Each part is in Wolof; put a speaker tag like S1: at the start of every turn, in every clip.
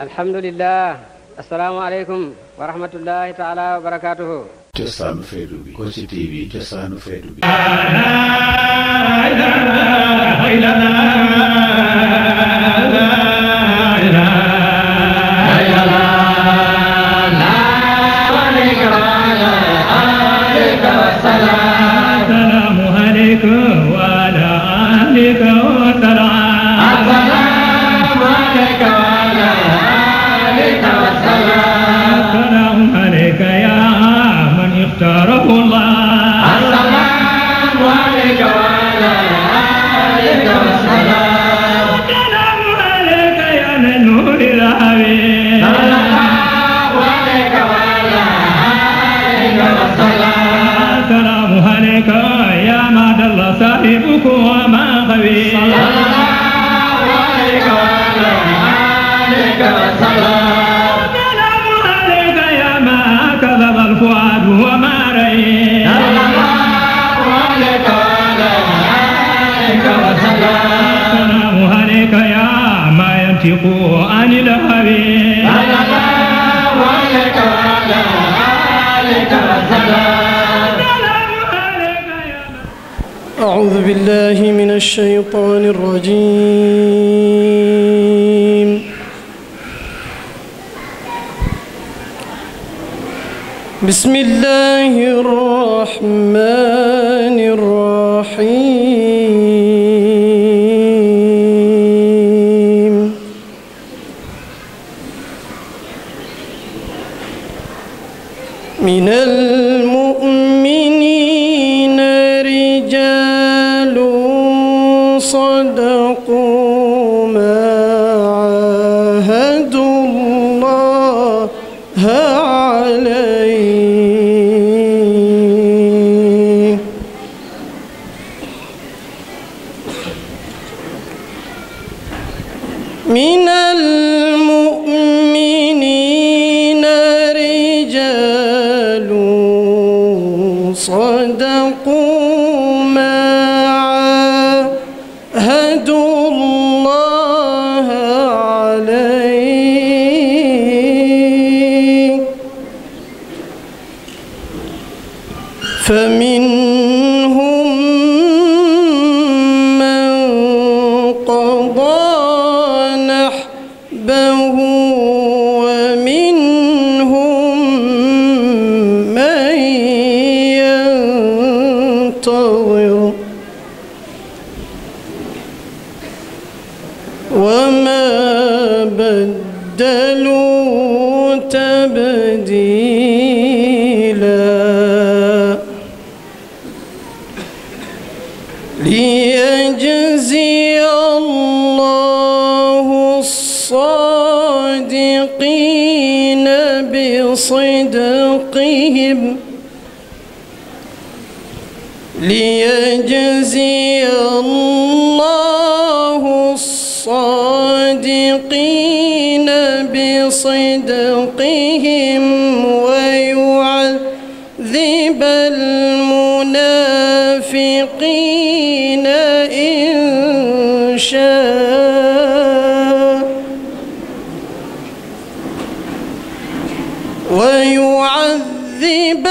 S1: الحمد لله السلام عليكم ورحمة الله تعالى وبركاته
S2: جسان فيدوبي كوشي تي في جسان فيدوبي
S3: وأنفقوا عن على آلك أعوذ بالله من الشيطان الرجيم بسم الله الرحمن ليجزي الله الصادقين بصدقهم ليجزي الله الصادقين بصدقهم ويعذب المنافقين إن شاء ويعذب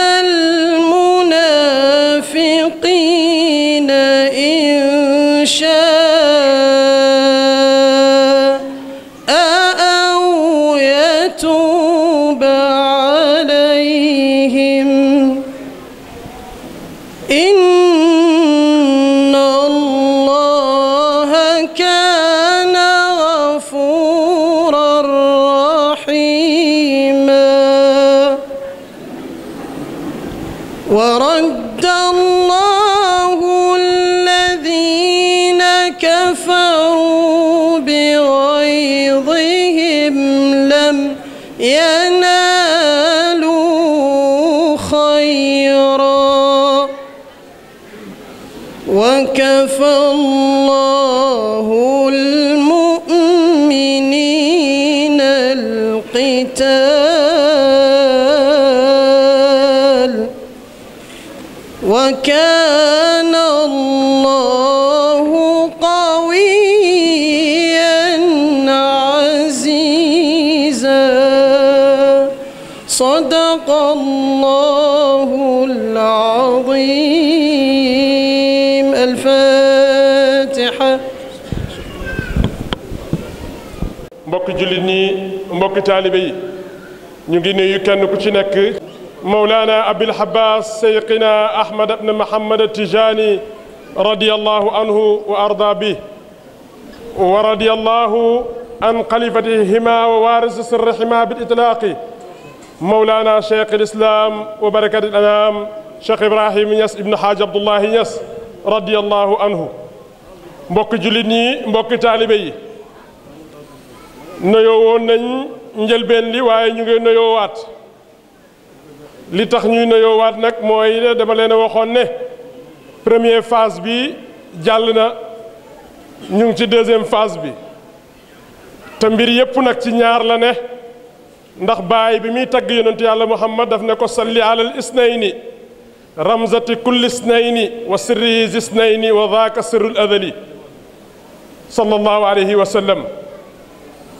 S3: وكفى الله المؤمنين القتال وكان الله قويا عزيزا صدق الله العظيم mbokk
S2: julit ñi mbokk taalibe yi ñu ngi nuyu kenn ku ci nekk مولانا أبي habas سيقنا ahmad ibn muhammad tijani رضي anhu عنه وأرضى به ورضي الله an خليفتهما ووارث سرهما بالإطلاق مولانا شيخ الإسلام وبركة الأنام islam إبراهيم barakat al حاج عبد ibrahim ñas ibn الله عنه ñas radiyallahu anhu mbokki jullit noyoo woon nañ njëlbeen li waaye ñu ngi noyoo waat li tax ñuy noyoo waat nag mooy dama leen a waxoon ne première phase bi jàll na ñu ngi ci deuxième phase bi te mbir yépp nag ci ñaar la ne ndax baay bi muy tagg yonentu yàlla muhammad daf ne ko salli alal isnayni ramzati kulli isnayni wa sirri isnayni wa daaka sirrul adali sallallahu alayhi wa sallam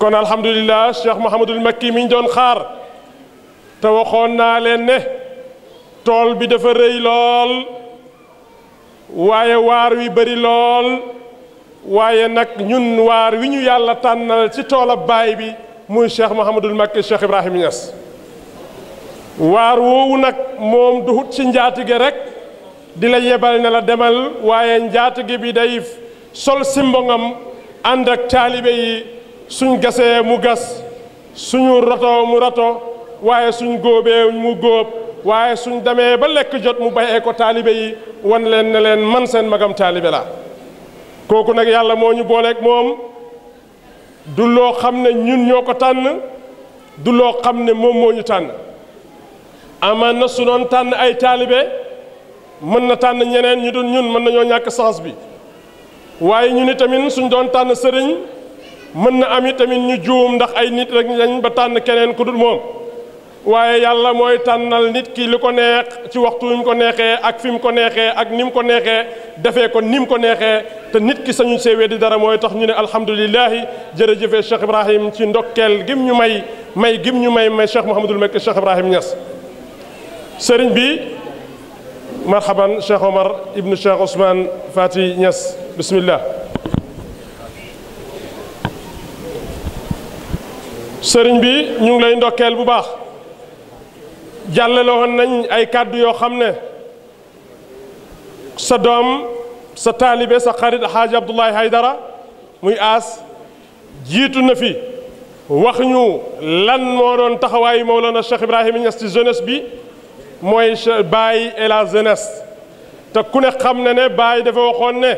S2: kon alhamdulilah Cheikh Mouhamadul Makki mi ñu doon xaar te waxoon naa leen ne tool bi dafa rëy lool waaye waar wi bari lool waaye nag ñun waar wi ñu yàlla tànnal ci toolab baay bi muy Cheikh Mouhamadul Makki Cheikh Ibrahim Niass waar woowu nag moom du hut ci njaatige rek di la yebal ne la demal waaye njaatige bi day sol simbongam ànd ak taalibe yi suñ gasee mu gas suñu roto mu roto waaye suñ góobee mu góob waaye suñ demee ba lekk jot mu bayee ko taalibe yi wan leen ne leen man seen magam taalibe la kooku nag yàlla moo ñu booleeg moom du loo xam ne ñun ñoo ko tànn du loo xam ne moom moo ñu tànn amaan na su doon tànn ay taalibe mën na tànn ñeneen ñu dul ñun mën nañoo ñàkk sens bi waaye ñu tamit suñ doon tànn sëriñ mën na ami tamit ñu juum ndax ay nit rek lañ ba tànn keneen ku dul moom waaye yàlla mooy tànnal nit ki li ko neex ci waxtu wi mu ko neexee ak fi mu ko neexee ak ni ko neexee defee ko ni ko neexee te nit ki sañu see weddi dara mooy tax ñu ne alhamdulilahi jërëjëfe Cheikh Ibrahim ci ndokkeel gim ñu may may gim ñu may may Cheikh Mouhamadul Mekki Cheikh Ibrahim Niass sëriñ bi marhaban Cheikh Omar ibnu Cheikh Ousmane Fati Niass bismillah serigne bi ñu ngi lay ndokkel bu baax jàllale won nañ ay kàddu yo xamne sa dom sa talibé sa kharid haji abdullah Haydara muy as jitu na fi wax ñu lan mo doon taxaway Mawlana Cheikh ibrahim niasti jeunesse bi moy Baye et la jeunesse te ku ne xam na ne Baye dafa waxoon ne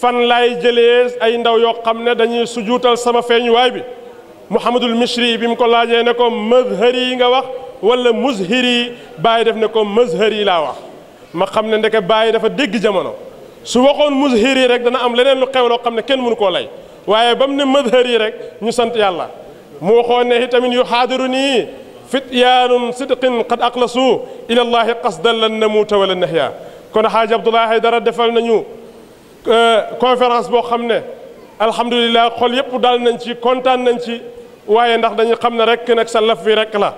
S2: fan lay jëlee ay ndaw yo xam ne dañuy sujuutal sama feñu way bi. محمد المشري بيم كو لاجي نكو مظهري nga wax ولا مزهري باي داف نكو مزهري لا wax ما خامن نك باي دافا دغ جامونو سو واخون مزهري رك دانا ام لنين لو خيو لو خامن كين مونو كو لاي وايي بام ني مظهري رك ني سانت يالا مو خون ني تامين يحاضرني فتيان صدق قد اقلصوا الى الله قصدا لن نموت ولا نحيا كون حاج عبد الله حيدر دفال نانيو كونفرنس بو خامن الحمد لله خول ييب دال نانشي كونتان نانشي waye ndax dañu xamne rek nak sa laf bi rek la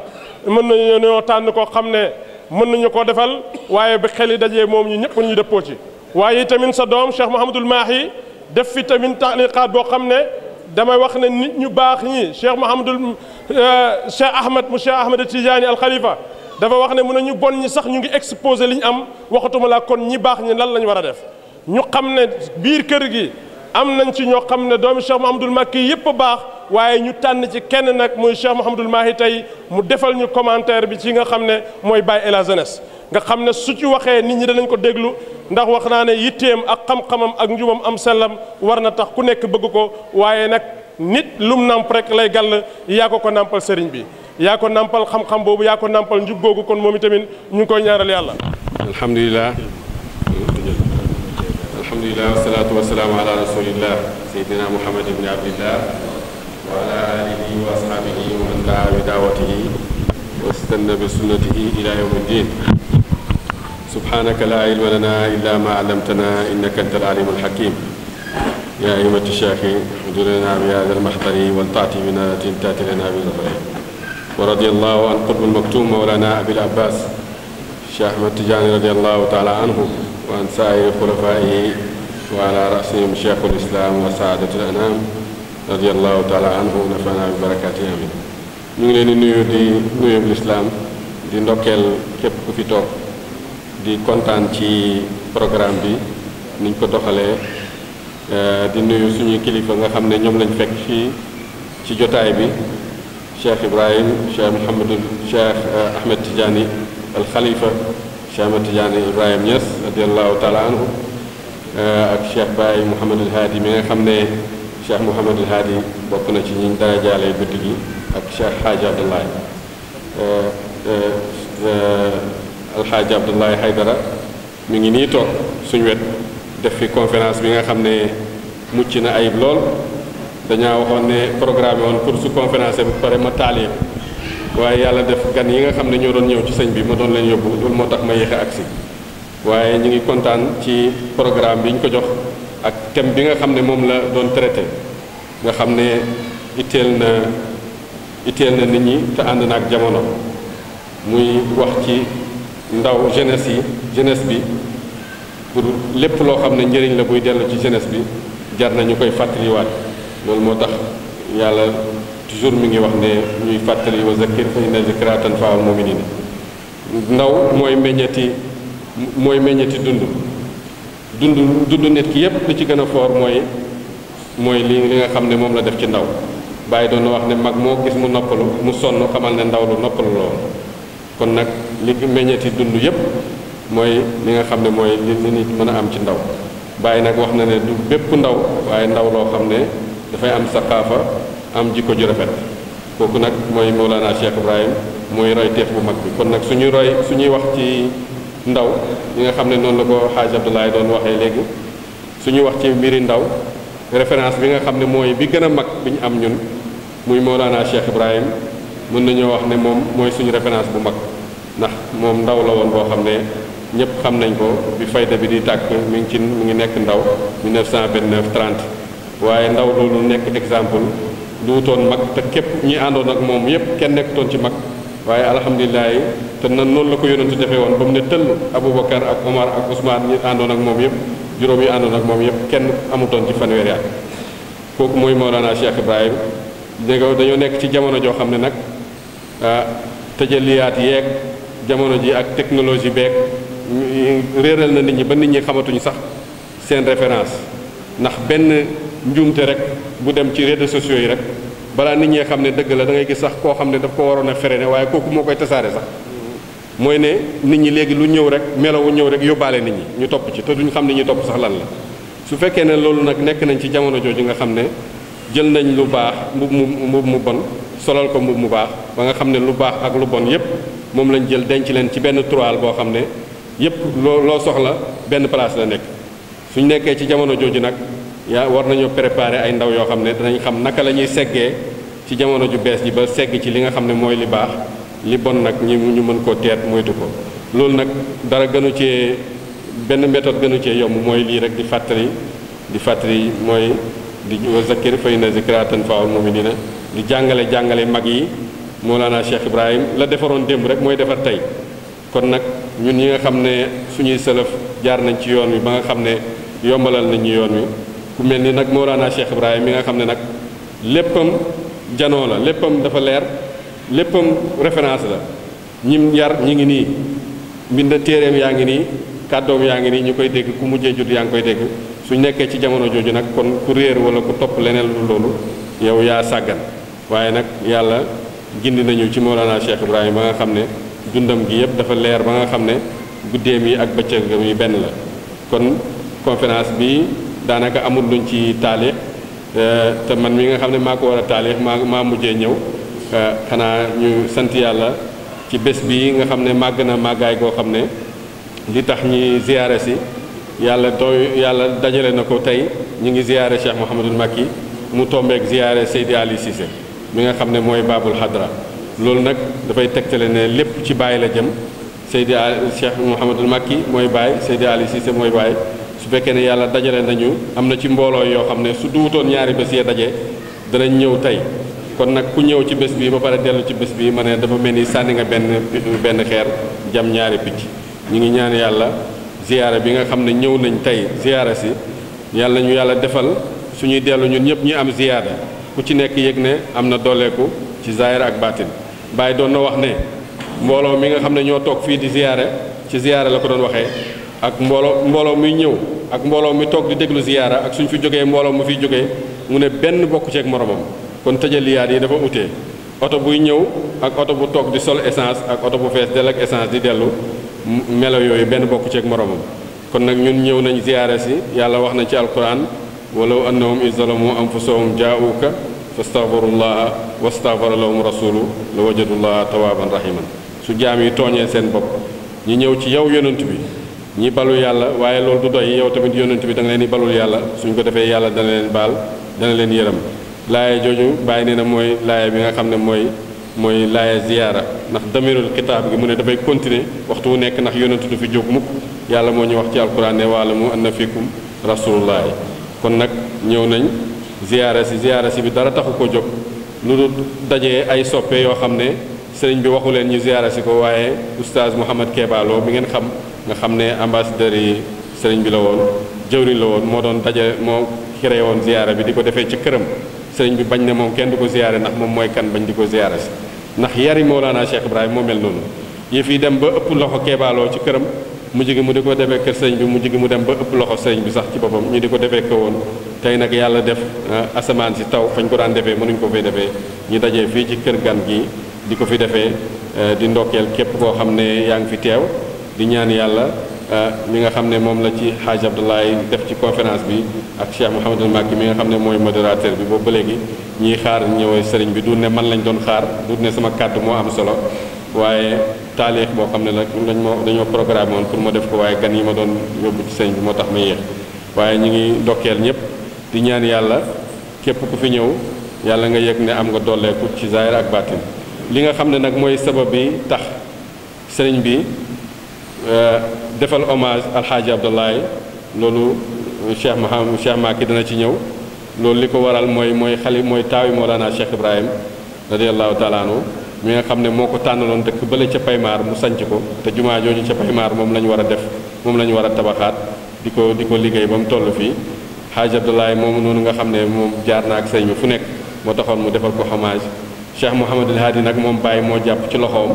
S2: mën nañu ñoo tan ko xamne mën nañu ko defal waye bi xeli dajé mom ñu ñëpp ñu depo ci waye tamin sa dom Cheikh Mouhamadul Mahi def fi tamin taaliqaat bo xamne damay wax ne nit ñu bax ñi Cheikh Mouhamadul Cheikh Ahmed mu Cheikh Ahmed tijani Al Khalifa dafa wax ne mën nañu bon ñi sax ñu ngi exposer liñ am waxatuma la kon ñi bax ñi lan lañ wara def ñu xamne biir kër gi am nañ ci ñoo xam ne doomi Cheikh Mouhamadul Makki yëpp baax waaye ñu tànn ci kenn nag muy Cheikh Mouhamadul Mahi tey mu defal ñu commentaire bi ci nga xam ne mooy Baye et la jeunesse nga xam ne su ci waxee nit ñi danañ ko déglu ndax wax naa ne yitteem ak xam-xamam ak njubam am sellam war na tax ku nekk bëgg ko waaye nag nit lum namp rek lay gàll yaa ko ko nampal sëriñ bi yaa ko nampal xam-xam boobu yaa ko nàmpal njub googu kon moom tamit ñu ngi koy ñaaral yàlla
S4: الحمد لله والصلاة والسلام على رسول الله سيدنا محمد بن عبد الله وعلى آله وأصحابه ومن دعا بدعوته واستنى بسنته إلى يوم الدين سبحانك لا علم لنا إلا ما علمتنا إنك أنت العليم الحكيم يا أيمة الشيخ اجعلنا بهذا المحضر والتعتي بنا تأتي لنا بظفره ورضي الله عن قرب المكتوم مولانا أبي العباس الشيخ أحمد تجاني رضي الله تعالى عنه وعن سائر خلفائه wa ala rasihim cheikhul islam wa saadatul anam radiallahu taala anhu nafana bi barakaati amin ñu ngi leen di nuyu di nuyub lislaam di ndokkeel képp ku fi toog di kontaan ci programme bi niñ ko doxalee euh, di nuyu suñuy kilifa nga xam ne ñoom lañ fekk fii ci jotaay bi cheikh ibrahim cheikh mouhamadul euh, cheikh ahmed tidiane al xalifa cheikh ahmed ibrahim Niass radiallahu taala anhu Euh, ak Cheikh Baye Mouhamadul Haadi mi nga xam ne Cheikh Mouhamadul Haadi bokk na ci ñi darajaale guddi gi ak Cheikh Xaaji Abdoulaye euh, euh, Alxaaji Abdoulaye Haydara mu ngi nii toog suñu wet def fi conférence bi nga xam ne mucc na ayib lool dañaa waxoon ne programme woon pour su conférence bi pare ma taalee waaye yàlla def gan yi nga xam ne ñoo doon ñëw ci sëñ bi ma doon leen yóbbu loolu moo tax ma yéexe agsi waaye ñu ngi kontaan ci programme bi ñu ko jox ak thème bi nga xam ne moom la doon traité nga xam ne itteel na itteel na nit ñi te ànd na ak jamono muy wax ci ndaw jeunesse yi jeunesse bi pour lépp loo xam ne njëriñ la buy dellu ci jeunesse bi jar na ñu koy fàttaliwaat loolu moo tax yàlla toujours mi ngi wax ne ñuy fàttali wa zakkir fa inna zikraa moom mu'miniin ndaw mooy meññeeti mooy meññeti dund dund dund nit ki yépp lu ci gën a foor mooy mooy li li nga xam ne moom la def ci ndaw bàyyi doon na wax ne mag moo gis mu noppalu mu sonn xamal ne ndaw lu noppalu lool kon nag li meññeti dund yépp mooy li nga xam ne mooy li nit mën a am ci ndaw bàyyi nag wax na ne du bépp ndaw waaye ndaw loo xam ne dafay am saqaafa am jikko ju rafet kooku nag mooy Mawlana Cheikh Ibrahim mooy roy teef bu mag bi kon nag suñuy roy su ñuy wax ci ndaw ñi nga xam ne noonu la ko xaaj Abdoulaye doon waxee léegi suñu wax ci mbiri ndaw référence bi nga xam ne mooy bi gën a mag bi ñu am ñun muy Mawlana Cheikh Ibrahim mën nañoo wax ne moom mooy suñu référence bu mag ndax moom ndaw la woon boo xam ne ñëpp xam nañ ko bi fayda bi di tàkk mi ngi ci mu ngi nekk ndaw 1929 30 waaye ndaw loolu nekk exemple du wutoon mag te képp ñi àndoon ak moom yépp kenn nekkutoon ci mag waaye alhamdulilah yi te nan noonu la ko yonentu defee woon ba mu ne tëll Aboubacar ak Omar ak Ousmane ñi àndoon ak moom yëpp juróom yi àndoon ak moom yëpp kenn amutoon ci fanweeri at kooku mooy Mawlana Cheikh Ibrahim dégg dañoo nekk ci jamono joo xam ne nag ah, tëjaliyaat yeeg jamono ji ak technologie beeg réeral na nit ñi ba nit ñi xamatuñu sax seen référence ndax benn njuumte rek bu dem ci réseaux sociaux yi rek balaa nit ñee xam ne dëgg la da ngay gis sax koo xam ne daf ko waroon a freiné waaye kooku moo koy tasaare sax mooy ne nit ñi léegi lu ñëw rek melawu ñëw rek yóbbaale nit ñi ñu topp ci te ñu xam ne ñu topp sax lan la su fekkee ne loolu nag nekk nañ ci jamono jooju nga xam ne jël nañ lu baax mbub mu mbub mu bon solal ko mbub mu baax ba nga xam ne lu baax ak lu bon yépp moom lañ jël denc leen ci benn toile boo xam ne yépp loo loo soxla benn place la nekk suñ nekkee ci jamono jooju nag yaa war nañoo préparer ay ndaw yoo xam ne danañ xam naka la ñuy seggee ci jamono ju bees ji ba segg ci li nga xam ne mooy li baax li bon nag mu ñu mën koo teet moytu ko loolu nag dara gënu cee benn méthode gënu cee yomb mooy lii rek di fàttali di fàttali mooy di zakir fa inna zikraa tanfa'ul mu'miniina di jàngale jàngale mag yi moo Mawlana Cheikh Ibrahim la defaroon démb rek mooy defar tey kon nag ñun ñi nga xam ne suñuy sëlëf jaar nañ ci yoon wi ba nga xam ne yombalal nañ ñu yoon wi ku mel ni nag Mawlana Cheikh Ibrahim mi nga xam ne nag léppam janoo la léppam dafa leer léppam référence la ñim yar ñi ngi nii mbind téeréem yaa ngi nii kàddoom yaa ngi nii ñu koy dégg ku mujjee judd yaa ngi koy dégg su nekkee ci jamono jooju nag kon ku réer wala ku topp leneen lu loolu yow yaa sàggan waaye nag yàlla gindi nañu ci Mawlana Cheikh Ibrahim ba nga xam ne dundam gi yëpp dafa leer ba nga xam ne guddeem yi ak bëccëgam yi benn la daanaka amul luñ ci taale eh, te man mi nga xam ne maa ko war a taale maa maa mujjee ñëw eh, xanaa ñu sant yàlla ci bés bi nga xam ne màgg na màggaay goo xam ne li tax ñi ziyaare si yàlla doy yàlla dajale na ko tey ñu ngi ziyaare Cheikh Mouhamadul Makki mu tombeek ziyaare Seydi Ali Cissé mi nga xam ne mooy baabul xadra loolu nag dafay tegtale ne lépp ci bàyyi la jëm Seydi Ali Cheikh Mouhamadul Makki mooy bàyyi Seydi Ali Cissé mooy bàyyi su fekkee ne yàlla dajale nañu am na ci mbooloo yoo xam ne su duwutoon ñaari bés yee daje danañ ñëw tey kon nag ku ñëw ci bés bi ba pare dellu ci bés bi ma ne dafa mel ni sànni nga benn benn xeer jam ñaari picc ñu ngi ñaan yàlla ziyaara bi nga xam ne ñëw nañ tey ziyaara si yàlla ñu yàlla defal suñuy dellu ñun ñëpp ñu am ziyaada ku ci nekk yëg ne am na dolleeku ci zaahir ak baatin Baye doon na wax ne mbooloo mi nga xam ne ñoo toog fii di ziyaare ci ziyaare la ko doon waxee ak mbooloo mbooloo muy ñëw ak mbooloo mi toog di déglu ziyaara ak suñu fi jógee mbooloo mu fiy jógee mu ne benn bokku ceeg moromam kon tëjaliyaat yi dafa utee oto buy ñëw ak oto bu toog di sol essance ak oto bu fees dell ak essence di dellu melo yooyu benn bokku ceeg moromam kon nag ñun ñëw nañ ziyaara si yàlla wax na ci alquran walaw annahum iz zalamu anfusahum jaa'uuka fastaghfirullaha wastaghfara lahum rasulu la wajadu llaha tawaaban rahiman su jaam yi tooñee seen bopp ñu ñëw ci yow yonent bi ñi balu yàlla waaye loolu du doy yow tamit yonent bi da nga leen di balul yàlla suñ ko defee yàlla dana leen baal dana leen yërëm laaya jooju bàyyi nee na mooy laaya bi nga xam ne mooy mooy laaya ziyaara ndax damirul kitaab gi mu ne dafay continuer waxtu wu nekk ndax yonent du fi jóg mukk yàlla moo ñu wax ci alquran ne waalamu anna fikum rasulullahi kon nag ñëw nañ ziyaara si ziyaara si bi dara taxu ko jóg lu dul dajee ay soppe yoo xam ne sëriñ bi waxu leen ñu ziyaara ko waaye oustaz Mouhamed Keba Lo bi ngeen xam nga xam ne ambassadeur yi sëriñ bi la woon jëwriñ la woon moo doon daje moo créé woon ziyaara bi di ko defee ci këram sëriñ bi bañ ne moom kenn du ko ziyaare ndax moom mooy kan bañ di ko ziyaare si ndax yari Mawlana Cheikh Ibrahima moo mel noonu yëf yi dem ba ëpp loxo keebaaloo ci këram mu gi mu di ko defee kër sëriñ bi mujj gi mu dem ba ëpp loxo sëriñ bi sax ci boppam ñu di ko defee ko woon tey nag yàlla def ah, asamaan si taw fañ ko daan defee mënuñ ko fay defee ñu dajee fii ci kër gan gi di ko fi defee eh, di ndokkeel képp koo xam ne yaa ngi fi teew di ñaan yàlla euh, mi nga xam ne moom la ci xaaj Abdoulaye def ci conférence bi ak Cheikh Mouhamadul Makki mi nga xam ne mooy modérateur bi boobu ba léegi ñiy xaar ñëwee sëriñ bi du ne man lañ doon xaar du ne sama kàddu moo am solo waaye taalix boo xam ne nag dañ ma dañoo programme woon pour ma def ko waaye gan yi ma doon yóbbu ci sëriñ bi moo tax ma yéex waaye ñu ngi ndokkeel ñëpp di ñaan yàlla képp ku fi ñëw yàlla nga yëg ne am nga dolleeku ci zaahir ak li nga xam ne nag mooy sabab bi tax bi Euh, defal hommage alxaaji Abdoulaye loolu euh, Cheikh Maham Cheikh Maki dana ci ñëw loolu li ko waral mooy mooy xali mooy taawi Mawlana Cheikh Ibrahim radiallahu taala anhu mi nga xam ne moo ko tànnaloon dëkk bële ca Paymaar mu sanc ko te jumaa jooju ca Paymaar moom la ñu war a def moom la ñu war a tabaxaat di ko di ko liggéey ba mu toll fii xaaji Abdoulaye moom noonu nga xam ne moom jaar na ak sëñ bi fu nekk moo taxoon mu defal ko hommage cheikh Mouhamadul Haadi nag moom bàyyi moo jàpp ci loxoom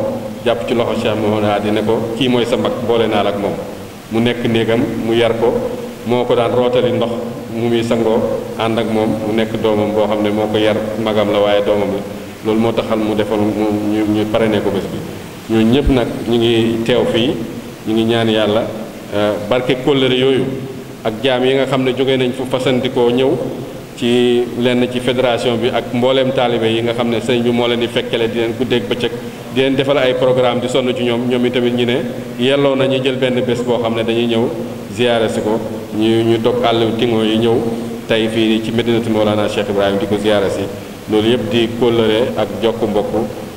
S4: jàpp ci loxo cheikh Mouhamadul Haadi ne ko kii mooy sa mag boole naa la ak moom mu nekk néegam mu yar ko moo ko daan rootali ndox mu muy sangoo ànd ak moom mu nekk doomam boo xam ne moo ko yar magam la waaye doomam la loolu moo taxal mu defoon mu ñu pare ne ko bés bi ñooñu ñëpp nag ñu ngi teew fii ñu ngi ñaan yàlla euh, barke kóllëre yooyu ak jaam yi nga xam ne jóge nañ fu fasandikoo ñëw ci lenn ci fédération bi ak mbooleem taalibe yi nga xam ne seen bi moo leen di fekkale di leen guddeeg bëccëg di leen defal ay programme di sonn ci ñoom ñoom tamit ñu ne yelloo na ñu jël benn bés boo xam ne dañuy ñëw ziyaare si ko ñu ñu dog àll tingo yi ñëw tey fii ci Medinatu Mawlana Cheikh Ibrahim di ko ziyaare si loolu yëpp di kóllëre ak jokk mbokk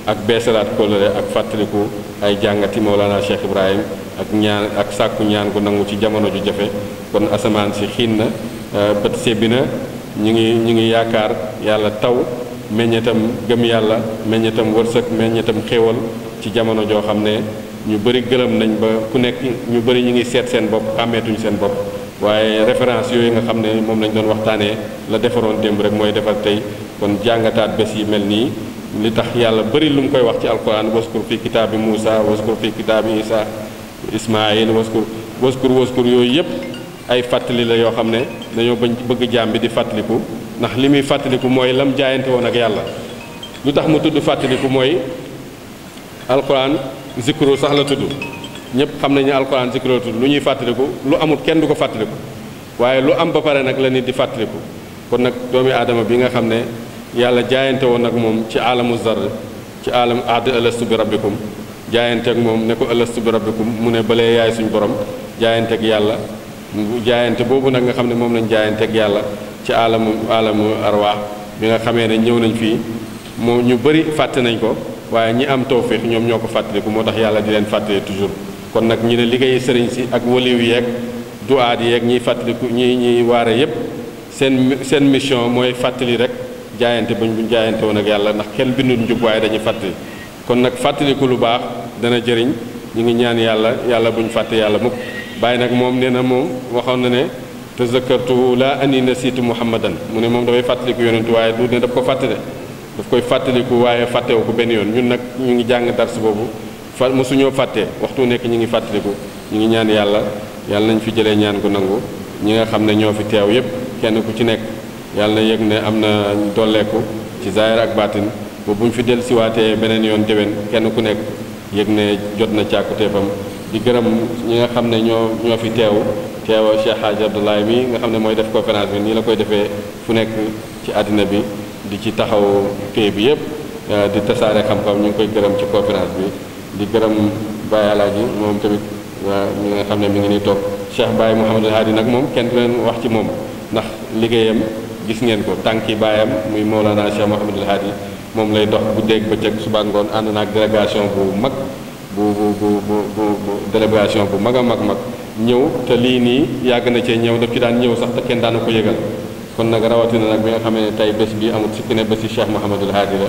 S4: ak beesalaat kóllëre ak fàttaliku ay jàngati Mawlana Cheikh Ibrahim ak ñaan ak sàkku ñaan ku nangu ci jamono ju jafe kon asamaan si xiin na ñu ngi ñu ngi yaakaar yàlla taw meññeetam gëm yàlla meññetam wërsëg meññetam xéewal ci jamono joo xam ne ñu bëri gëlëm nañ ba ku nekk ñu bëri ñu ngi seet seen bopp xàmmeetuñ seen bopp waaye référence yooyu nga xam ne moom lañ doon waxtaanee la defaroon démb rek mooy defar tey kon jàngataat bés yi mel nii li tax yàlla bëri lu mu koy wax ci alquran waskur fi kitaabi Muusa waskur fi kitaabi Isa Ismaayil waskur waskur waskur yooyu yëpp ay fàttali la yoo xam ne dañoo bëgg jaam bi di fàttaliku ndax li muy fàttaliku mooy lam jaayante woon ak yàlla lu tax mu tudd fàttaliku mooy alquran zikru sax la tudd ñëpp xam nañu alquran zikru la tudd lu ñuy fàttaliku lu amul kenn du ko fàttaliku waaye lu am ba pare nag la nit di fàttaliku kon nag doomi aadama bi nga xam ne yàlla jaayante woon ak moom ci alamu zar ci alam aad alastu bi rabbikum jaayante ak moom ne ko alastu bi rabbikum mu ne balee yaay suñ borom jaayante ak yàlla bu jaayante boobu nag nga xam ne moom lañ jaayante ak yàlla ci alamu alamu arwaax bi nga xamee ne ñëw nañ fii moom ñu bëri fàtte nañ ko waaye ñi am tawféex ñoom ñoo ko fàttaliku moo tax yàlla di leen fàttale toujours kon nag ñi ne liggéey sëriñ si ak waliw yeeg duaat yeeg ñiy fàttaliku ñi ñuy waare yépp seen seen mission mooy fàttali rek jaayante buñ buñ jaayante woon ak yàlla ndax kenn bindul njub waaye dañuy fàttali kon nag fàttaliku lu baax dana jëriñ ñu ngi ñaan yàlla yàlla buñ fàtte yàlla mukk bàyyi nag moom nee na moom waxoon na ne te tazakkartu laa ani nasiitu muhammadan mu ne moom dafay fàttaliku yonentu waaye du ne daf ko fàtte de daf koy fàttaliku waaye fàttewu ko benn yoon ñun nag ñu ngi jàng dars boobu fa mosuñoo fàttee waxtu nekk ñu ngi fàttaliku ñu ngi ñaan yàlla yàlla nañ fi jëlee ñaan ko nangu ñi nga xam ne ñoo fi teew yépp kenn ku ci nekk yàlla na yëg ne am na dolleeku ci zaahir ak baatin ba ñu fi siwaatee beneen yoon déwén kenn ku nekk yëg ne jot na càkkuteefam di gërëm ñi nga xam ne ñoo ñoo fi teew teewoo Cheikh Hadj Abdoulaye mi nga xam ne mooy def conférence bi nii la koy defee fu nekk ci àddina bi di ci taxaw pay bi yëpp euh, di tasaare xam-xam ñu ngi koy gërëm ci conférence bi di gërëm Baye yi moom tamit ñi nga xam ne mu ngi nii toog Cheikh Baye Mouhamadou yi nag moom kenn du leen wax ci moom ndax liggéeyam gis ngeen ko tànki baayam muy Mawlana Cheikh Mouhamadou Hadi moom lay dox bu dégg bëccëg suba ngoon ànd naag délégation bu bu bu bu délégation bu mag a mag mag ñëw te lii nii yàgg na cee ñëw def ci daan ñëw sax te kenn daanu ko yëgal kon nag rawatina nag bi nga xamee ne tey bés bi amul sikki ne bési Cheikh Mouhamadul Haadi la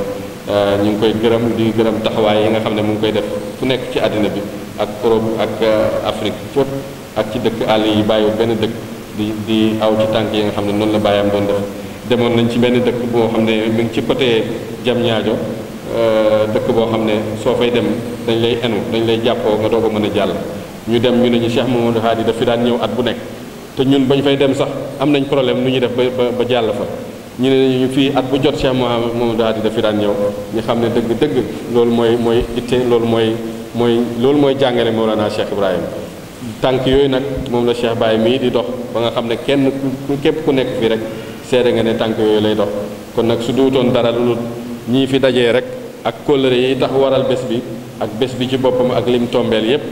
S4: euh, ñu ngi koy gërëm di gërëm taxawaay yi nga xam ne mu ngi koy def fu nekk ci àddina bi ak Europe ak euh, Afrique fépp ak ci dëkk àll yi bàyyiwul benn dëkk di di aw ci tànk yi nga xam ne noonu la bàyyam doon def demoon nañ ci benn dëkk boo xam ne mi ngi ci côté Diamniadio Euh, dëkk boo xam ne soo fay dem dañ lay enu dañ lay jàppoo nga doo a mën a jàll ñu dem ñu ne ñu moom Mamadou Hadi daf fi daan ñëw at bu nekk te ñun bañ fay dem sax am nañ problème lu ñuy def ba ba jàll fa ñu ne ñu fii at bu jot Cheikh Mamadou Hadi daf fi daan ñëw ñu xam ne dëgg dëgg loolu mooy mooy itte loolu mooy mooy loolu mooy jàngale naa Cheikh Ibrahima tànk yooyu nag moom la Cheikh Baye mii di dox ba nga xam ne kenn képp ku nekk fii rek seede nga ne tànk yooyu lay dox kon nag su duutoon dara lu ñii fi dajee rek ak kóllëre yi tax waral bés bi ak bés bi ci boppam ak lim tombeel yépp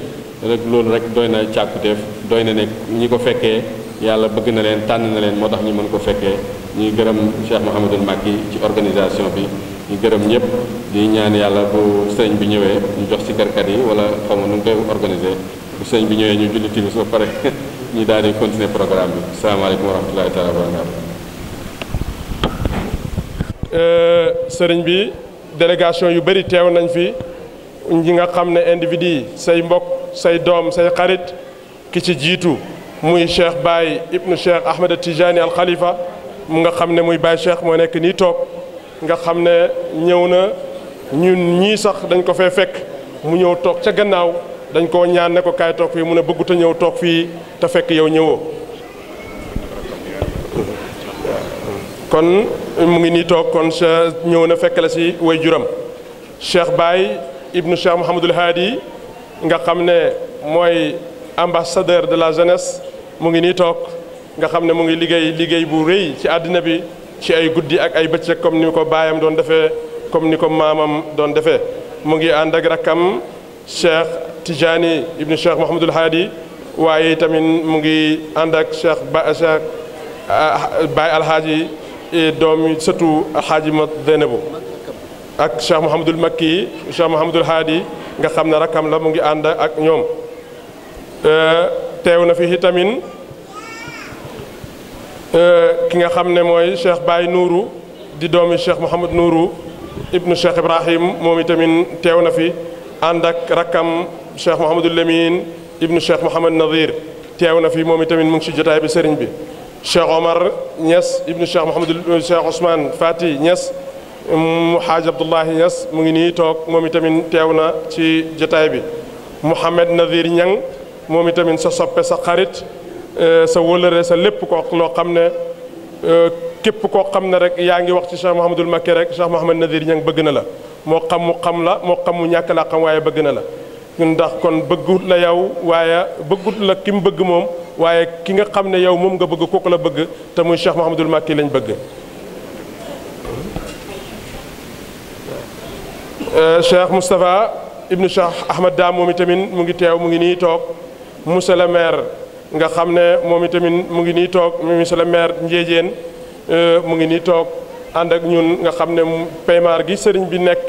S4: rek loolu rek doy na càkkutéef doy na ne ñi ko fekkee yàlla bëgg na leen tànn na leen moo tax ñu mën ko fekkee ñuy gërëm Cheikh Mouhamadul Makki ci organisation bi ñu gërëm ñëpp di ñaan yàlla bu sëñ bi ñëwee ñu jox si garkat yi wala xam nga nu ñu koy organiser bu sëñ bi ñëwee ñu julli timis ba pare ñu daal di continuer programme bi salaamaaleykum wa rahmatullahi
S2: Euh, sëriñ bi délégation yu bëri teew nañ fi ñi nga xam ne individu yi say mbokk say doom say xarit ki ci jiitu muy cheikh Baye ibnu cheikh Ahmed Tijani al Khalifa mu nga xam ne muy Baye cheikh moo nekk nii toog nga xam ne ñëw na ñun ñii sax dañ ko fee fekk mu ñëw toog ca gannaaw dañ koo ñaan ne ko kaay toog fii mu ne bëggut ñëw toog fii te fekk yow ñëwoo. kon mu ngi nii toog kon sa ñëw na fekk la si way juram Cheikh Baye ibnu Cheikh Mouhamadul Haadi nga xam ne mooy ambassadeur de la jeunesse mu ngi nii toog nga xam ne mu ngi liggéey liggéey bu rëy ci àddina bi ci ay guddi ak ay bëccëg comme ni ko baayam doon defee comme ni ko maamam doon defee mu ngi ànd ak rakkam Cheikh Tijani ibnu Cheikh Mouhamadul Haadi waaye tamit mu ngi ànd ak Cheikh ba Cheikh ah, Baye Alhaaji doom doomi sëtu xaaji ma Zeynab ak Cheikh Mouhamadul Makki yi Cheikh Mouhamadul Haadi nga xam ne rakkam la mu ngi ànd ak ñoom euh, teew na fi itamit euh, ki nga xam ne mooy Cheikh Baye Nourou di doom doomi Cheikh Mouhamad Nourou ibnu Cheikh Ibrahim moom i tamit teew na fi ànd ak rakkam Cheikh Mouhamadul Lamine ibnu Cheikh Mouhamad Nadir teew na fi moom itamit mu ngi ci jotaay bi sëriñ bi شيخ Omar نيس ابن الشيخ محمد الشيخ عثمان فاتي نيس mu عبد الله نيس مغي ني توك toog moom تيونا سي جتاي بي محمد نذير نيان Nazir Niang سا سوبي سا soppe سا ولر سا wëlëre كو لو خامن كيب كو خامن رك ياغي xam ne rek yaa ngi wax ci Cheikh Mouhamadul Makki rek Cheikh Mouhamed Nazir Niang bëgg na la moo xam mu xam la moo xam ndax kon bëggut la yaw waya bëggut la kim bëgg waaye ki nga xam ne yow moom nga bëgg kooku la bëgg te muy Cheikh Mouhamadul Makki lañ bëgg. Euh, Cheikh Moustapha ibnu Cheikh Ahmad Daam moom tamit mu ngi teew mu ngi nii toog monsieur le maire nga xam ne moom itamit mu ngi nii toog monsieur le maire Ndiédiène euh, mu ngi nii toog ànd ak ñun nga xam ne paymaar gi sëriñ bi nekk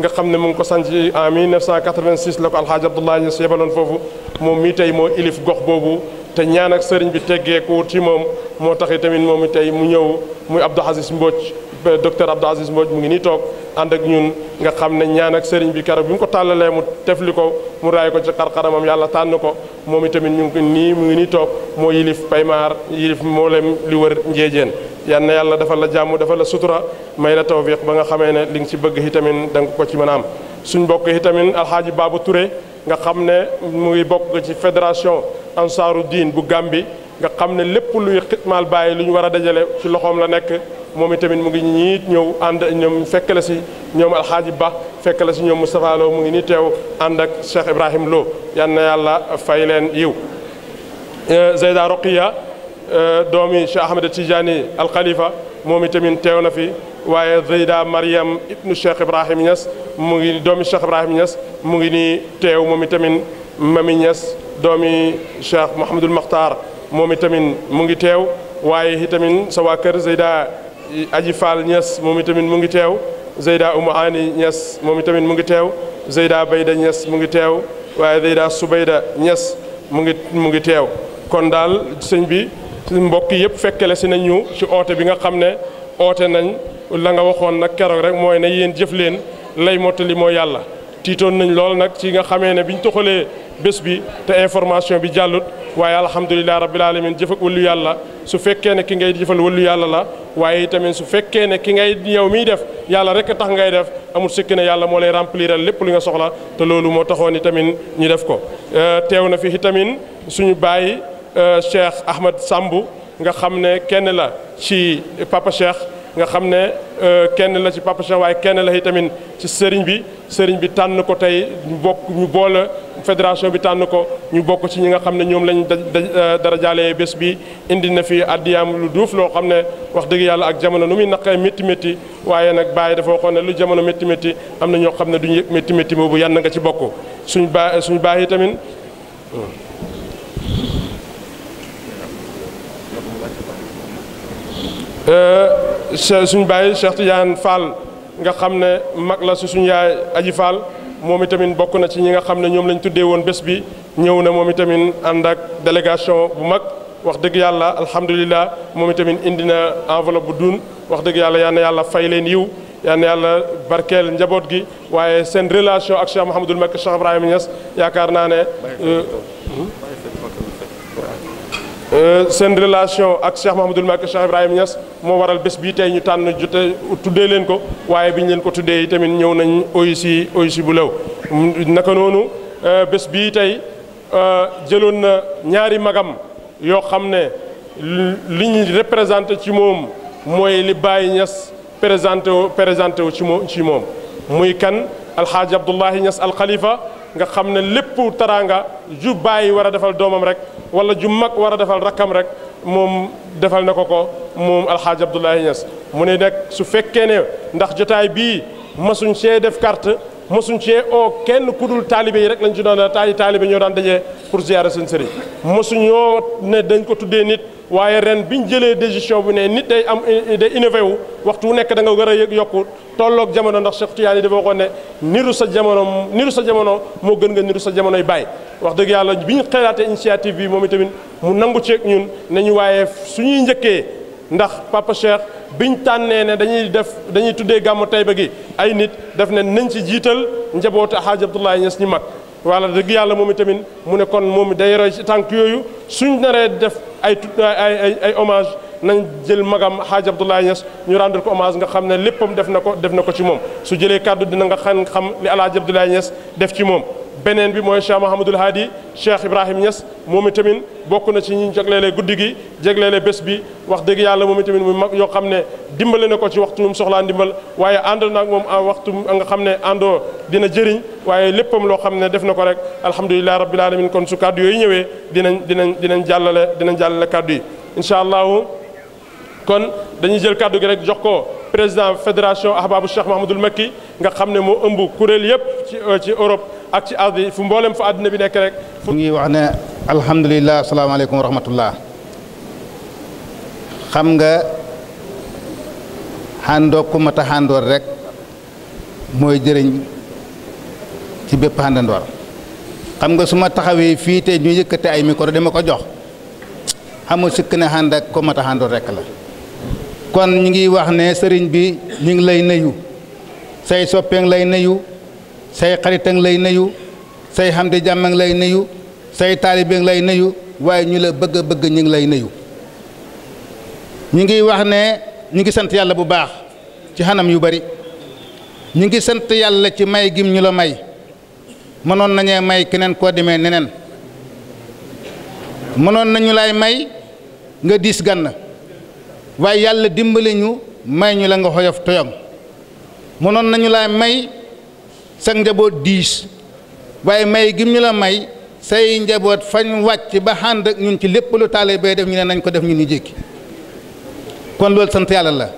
S2: nga xam ne mu ngi ko sanc en 1986 la ko alxaaji Abdoulaye Niass yebaloon foofu moom mii tey moo ilif gox boobu te ñaan ak sëriñ bi teggeeku ci moom moo tax tamit moom tey mu ñëw muy Abdou Aziz Mbodj docteur Abdou Aziz Mbodj mu ngi nii toog ànd ak ñun nga xam ne ñaan ak sëriñ bi keroog bi mu ko tàllalee mu tefli ko mu raay ko ci xarxaramam yàlla tànn ko moom itamit ñu ngi nii mu ngi nii toog moo yilif Paymar yilif mboolem li wër Njéejeen yal na yàlla defal la jàmm defal la sutura may la tawfiq ba nga xamee ne li nga ci bëgg itamit da ci mën a am suñ mbokk itamit nga xamne muy bok ci fédération ansaruddin bu Gàmbi nga xamne lépp luy xitmal baye luñu wara dajale ci loxom la nek momi tamit mu ngi ñiit ñëw ànd ñom fekk la si ñoom alxaaji ba fekk la ci ñom mustafa Lo mu ngi ni tew ànd ak Cheikh Ibrahim Lo yalla yàlla fay len yiw zaida ruqiya domi Cheikh Ahmed tijani Al Khalifa momi tamit tew na fi waaye Zeyda Mariam ibnu Cheikh Ibrahim Niass mu ngi doomi Cheikh Ibrahim Niass mu ngi nii teew moom itamit Mami Niass doomi Cheikh Mouhamadul Makhtar moom tamit mu ngi teew waaye itamit sa waa kër Zeyda Aji moom itamit mu ngi teew Zeyda Umu Ani moom itamit mu ngi teew Zeyda Bayda Niass mu ngi teew waaye Zeyda Subayda Niass mu ngi mu ngi teew kon daal sëñ bi mbokk yëpp fekkele si ñu ci oote bi nga xam ne oote nañ la nga waxoon nag keroog rek mooy ne yéen jëf leen lay mottali moo yàlla tiitoon nañ lool nag ci nga xamee ne biñ toxalee bés bi te information bi jàllut waaye alhamdulilah rabbil alamin jëf ak wëllu yàlla su fekkee ne ki ngay jëfal wëllu yàlla la waaye itamit su fekkee ne ki ngay yow miy def yàlla rek tax ngay def amul sikki ne yàlla moo lay rempliral lépp lu nga soxla te loolu moo taxoon tamit ñu def ko euh, teew na fi itamit suñu bàyyi euh, Cheikh Ahmed Sambu nga xam ne kenn la ci Papa nga xam ne euh, kenn la ci Papa waaye kenn la tamit ci sëriñ bi sëriñ bi tànn ko tey ñu bokk ñu boole fédération bi tànn ko ñu bokk ci ñi nga xam ne ñoom lañ euh, dara jaale bés bi indi na fi addiyaam lu duuf loo xam ne wax dëgg yàlla ak jamono nu muy naqay métti métti waaye nag bàyyi dafa waxoon ne lu jamono métti métti am na ñoo xam ne duñu yëg métti métti boobu yan nga ci bokk suñu ba suñu bàyyi tamit Euh, suñu bàyyi Cheikh Tidiane Fall nga xam ne mag la su suñu yaay aji Fall moom itamit bokk na ci ñi nga xam ne ñoom lañ tuddee woon bés bi ñëw na moom i tamit ànd ak délégation bu mag wax dëgg yàlla alhamdulilah moom i tamit indi na enveloppe bu duun wax dëgg yàlla yal yàlla fay leen yiw yal yàlla barkeel njaboot gi waaye seen relation ak Cheikh Mouhamadul Makki Cheikh Ibrahima Niass yaakaar naa ne. Euh, Euh, seen relation ak Cheikh Mahamadul Mbacké Cheikh Ibrahima ñas moo waral bés bii tey ñu tànn jotee tuddee leen ko waaye biñ leen ko tuddee tamit ñëw nañ oyisi oyisi bu lew mm, naka noonu euh, bés bii tey euh, jëloon na ñaari magam yoo xam ne li ñu représenté ci moom mooy li Baye ñas présenté wu présenté wu ci moom ci moom muy kan alxaaji Abdullahi Niass al Khalifa nga xam ne lépp taraanga ju Baye war a defal doomam rek wala ju mag war a defal rakkam rek moom defal ne ko ko moom alxaaji Abdoulaye Niass mu ne nag su fekkee ne ndax jotaay bii masuñ see def carte mosuñ cee oo kenn kudul taalibe yi rek lañ ci doon taay taalibe ñoo daan dajee pour ziyaara seen sëriñ mosuñoo ne dañ ko tuddee nit waaye ren bi ñu jëlee décision bu ne nit day am day innové wu waxtu wu nekk da nga war a yokku tolloog jamono ndax Cheikh Tidiane dafa waxoon ne niru sa jamono niru sa jamono moo gën nga niru sa jamonoy baay wax dëgg yàlla bi ñu xalaatee initiative bi moom tamit mu nangu ceeg ñun nañu waaye suñuy njëkkee ndax Papa Cheikh biñ tànnee ne dañuy def dañuy tuddee gàmmu Tayba gi ay nit def ne nañ ci jiital njabootu xaaja Abdoulaye Niass ñi mag wala dëgg yàlla moom itamit mu ne moom day tànk yooyu suñ naree def ay ay ay hommage nañ jël magam Hadj Abdoulaye Niass ñu rendre ko hommage nga xam ne léppam def na ko def na ko ci moom su jëlee kàddu dina nga xam xam li El Hadj Abdoulaye Niass def ci moom. beneen bi mooy Cheikh Mahamadul Hadi Cheikh Ibrahim Niass moom itamit bokk na ci ñi jagleele guddi gi jagleele bés bi wax dëgg yàlla moom itamit muy mag yoo xam ne dimbale na ko ci waxtu mu soxlaa ndimbal waaye ànd na ak moom waxtu nga xam ne àndoo dina jëriñ waaye léppam loo xam ne def na ko rek alhamdulilahi rabbil alamin kon su kàddu yooyu ñëwee dinañ dinañ dinañ jàllale dinañ jàllale kàddu yi incha allahu kon dañuy jël kàddu gi rek jox ko président fédération ahbabu Cheikh Mahamadul Makki nga xam ne moo ëmb kuréel yëpp ci ci Europe ak ci àddi fu mboolem fu àddina bi nekk rek.
S5: mu ngi wax ne alhamdulilah salaamaaleykum wa rahmatullah xam nga xàndoo ku mat a xàndoor rek mooy jëriñ ci bépp xàndandoor xam nga su ma taxawee fii te ñu yëkkate ay micro dama ko jox xamul sikk ne xànd ku mat a xàndoor rek la kon ñu ngi wax ne sëriñ bi ñu ngi lay nuyu say soppeeng lay nuyu. say xarit a ngi lay nuyu say xam di lay nuyu say taalibe ngi lay nuyu waaye ñu la bëgg a bëgg ñu ngi lay nuyu ñu ngi wax ne ñu ngi sant yàlla bu baax ci xanam yu bari ñu ngi sant yàlla ci may gim ñu la may mënoon nañee may keneen koo demee neneen mënoon nañu lay may nga diis gànn waaye yàlla dimbali ñu may ñu la nga xoyof toyom mënoon nañu lay may sa njaboot diis waaye may gim ñu la may say njaboot fañ wàcc ba ànd ak ñun ci lépp lu taale bay def ñu ne nañ ko def ñu ñu jékki kon loolu sant yàlla la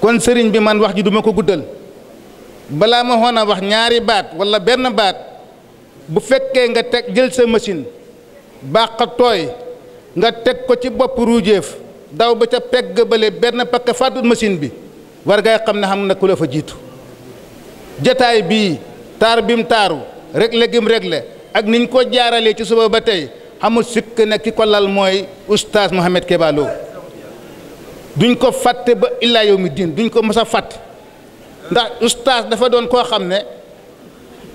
S5: kon sëriñ bi man wax ji duma ko guddal balaa ma xoon a wax ñaari baat wala benn baat bu fekkee nga teg jël sa machine bàq tooy nga teg ko ci bopp ruujeef daw ba ca pegg bële benn pakk fàttut machine bi war gaa xam ne xam na ku la fa jiitu jataay bii taar bi mu taaru réglé gi mu réglé ak niñ ko jaaralee ci suba ba tey xamul sikk ne ki ko lal mooy oustaz Mouhamed Keba duñ ko fàtte ba illaa yow mi diin duñ ko mës a fàtte ndax oustaz dafa doon koo xam ne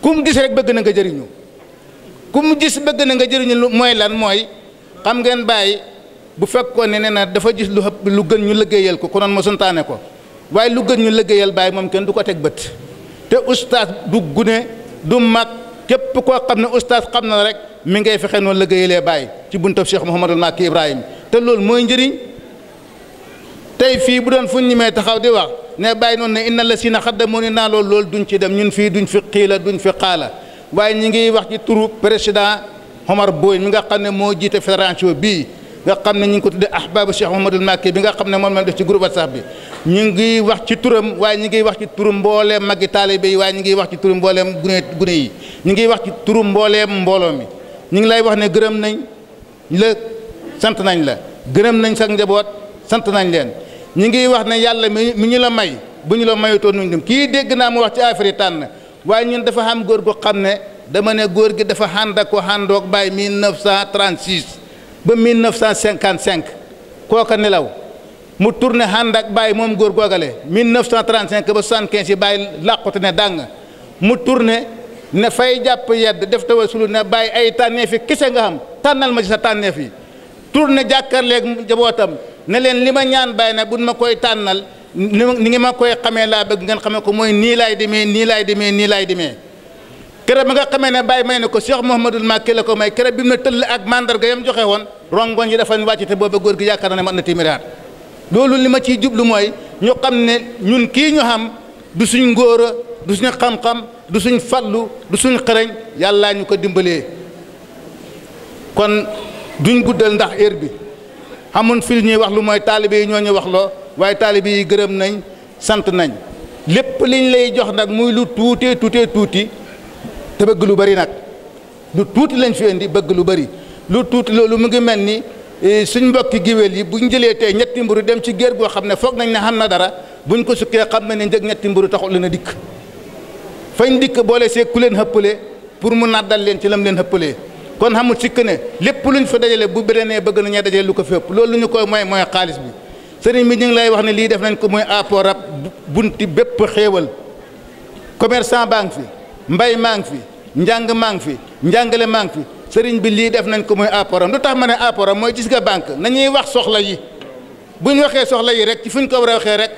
S5: ku mu gis rek bëgg na nga jëriñu ku mu gis bëgg na nga jëriñu mooy lan mooy xam ngeen bàyyi bu fekkoon ne nee na dafa gis lu ëpp lu gën ñu liggéeyal ko konoon ma santaane ko waaye lu gën ñu liggéeyal bàyyi moom kenn du ko teg bët te ustaas du gune du mag képp koo xam ne ustaas xam na rek mi ngay fexe noonu liggéeyalee bàyyi ci buntab Cheikh Mouhamadul Makki Ibrahim te loolu mooy njëriñ tey fii bu doon fu ñu may taxaw di wax ne bàyyi noonu ne inna la si na xaddamoo ni naa loolu lool duñ ci dem ñun fii duñ fi xiila duñ fi xaala waaye ñi ngi wax ci turu président Omar Boy mi nga xam ne moo jiite fédération bii nga xam ne ñu ngi ko tuddee ahbaabu Cheikh Mouhamadoul Macky bi nga xam ne moom lañ def ci groupe WhatsApp bi ñu ngi wax ci turam waaye ñu ngi wax ci turu mbooleem magi taalibe yi waaye ñu ngi wax ci turu mbooleem gune gune yi ñu ngiy wax ci turu mbooleem mbooloo mi ñu ngi lay wax ne gërëm nañ la sant nañ la gërëm nañ sa njaboot sant nañ leen ñu ngi wax ne yàlla mi mi ñu la may bu ñu la mayutoo nuñ dem kii dégg naa mu wax ci affaire yi tànn waaye ñun dafa am góor goo xam ne dama ne góor gi dafa xànd ak ko xàndoog bàyyi 1936 ba 1955 kooka nelaw mu tourné ànd ak bàyyi moom góor googale 1935 ba 75 yi bàyyi làqute ne dàng mu tourné ne fay jàpp yedd def tawasulu ne bàyyi ay tànneef yi kese nga xam tànnal ma si sa tànneef yi tourné jàkkaarleeg njabootam ne leen li ma ñaan bàyyi na buñ ma koy tànnal ni ni ngi ma koy xamee laa bëgg ngeen xamee ko mooy nii laay demee nii laay demee nii laay demee kere ba nga xamee ne Baye may na ko Cheikh Mouhamadul Macky la ko may kere bi mu ne tëll ak mandarga yam joxe woon rongoñ yi dafa wàcc te booba góor gi yaakaar na ne mën na téeméeri loolu li ma ciy jublu mooy ñu xam ne ñun kii ñu xam du suñ ngóor du suñ xam-xam du suñ fatlu du suñ xarañ yàlla ñu ko dimbalee kon duñ guddal ndax heure bi xamun fi lu ñuy wax lu mooy taalibe yi ñoo ñu wax loo waaye taalibe yi gërëm nañ sant nañ lépp liñ lay jox nag muy lu tuutee tuutee tuuti te bëgg lu bari nag lu tuuti lañ fi indi bëgg lu bari lu tuuti loolu mu ngi mel ni e, suñ mbokki géwél yi buñ jëlee tey ñetti mburu dem ci géer boo xam ne foog nañ ne xam na dara buñ ko sukkee xam ne njëg ñetti mburu taxul leen a dikk fañ dikk boole see ku leen xëppale pour mu nàddal leen ci lam leen xëppalee kon xamul sikk ne lépp luñ fa dajale bu nee bëgg nañu dajale lu ko fépp loolu lu ñu koy mooy mooy xaalis bi sëriñ bi ñu ngi lay wax ne lii def nañ ko muy apport ab bunti bépp xéewal commerçant baa ngi mbay maa ngi fi njàng maa fi njàngale maa ngi fi sëriñ bi lii def nañ ko muy apporam lu tax ma ne apporam mooy gis nga banque nañuy wax soxla yi bu ñu waxee soxla yi rek ci fu ñu ko war a waxee rek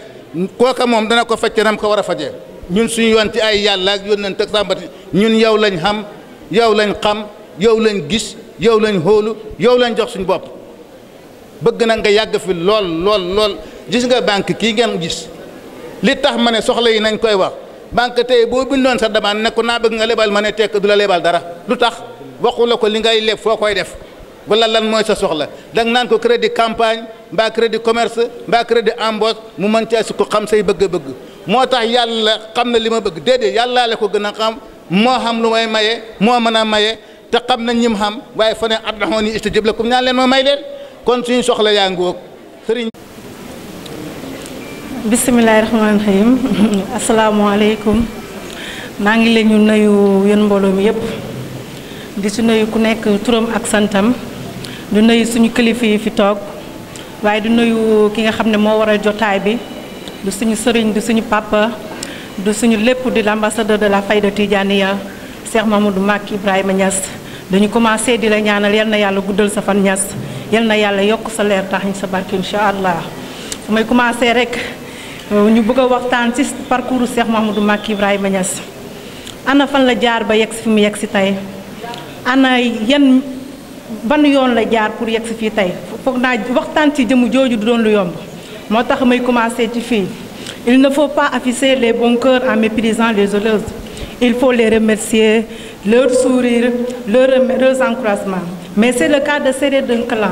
S5: kooka moom dana ko faj nam ko war a fajee ñun suñu yoon ci ay yàlla ak yónneen teg sàmbati ñun yow lañu xam yow lañ xam yow lañ gis yow lañ xóolu yow lañ jox suñu bopp bëgg na nga yàgg fi lool lool lool gis nga banque kii ngeen gis li tax ma ne soxla yi nañ koy wax. banque tey boo bindoon sa demande ne ko naa bëgg nga lebal ma ne tekk du la lebal dara lu tax waxu ko li ngay leb foo koy def wala lan mooy sa soxla danga naan ko crédit campagne mbaa crédit commerce mbaa crédit embauche mu man caa su ko xam say bëgg-bëgg moo tax yàlla xam na li ma bëgg déedéet yàllaa la ko gën a xam moo xam lu may maye moo mën a maye te xam nañ ñim xam waaye fa ne addaxoon yi istajib lakum ñaan leen ma may leen kon suñu soxla yaa
S6: Bismillahirrahmanirrahim. Assalamu'alaikum. rahim asalaamaaleykum maa leen ñu nuyu yeen mbooloo mi yépp di ci nuyu ku nekk turam ak santam du nuyu suñu kilifa yi fi tok waye du nuyu ki nga xamne mo waral bi du suñu serigne du suñu papa du suñu lepp di l'ambassadeur de la fayda tidiania cheikh mamadou mak ibrahima niass dañu commencé di la ñaanal yal na guddal sa fan na sa leer tax ñu sa barke inshallah may commencé rek Euh, ñu bëgg a waxtaan ci parcours Cheikh Mouhamadou Macky Ibrahima Niass ana fan la jaar ba yegg si fi mu yegg si tey ana yan ban yoon la jaar pour yegg si fii tey foog naa waxtaan ci jëm jooju du doon lu yomb moo tax may commencé ci fii il ne faut pas afficher les bons cœurs en méprisant les heureuses il faut les remercier leur sourire leur heureux encouragement mais c'est le cas de serrer d'un clan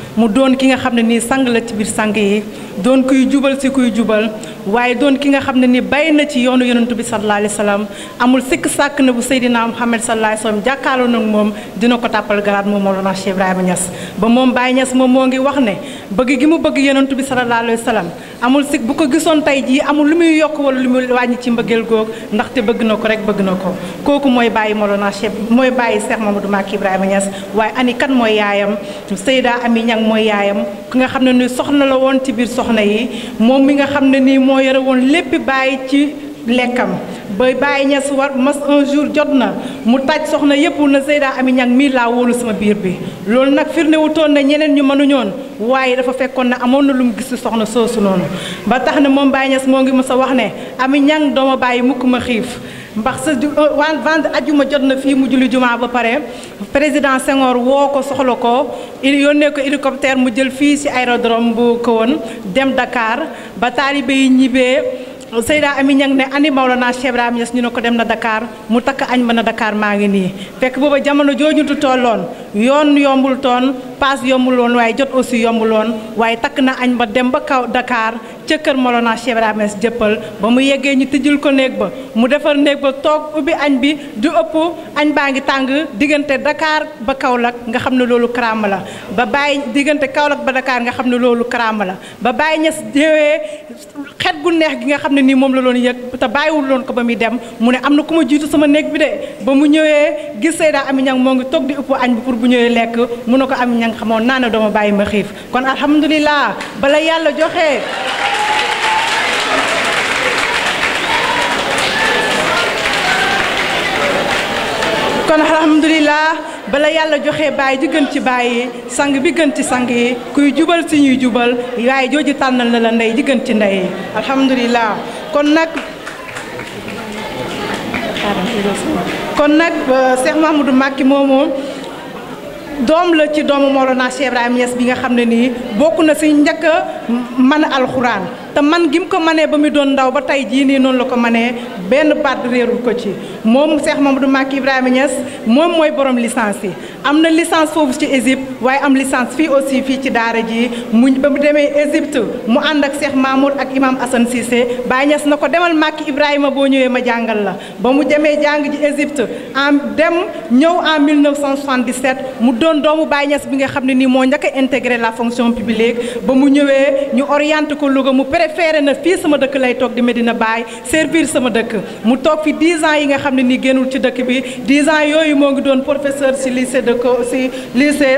S6: mu doon ki nga xam ne nii sang la ci biir sang yi doon kuy jubal si kuy jubal waaye doon ki nga xam ne ni bàyyi na ci yoonu yonentu bi sallallahu alayhi wa sallam amul sikk sàkk na bu Seydina Muhammad sallallahu alayhi wa sallam jàkkaarloo nag moom dina ko tàppal garaat moom Mawlana Cheikh Ibrahima Niass ba moom Baye Niass moom moo ngi wax ne bëgg gi mu bëgg yonentu bi sallallahu alayhi wa amul sikk bu ko gisoon tey jii amul lu muy yokk wala lu muy wàññi ci mbëggeel googu ndaxte bëgg na ko rek bëgg na ko kooku mooy Baye Mawlana Cheikh mooy Baye Cheikh Mamadou Macky Ibrahima Niass waaye ani kan mooy yaayam Seyda Ami Niang mooy yaayam ki nga xam ne ni soxna la woon ci biir soxna yi moom mi nga xam ne nii moo yore woon lépp bàyyi ci lekkam ba bàyyi ñes war mas un jour jot na mu taj soxna yëpp na Seyda Ami ñan mii laa wóolu sama biir bi loolu nag firnde wutoon na ñeneen ñu mënuñoon waaye dafa fekkoon na amoon na lu mu gis soxna su noonu ba tax na moom bàyyi ñes moo ngi mës a wax ne Ami Ñang dooma bàyyi mukk ma xiif mbax sa euh, wan vend ajuma jot na fii mu julli juma ba pare président Senghor woo ko soxla ko yónnee ko hélicoptère mu jël fii si aérodrome bu ko woon dem Dakar ba taalibe yi ñibbee Seyda Ami Ñang ne andi Maolana Cheikh Ibrahima ñu ne ko dem na Dakar takk añ mën a Dakar maa ngi nii fekk booba jamono jooju tu tolloon yoon yombul toon paas yombul waaye jot aussi yombuloon waaye takk na añ ba dem ba kaw dakaar ci kër molona Cheikh Ibrahima djeppal ba mu yeggee ñu tijjul ko neeg ba mu defar neeg ba tok ubi añ bi du ëpp añ baangi tang tàng Dakar ba Kaolack nga xam lolu loolu la ba bay diggante Kaolack ba Dakar nga xam lolu loolu la ba bay ñes déwee xet gu neex gi nga xam ni mom la loon yëg ta bayiwul loon ko ba mi dem mu ne amna kuma jitu sama neeg bi de ba mu ñëwee gis Seyda Ami Ñang ngi tok di ëpp añ bi pour bu ñëwee lekk mu nako ko Ami Ñang xamoon naa ne dooma bàyyi kon alhamdulilah bala yàlla joxe kon alhamdulilah bala yàlla joxe baay ji gën sang bi gën ci sang yi kuy jubal si ñuy jubal waaye jooju tànnal na la ndey ji ci ndey yi alhamdulilah kon nag kon nag euh, Cheikh Mahamadou Mbacké moomu doom la ci doomu Mawlana Cheikh Ibrahima Niass bi nga xam ne nii bokk na si njëkk a alxuraan te man gi mu ko manee ba mu doon ndaw ba tey jii nii noonu la ko manee benn baat bu ko ci moom Cheikh Mamadou Macky Ibrahima Niass moom mooy boroom licence yi am na licence foofu ci Égypte waaye am licence fii aussi fii ci daara ji mu ba mu demee Égypte mu ànd ak seex Mamour ak imam Assane Cissé Baye Niass na ko demal Macky Ibrahima boo ñëwee ma jàngal la ba mu demee jàng ji Égypte en dem ñëw en 1977 mu doon doomu Baye Niass bi nga xam ne nii moo njëkk a intégré la fonction publique ba mu ñëwee ñu orienté ko Louga mu préféré na fii sama dëkk lay toog di Medina Baye servir sama dëkk mu toog fi 10 yi nga xam ne nii génnul ci dëkk bi 10 ans yooyu moo ngi doon professeur si lycée de co si lycée.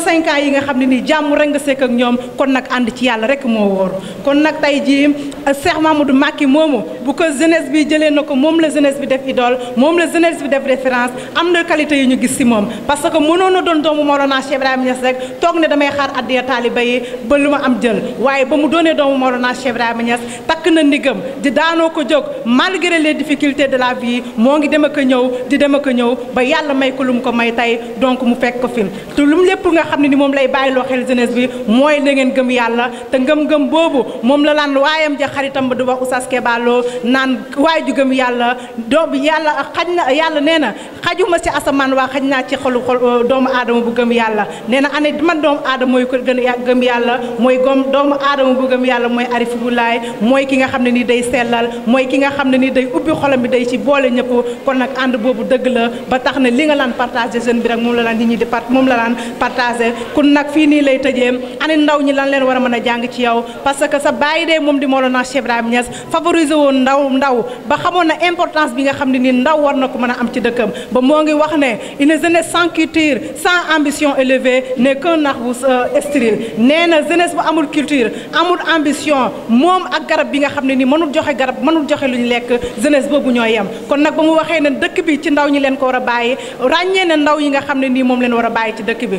S6: 35 yi nga xam ne nii jàmm rek nga sekk ak ñoom kon nag ànd ci yàlla rek moo wóor kon nag tey jii euh, Cheikh Mamadou Macky moomu bu ko jeunesse bi jëlee na ko moom la jeunesse bi def idole moom la jeunesse bi def référence am na qualité yu ñu gis si moom parce que mënoon na doon doomu Mawlana Cheikh Ibrahima Niass rek toog ne damay xaar addiya taaliba yi ba lu ma am jël waaye ba mu doonee doomu Mawlana Cheikh Ibrahima Niass takk na ndigam di daanoo ko jóg malgré les difficultés de la vie moo ngi dem ak a ñëw di dem ak a ñëw ba yàlla may ko lu mu ko may tey donc mu nga xam ne ni moom lay bàyyiloo xel jeunesse bi mooy na ngeen gëm yàlla te ngëm-ngëm boobu moom la laan waayam ja xaritam ba du wax Oustaz Keba Lo naan waay ju gëm yàlla doom yàlla xaj na yàlla nee na xajuma si asamaan waa xaj naa ci xolu xol euh, doomu aadama bu gëm yàlla nee na ane man doomu aadama mooy ko gën a gëm yàlla mooy gom doomu aadama bu gëm yàlla mooy arifulaay mooy ki nga xam ne ni day sellal mooy ki nga xam ne ni day ubbi xolam bi day ci boole ñëpp kon nag ànd boobu dëgg la ba tax na li nga laan partage jeune bi rek moom la laan nit ñi di part moom la laan partage engagé kun nag fii nii lay tëjee ani ndaw ñi lan leen war a mën a jàng ci yow parce que sa bàyyi de moom di Mawlana Cheikh Ibrahima Niass favoriser woon ndaw ndaw ba xamoon na importance bi nga xam ne nii ndaw war na ko mën a am ci dëkkam ba moo ngi wax ne une jeunesse sans culture sans ambition élevée n'est qu'un arbre euh, stérile nee na jeunesse bu amul culture amul ambition moom ak garab bi nga xam ne nii mënul joxe garab mënul joxe lu ñu lekk jeunesse boobu ñoo yam kon nag ba mu waxee ne dëkk bi ci ndaw ñi leen ko war a bàyyi ràññee ne ndaw yi nga xam ne nii moom war a bàyyi ci dëkk bi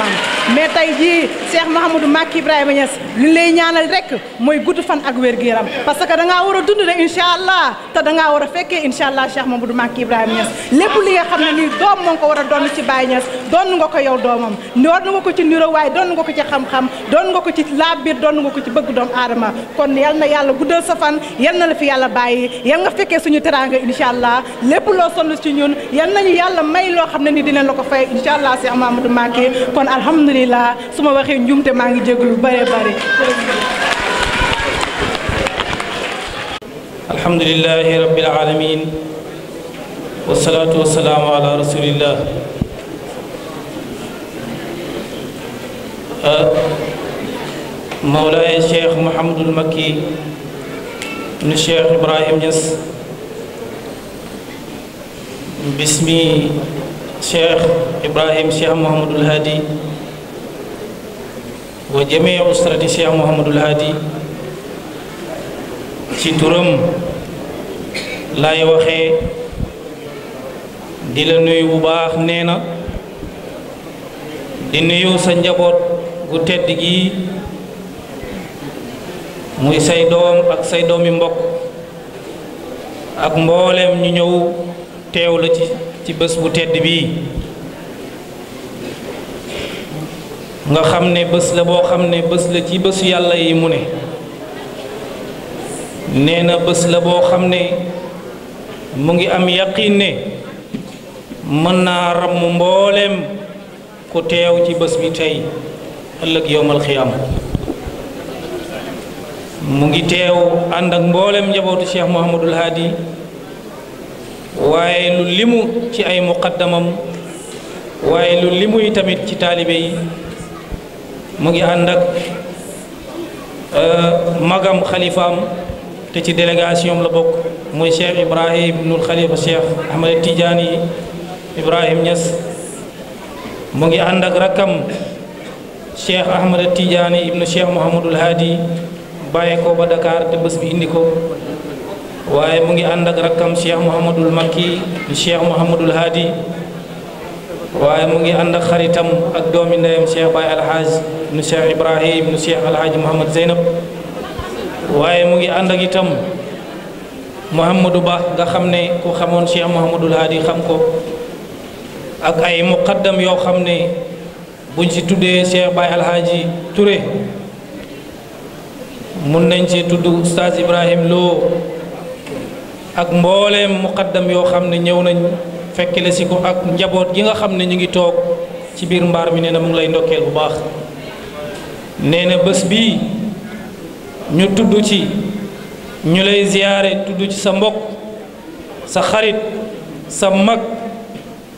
S6: Rahman mais tay ji Cheikh Mahamoudou Macky Ibrahima Niass li lay ñaanal rek moy gudd fan ak wér gu parce que da nga wara dund rek inshallah allah da nga wara fekke inshallah allah Cheikh Mahamoudou Macky Ibrahima Niass lepp li nga xam ni dom mo ko wara don ci Baye Niass don nga ko yow domam don nga ko ci niro way don nga ko ci xam-xam don nga ko ci laab biir nga ko ci bëgg dom adama kon yal na yàlla guddal sa fan yal na la fi yalla bàyyi ya nga fekke suñu teranga inshallah allah lo loo ci ñun yal ñu yalla may lo xam ni dinañ la ko fay inshallah allah Cheikh Mahamoudou Macky kon alhamdulilah su ma waxee njuumte maa ngi jéglu bare bare
S1: alhamdulilahi rabbil alamin
S6: wasalaatu wasalaamu ala
S1: rasulillah ah, mawlaaya cheikh Mouhamadul Makki nu cheikh Ibrahim Niass bismi cheikh ibrahim cheikh mohamadul hadi wa jamii usrati cheikh mohamadul hadi ci turam laay waxe di la nuyu bu baax nee na di nuyu sa njaboot gu tedd gi muy say doom ak say doomi mbokk ak mbooleem ñu ñëw teew la ci ci bés bu tedd bii nga xam ne bés la boo xam ne bés la ci bésu yàlla yi mu ne nee na bés la boo xam ne mu ngi am yaqiin ne mën naa ramm mbooleem ku teew ci bés bi tey ëllëg yowmal xiyaam mu ngi teew ànd ak mbooleem njabootu Cheikh Mouhamadul Hadi waaye lu limu ci ay muqaddamam waaye lu limuy tamit ci taalibe mu ngi ànd euh, magam xalifaam te ci délégation la bokk mooy cheikh ibrahim ibnul xalifa cheikh ahmad tidiane yi ibrahim Niass mu ngi ànd ak rakkam cheikh ahmad tidiane ibnu cheikh mouhamadul haadi bàyyi ko ba Dakar te bés bi indi ko waaye mu ngi ànd ak rakkam cheikh Mouhamadul Makki cheikh Mouhamadul Hadi waaye mu ngi ànd ak xaritam ak doomi ndeyam cheikh Baye Alhaaj nu cheikh Ibrahim nu cheikh Alhaaj Zeynab waaye mu ngi ànd ak itam Mouhamadou Ba nga xam ne ku xamoon cheikh Mouhamadul Hadi xam ko ak ay muqaddam yoo xam ne. buñ ci tuddee Cheikh Baye Alhaji Touré mun nañ ci tudd Oustaz Ibrahim Lo ak mbooleem muqaddam yoo xam ne ñëw nañ fekkele si ko ak njaboot gi nga xam ne ñu ngi toog ci biir mbaar mi nee na mu ngi lay ndokkeel bu baax nee na bés bii ñu tudd ci ñu lay ziyaare tudd ci sa mbokk sa xarit sa mag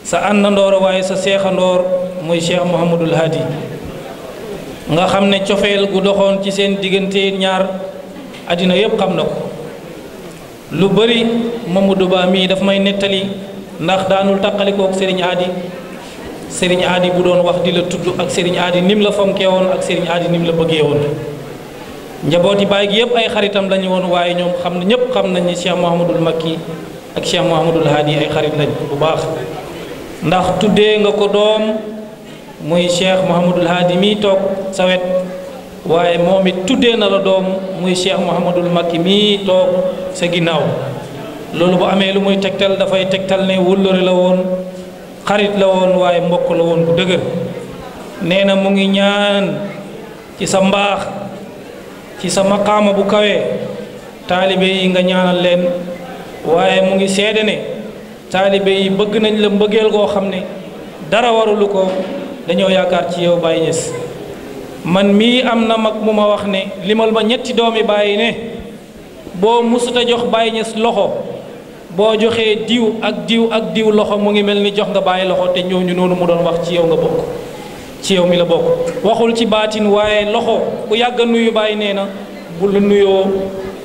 S1: sa àndandoor waaye sa seexandoor muy cheikh Mouhamadul Hadi nga xam ne cofeel gu doxoon ci seen diggante ñaar àddina yépp xam na ko lu bari bëri Mamadou Ba mii dafa may nettali ndax daanul tàqalikoo ak Serigne Adi Serigne Adi bu doon wax di la tudd ak Serigne Adi nim la fonkee woon ak Serigne Adi nim la bëggee woon njabooti baay gi yëpp ay xaritam lañu woon waaye ñoom xam na ñëpp xam nañ ni Cheikh Mouhamadul Makki ak Cheikh Mouhamadul Hadi ay xarit lañ bu baax ndax tuddee nga ko doom muy Cheikh Mouhamadul Hadi mii toog sawet waaye moom it tuddee na la doom muy cheikh Mouhamadul Makki mii toog sa ginnaaw loolu bu amee lu muy tegtal dafay tegtal ne wëllëre la woon xarit la woon waaye mbokk la woon bu dëgër nee na mu ngi ñaan ci sa mbaax ci sa maqaama bu kawe taalibe yi nga ñaanal leen waaye mu ngi seede ne taalibe yi bëgg nañ la mbëggeel goo xam ne dara warulu ko dañoo yaakaar ci yow Baye Niass man mii am na mag mu ma wax ne limal ma ñetti doomi bàyyi ne boo musuta jox bàyyi ñes loxo boo joxee diw ak diw ak diw loxo mu ngi mel ni jox nga bàyyi loxo te ñu noonu mu doon wax ci yow nga bokk ci yow mi la bokk waxul ci baatin waaye loxo ku yàgg a nuyu bàyyi nee na bu la nuyoo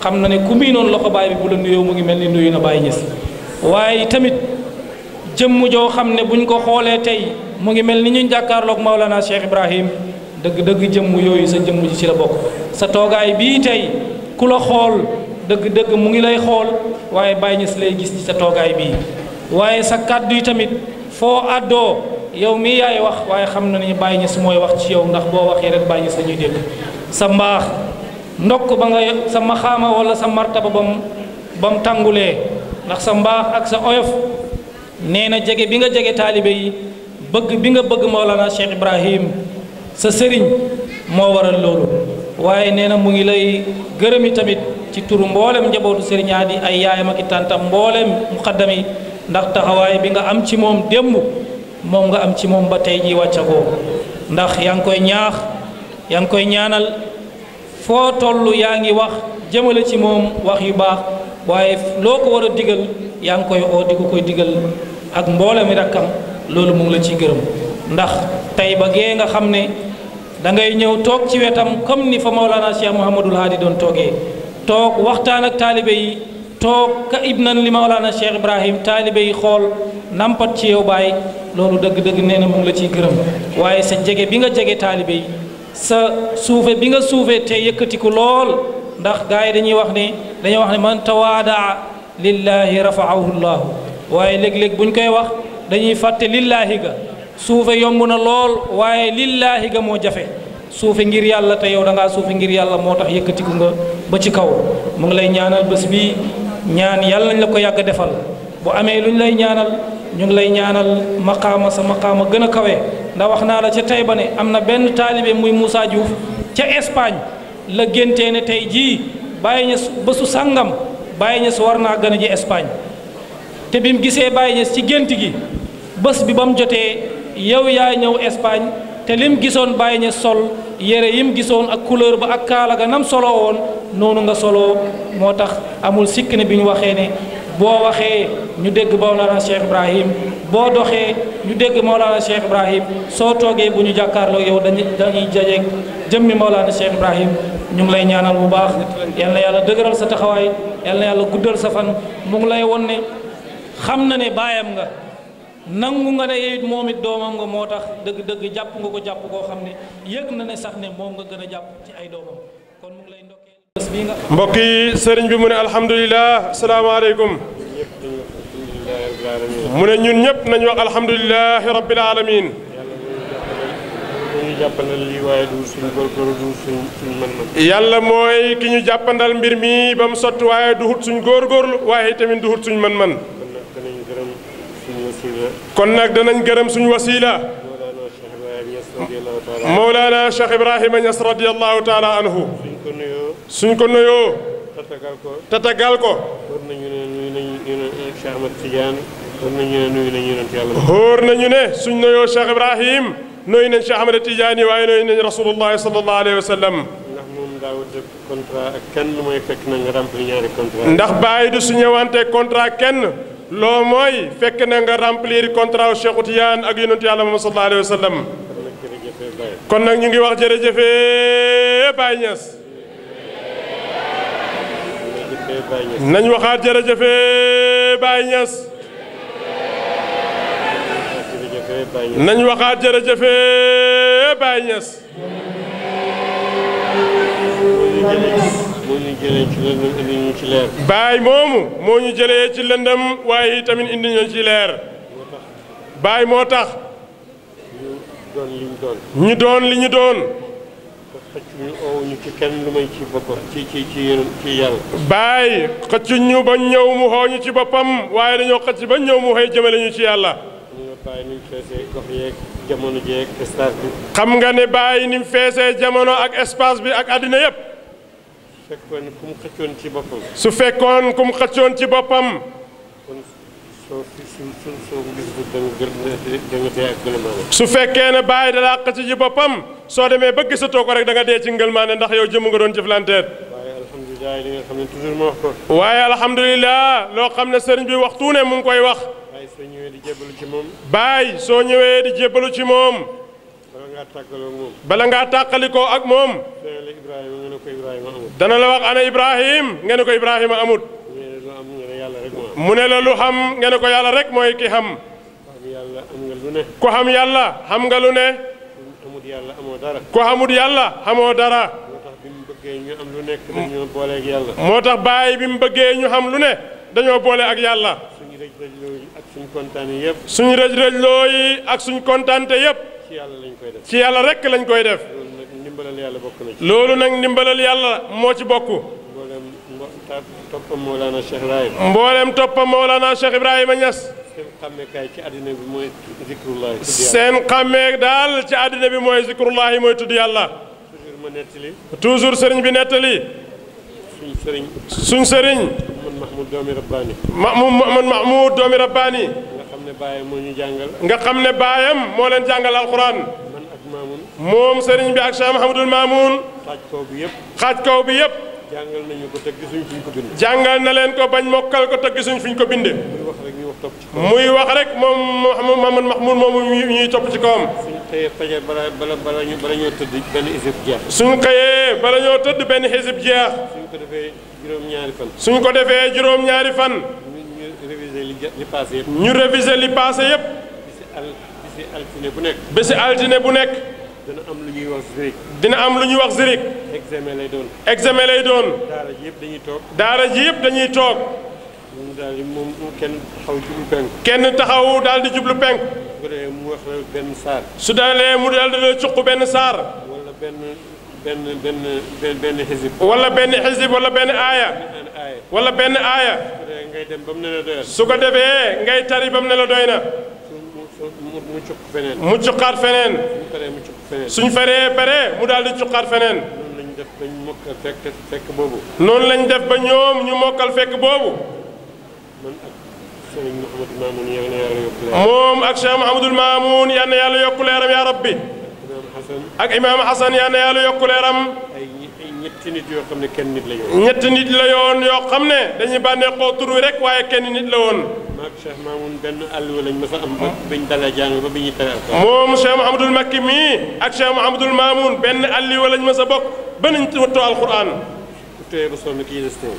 S1: xam na ne ku mii noonu loxo bàyyi bi bu la nuyoo mu ngi mel ni nuyu na bàyyi ñes waaye tamit jëmm joo xam ne buñ ko xoolee tey mu ngi mel ni ñu jàkkaarloog Maolana Cheikh Ibrahim deug deug jëm yoyu sa jëm ji ci la bok sa togaay bi tay ku la xool deug dëgg mu ngi lay xol waye Baay Ñas lay gis ci sa togaay bi waye sa kaddu tamit fo addo yow mi yaay wax waye xam na ni Baay Ñas moy wax ci yow ndax bo waxe rek Baay Ñas la ñuy dégg sa mbax ndokk ba nga sa maxaama wala sa martaba bam bam ba ndax sa mbax ak sa oyof neena jege bi nga jege taalibe yi bëgg bi nga bëgg maulana Cheikh Ibrahim sa sëriñ moo waral loolu waaye nee na mu ngi lay gërëm yi tamit ci turu mboolem njabootu sëriñ Hady ay yaayam ak i tàntam mboolem muqaddam ndax taxawaay bi nga am ci moom démb moom nga am ci moom ba tey ji wàccagoo ndax yaa ngi koy ñaax yaa ngi koy ñaanal foo tollu yaa ngi wax jëmale ci moom wax yu baax waaye loo ko war a digal yaa ngi koy oo di ko koy digal ak mboolemi rakkam loolu mu ngi la ciy gërëm ndax tey ba gee nga xam ne da ngay ñëw toog ci wetam comme ni fa Maulana Cheikh Mouhamadul Hadi doon toogee toog waxtaan ak taalibe yi toog ka ibnan li Maulana Cheikh Ibrahim taalibe yi xool nampat ci yow baay loolu dëgg-dëgg nee na mu la ciy gërëm waaye sa jege bi nga jege taalibe yi sa suufe bi nga suufee te yëkkatiku lool ndax gars yi dañuy wax ne dañuy wax ne man tawaadaa lillahi rafaahu llahu waaye léeg-léeg buñ koy wax dañuy fàtte lillahi ga suufe yomb na lool waaye lillaahi ga moo jafe suufe ngir yàlla te yow da ngaa suufe ngir yàlla moo tax yëkkatiku nga ba ci kaw mu ngi lay ñaanal bés bi ñaan yàlla nañ la ko yàgg defal bu amee lu ñu lay ñaanal ñu ngi lay ñaanal maqaama sa maqaama gën a kawe ndax wax naa la ca tey ba ne am na benn taalibe muy Moussa Diouf ca Espagne la géntee ne tey jii bàyyi ñes bésu sàngam bàyyi ñes war naa gën a ji Espagne te bi mu gisee bàyyi ñes ci gént gi bés bi yow yaa ñëw Espagne te lim gisoon bàyyi na sol yére yim gisoon ak couleur ba ak kaala ga solo woon noonu nga solo moo tax amul sikk ne bi ñu waxee ne boo waxee ñu dégg Mawlana Cheikh Ibrahim boo doxee ñu dégg Mawlana Cheikh Ibrahim soo toogee bu ñu jàkkaarloo yow dañuy dañuy jajeeg laa Mawlana Cheikh Ibrahim ñu ngi lay ñaanal bu baax yal na yàlla dëgëral sa taxawaay yal na yàlla guddal sa fan mu ngi lay won ne xam na ne baayam nga. nangu nga ne yeyit moom it doomam nga moo tax dëgg-dëgg jàpp nga ko jàpp koo xam ne yëg na ne sax ne moom nga gën a jàpp ci ay doomam kon mu ngi
S2: lay ndokkee bés nga mbokk yi sëriñ bi mu ne alhamdulilah salaamaaleykum mu ne ñun ñëpp nañu wax alhamdulilahi rabbil alamin yàlla mooy ki ñu jàppandal mbir mi ba mu sotti waaye duhut suñ góorgóorlu waaye tamit duhut suñ man man كنا دنا نكرم سن وسيلة مولانا شيخ إبراهيم أنس رضي الله تعالى عنه سن كنا يو تتقالكو هور نيونا سن نيو شيخ إبراهيم نوين شيخ أحمد تجاني وين نيونا رسول الله صلى الله عليه وسلم ndax baye du suñu wante contrat kenn loo mooy fekk na nga remplir contrat Cheikhu Tijaan ak yonentu yàlla moom sallallahu alayhi wa sallam kon nag ñu ngi wax jërëjëfee Baye Niass
S7: nañ waxaat
S2: jërëjëfee Baye Niass nañ waxaat jërëjëfee moo ñu ñu ci baay moomu moo ñu jëlee ci lëndëm waaye tamit indi ci leer. baay moo tax.
S7: ñu doon doon. li ñu
S2: doon. kenn lu may ci boppam ci ci ci yéen ci ba ñëw mu xooñu ci boppam waaye dañoo xëcc ba ñëw mu xëy jëmale ci yàlla. xam nga ne baay ni feese feesee jamono ak espace bi ak àddina yépp fekkoon ku ci boppam. su fekkoon ku mu xëccoon ci boppam. su fekkee ne bàyyi da laa xëcc ci boppam soo demee ba gisatoo ko rek da nga dee ci ngëlmaane ndax yow jëmm nga doon jëflanteet. waaye
S7: alhamdulilah li nga xam ne toujours
S2: ma loo xam ne sëriñ bi waxtu ne mu ngi koy wax. bàyyi soo
S7: ñëwee di jébbalu ci moom.
S2: bàyyi soo ñëwee ci moom. bala nga takaliko ak mom dana la wax ana ibrahim ngene ko ibrahim amut munela lu xam ngene ko yalla rek moy ki xam ko xam yalla xam nga lu ne
S7: ko xamut yalla
S2: xamo dara moo tax bi mu bëggee ñu xam lu ne dañoo boole ak yàlla suñu
S7: rëj rëjloo yi ak suñ kontaante yëpp
S2: suñu rëj rëjloo yi ak suñu kontaante yépp
S7: ci yàlla lañ koy
S2: def. ci yàlla rek lañ koy def. loolu
S7: nag ndimbalal yàlla bokk loolu nag
S2: ndimbalal yàlla moo ci bokk.
S7: mboolem mbo toppam Mawlana Cheikh Ibrahima. mboolem
S2: toppam Mawlana Cheikh Ibrahima Niass. seen
S7: xàmmeekaay ci bi mooy zikrullahi.
S2: ci addina bi mooy zikrullahi mooy tudd yàlla.
S7: ma nettali. toujours sëriñ bi nettali. suñ sëriñ.
S2: suñ sëriñ. man
S7: Mahmoud doomi doomi Rabbani. ne baayam ñu jàngal. nga xam ne
S2: baayam moo leen jàngal alxuraan. man ak Mamoun. moom sëriñ bi ak Cheikh Mouhamadul Mamoun.
S7: xaaj yëpp.
S2: xaaj kaw bi yëpp.
S7: jàngal nañu ko te gisuñ fuñ ko bindee.
S2: jàngal na leen ko bañ mokkal ko te gisuñ fuñ ko bindee. muy wax rek ñu wax topp ci kawam. muy wax rek moom Mamoun Mahmoud moomu ñuy topp ci kawam.
S7: suñ xëyee fajar bala bala bala ñu bala ñoo tëdd benn xisib
S2: jeex. suñ xëyee bala ñoo tëdd benn xisib jeex. suñ ko
S7: defee juróom-ñaari fan. suñ ko defee ñaari fan. réviser li li passé yëpp. ñu réviser li passé yëpp. bési al bési bu nekk. si altine bu nekk. dina am lu ñuy wax zirik.
S2: dina am lu ñuy wax zirik.
S7: examen lay doon. examen lay doon. daara ji yëpp dañuy toog.
S2: daara ji yëpp dañuy toog. moom daal di moom kenn taxaw jublu penku. kenn taxaw daal di jublu penk mu benn saar. su dalee mu daal di benn saar.
S7: benn benn benn xisib. wala benn xisib
S2: wala benn aaya. wala benn aaya. ngay dem ba mu ne la doy na. mu ne feneen.
S7: suñ paree mu
S2: mu daal di cuqaat feneen. noonu lañ def ba ñoom ñu mokkal fekk boobu. moom ak Cheikh Mouhamadou Mamoun yal yàlla yokk leeram yaa rabbi. ak imam hasan ya na yàlla yokk leeram
S7: ay nit yo xamne ne kenn nit la yoon. ñetti nit la yoon
S2: yoo xam dañuy bànneexoo tur rek waaye kenn nit la woon.
S7: maak Cheikh Mamoun benn àlluwa lañ ma fa am. ba biñ jàng ba bi ñuy tere Cheikh
S2: Mouhamadul Makki mii ak lañ ma sa bokk ba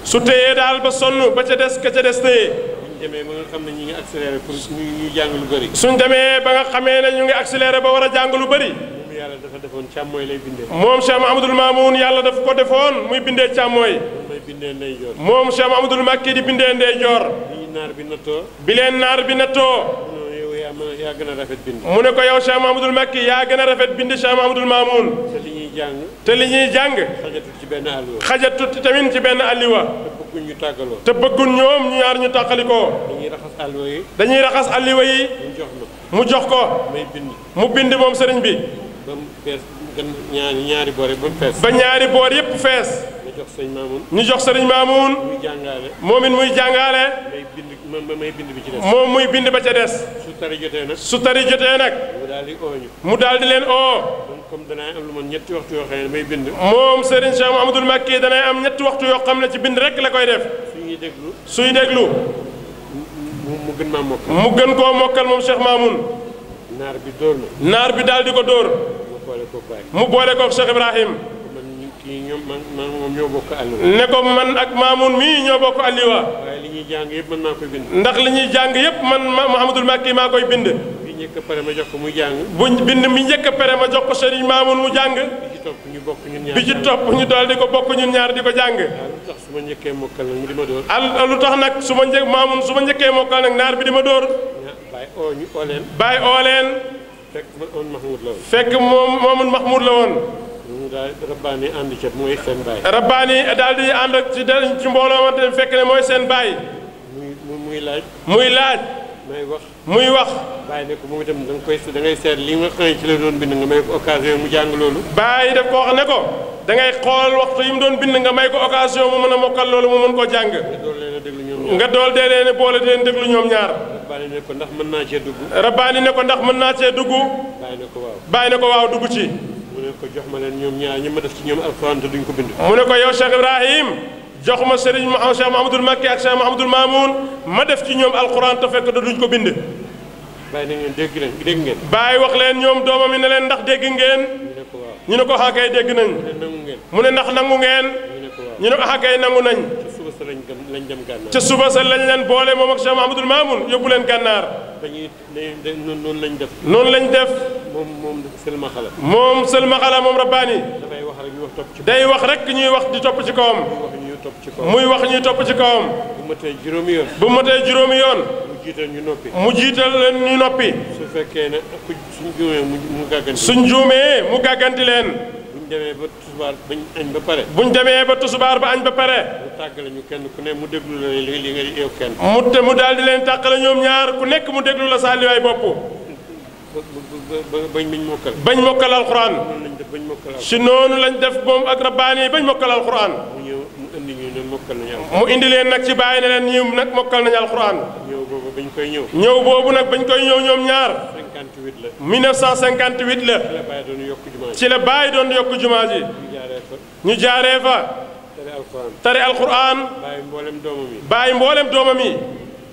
S2: su téye. su ba sonn ba ca des ka ca des téye. demee ba nga xam ne ñu ngi pour ñu jàng lu bëri. suñ demee ba nga xamee ñu ngi accéléré ba war jàng lu bëri yàlla dafa defoon
S7: càmmooy lay bindee.
S2: moom Cheikh Mahamadul Mamoun yàlla daf ko defoon muy bindee càmmooy. muy bindee ndeyjoor. moom Cheikh Mahamadul Makki di bindee ndeyjoor.
S7: bi naar bi nattoo.
S2: bi leen naar bi nattoo.
S7: yaa gën a rafet bind.
S2: mu ne ko yow Cheikh Mahamadul Makki yaa gën a rafet bind Cheikh Mahamadul Mamoun. te li ñuy jàng. te li ñuy jàng. xajatut ci benn alliwa. xajatut tamit ci benn alliwa.
S7: te bëgguñ ñu tàggaloo.
S2: te bëgguñ ñoom ñu ñaar ñu tàqalikoo.
S7: dañuy raxas alliwa yi.
S2: dañuy raxas alliwa yi. mu jox ko. muy bind. mu bind moom sëriñ bi. ba mu fees
S7: ñaari ñaari boor yëpp ba mu fees. ba ñu jox sëñ Maamoun.
S2: ñu jox sëñ Maamoun. muy
S7: jàngale. moom it muy jàngale. may bind moom may bind bi ci des. moom muy bind ba ca des. su tari
S2: jotee su tari jotee nag.
S7: mu daal di oo mu daal di leen oo. comme danay am lu ñetti waxtu yoo
S2: xam ne may bind. moom Serigne Cheikh Mouhamadoul Macky danay am ñetti waxtu yoo xam ne ci bind rek la koy def. suñuy déglu. suy déglu. mu gën mu gën koo mokkal moom Cheikh Maamoun. naar bi dóor na. naar bi daal ko dóor. boole ko mu boole koog Cheikh Ibrahim. ne ko man ak Mamoun mii ñoo bokk Aliwa.
S7: waaye li ñuy jàng yëpp man maa koy bind. ndax li ñuy
S2: Makki maa koy bind. bi njëkk a pare ma jox ko muy jàng. bu bind mi njëkk a pare ma jox ko Serigne Mamoun mu jàng. bi ci topp ñu bokk ñun ñaar bi ci ko bokk ñun ñaar di ko jàng. lu
S7: tax su ma njëkkee mokkal nag al lu tax nag su ma një Mamoun su ma njëkkee mokkal nag naar bi di ma dóor. bàyyi oo ñu oo leen. bàyyi oo leen. fekk moom Mahmoud la woon. fekk moom moomun Mahmoud la woon. mu daal rabbaani ànd ca mooy seen baay. rabbaani daal di
S2: ànd ak ci ci mbooloo ma te fekk ne mooy seen baay. muy muy laaj. muy laaj. muy wax muy wax. bàyyi ne ko moom itam da nga koy da ngay seet li nga xëy ci la doon bind nga may ko occasion mu jàng loolu. bàyyi daf ko wax ne ko da xool waxtu yi mu doon bind nga may ko occasion mu mën a mokkal loolu mu mën koo jàng. nga dool dee leen boole di leen déglu ñoom ñaar.
S7: rabbaani ne ko ndax mën naa cee dugg. rabbaani ne ko ndax mën naa cee dugg. bàyyi ne ko waaw
S2: bàyyi ko waaw dugg ci.
S7: mu ne ko jox ma leen ñoom ñaar ñi ma def ci ñoom alxuraan te duñ ko bind. mu ne ko yow Cheikh
S2: Ibrahim jox ma sëriñ ma Cheikh Mahamadul Makki ak Cheikh Mahamadul Mamoun ma def ci ñoom alxuraan te fekk da duñ ko bind.
S7: bàyyi na ñoom dégg nañ dégg ngeen.
S2: bàyyi wax leen ñoom doomam yi ne leen ndax dégg ngeen. ñu ne ko ah kay dégg nañ. mu ne ndax nangu ngeen. ñu ne ko ah kay nangu nañ.
S7: ca suba sa lañ
S2: leen boole moom ak Cheikh Mahamadul Mamoun yóbbu leen gànnaar. dañuy
S7: noonu def. noonu lañ def. moom moom sëlma xala. moom
S2: sëlma xala moom rabbaani. day wax rek ñuy wax di topp ci kawam muy wax ñuy topp ci kawam. bu matee juróomi yoon. bu matee juróomi yoon. mu jiital ñu noppi. mu jiital leen ñu noppi.
S7: su fekkee ne suñ juumee mu gàgganti. suñ juumee mu
S2: gàgganti leen. buñ demee ba tusubaar ba añ ba pare. buñ demee ba tusubaar ba añ ba pare. mu tàggale ñu kenn ku ne mu déglu la li li nga yow kenn. mu te mu daal di leen tàqale ñoom ñaar ku nekk mu déglu la saa liwaay bopp.
S7: bañ bañ mokkal. bañ mokkal alxuraan.
S2: si noonu lañ def moom ak rabbaani bañ mokkal alxuraan.
S7: mu
S2: indi leen nag ci bàyyi ne leen ñoom nag mokkal nañu alxuraan.
S7: ñëw boobu bañ koy ñëw.
S2: ñëw boobu nag bañ koy ñëw ñoom ñaar. 58 la. 1958 la. ci la bàyyi doon
S7: yokk jumaa ji. ci la doon
S2: yokk jumaa ji. ñu
S7: jaaree fa.
S2: ñu jaaree fa.
S7: tare alxuraan. tare alxuraan. bàyyi mboolem doomam yi.
S2: bàyyi mboolem doomam yi.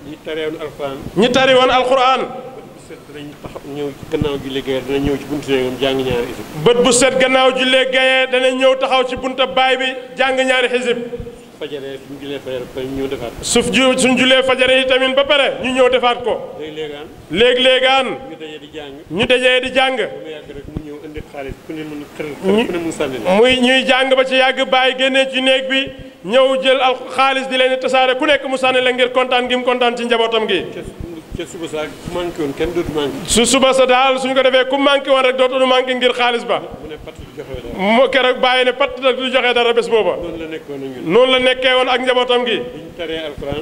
S7: ñi tare woon alxuraan. ñi woon alxuraan.
S2: dinañ taxaw ñëw gannaaw julli gaye ñëw ci buntu néegam bët bu set gannaaw julli gaye dana ñëw taxaw ci bunta baay bi jàng ñaari xisib.
S7: fajaree suñ julee fajar
S2: ñu defaat suuf ju suñ julee fajaree yi tamit ba pare ñu ñëw defaat ko. léeg-léegaan. léeg-léegaan. ñu dajee di jàng. ñu dajee di jàng. muy ñuy jàng ba ci yàgg bàyyi génnee ci néeg bi ñëw jël al xaalis di leen tasaare ku nekk mu sànni la ngir kontaan gi kontaan ci njabootam gi ca suba sa ku manqué woon kenn dootu manqué. su suba sa daal suñ ko defee ku manqué woon rek dootul manqué ngir xaalis ba. mu ne patt du joxe dara. mu keroog bàyyi ne patt nag du joxe dara bés booba. noonu la nekkee woon ak njabootam gi. biñ taree alquran.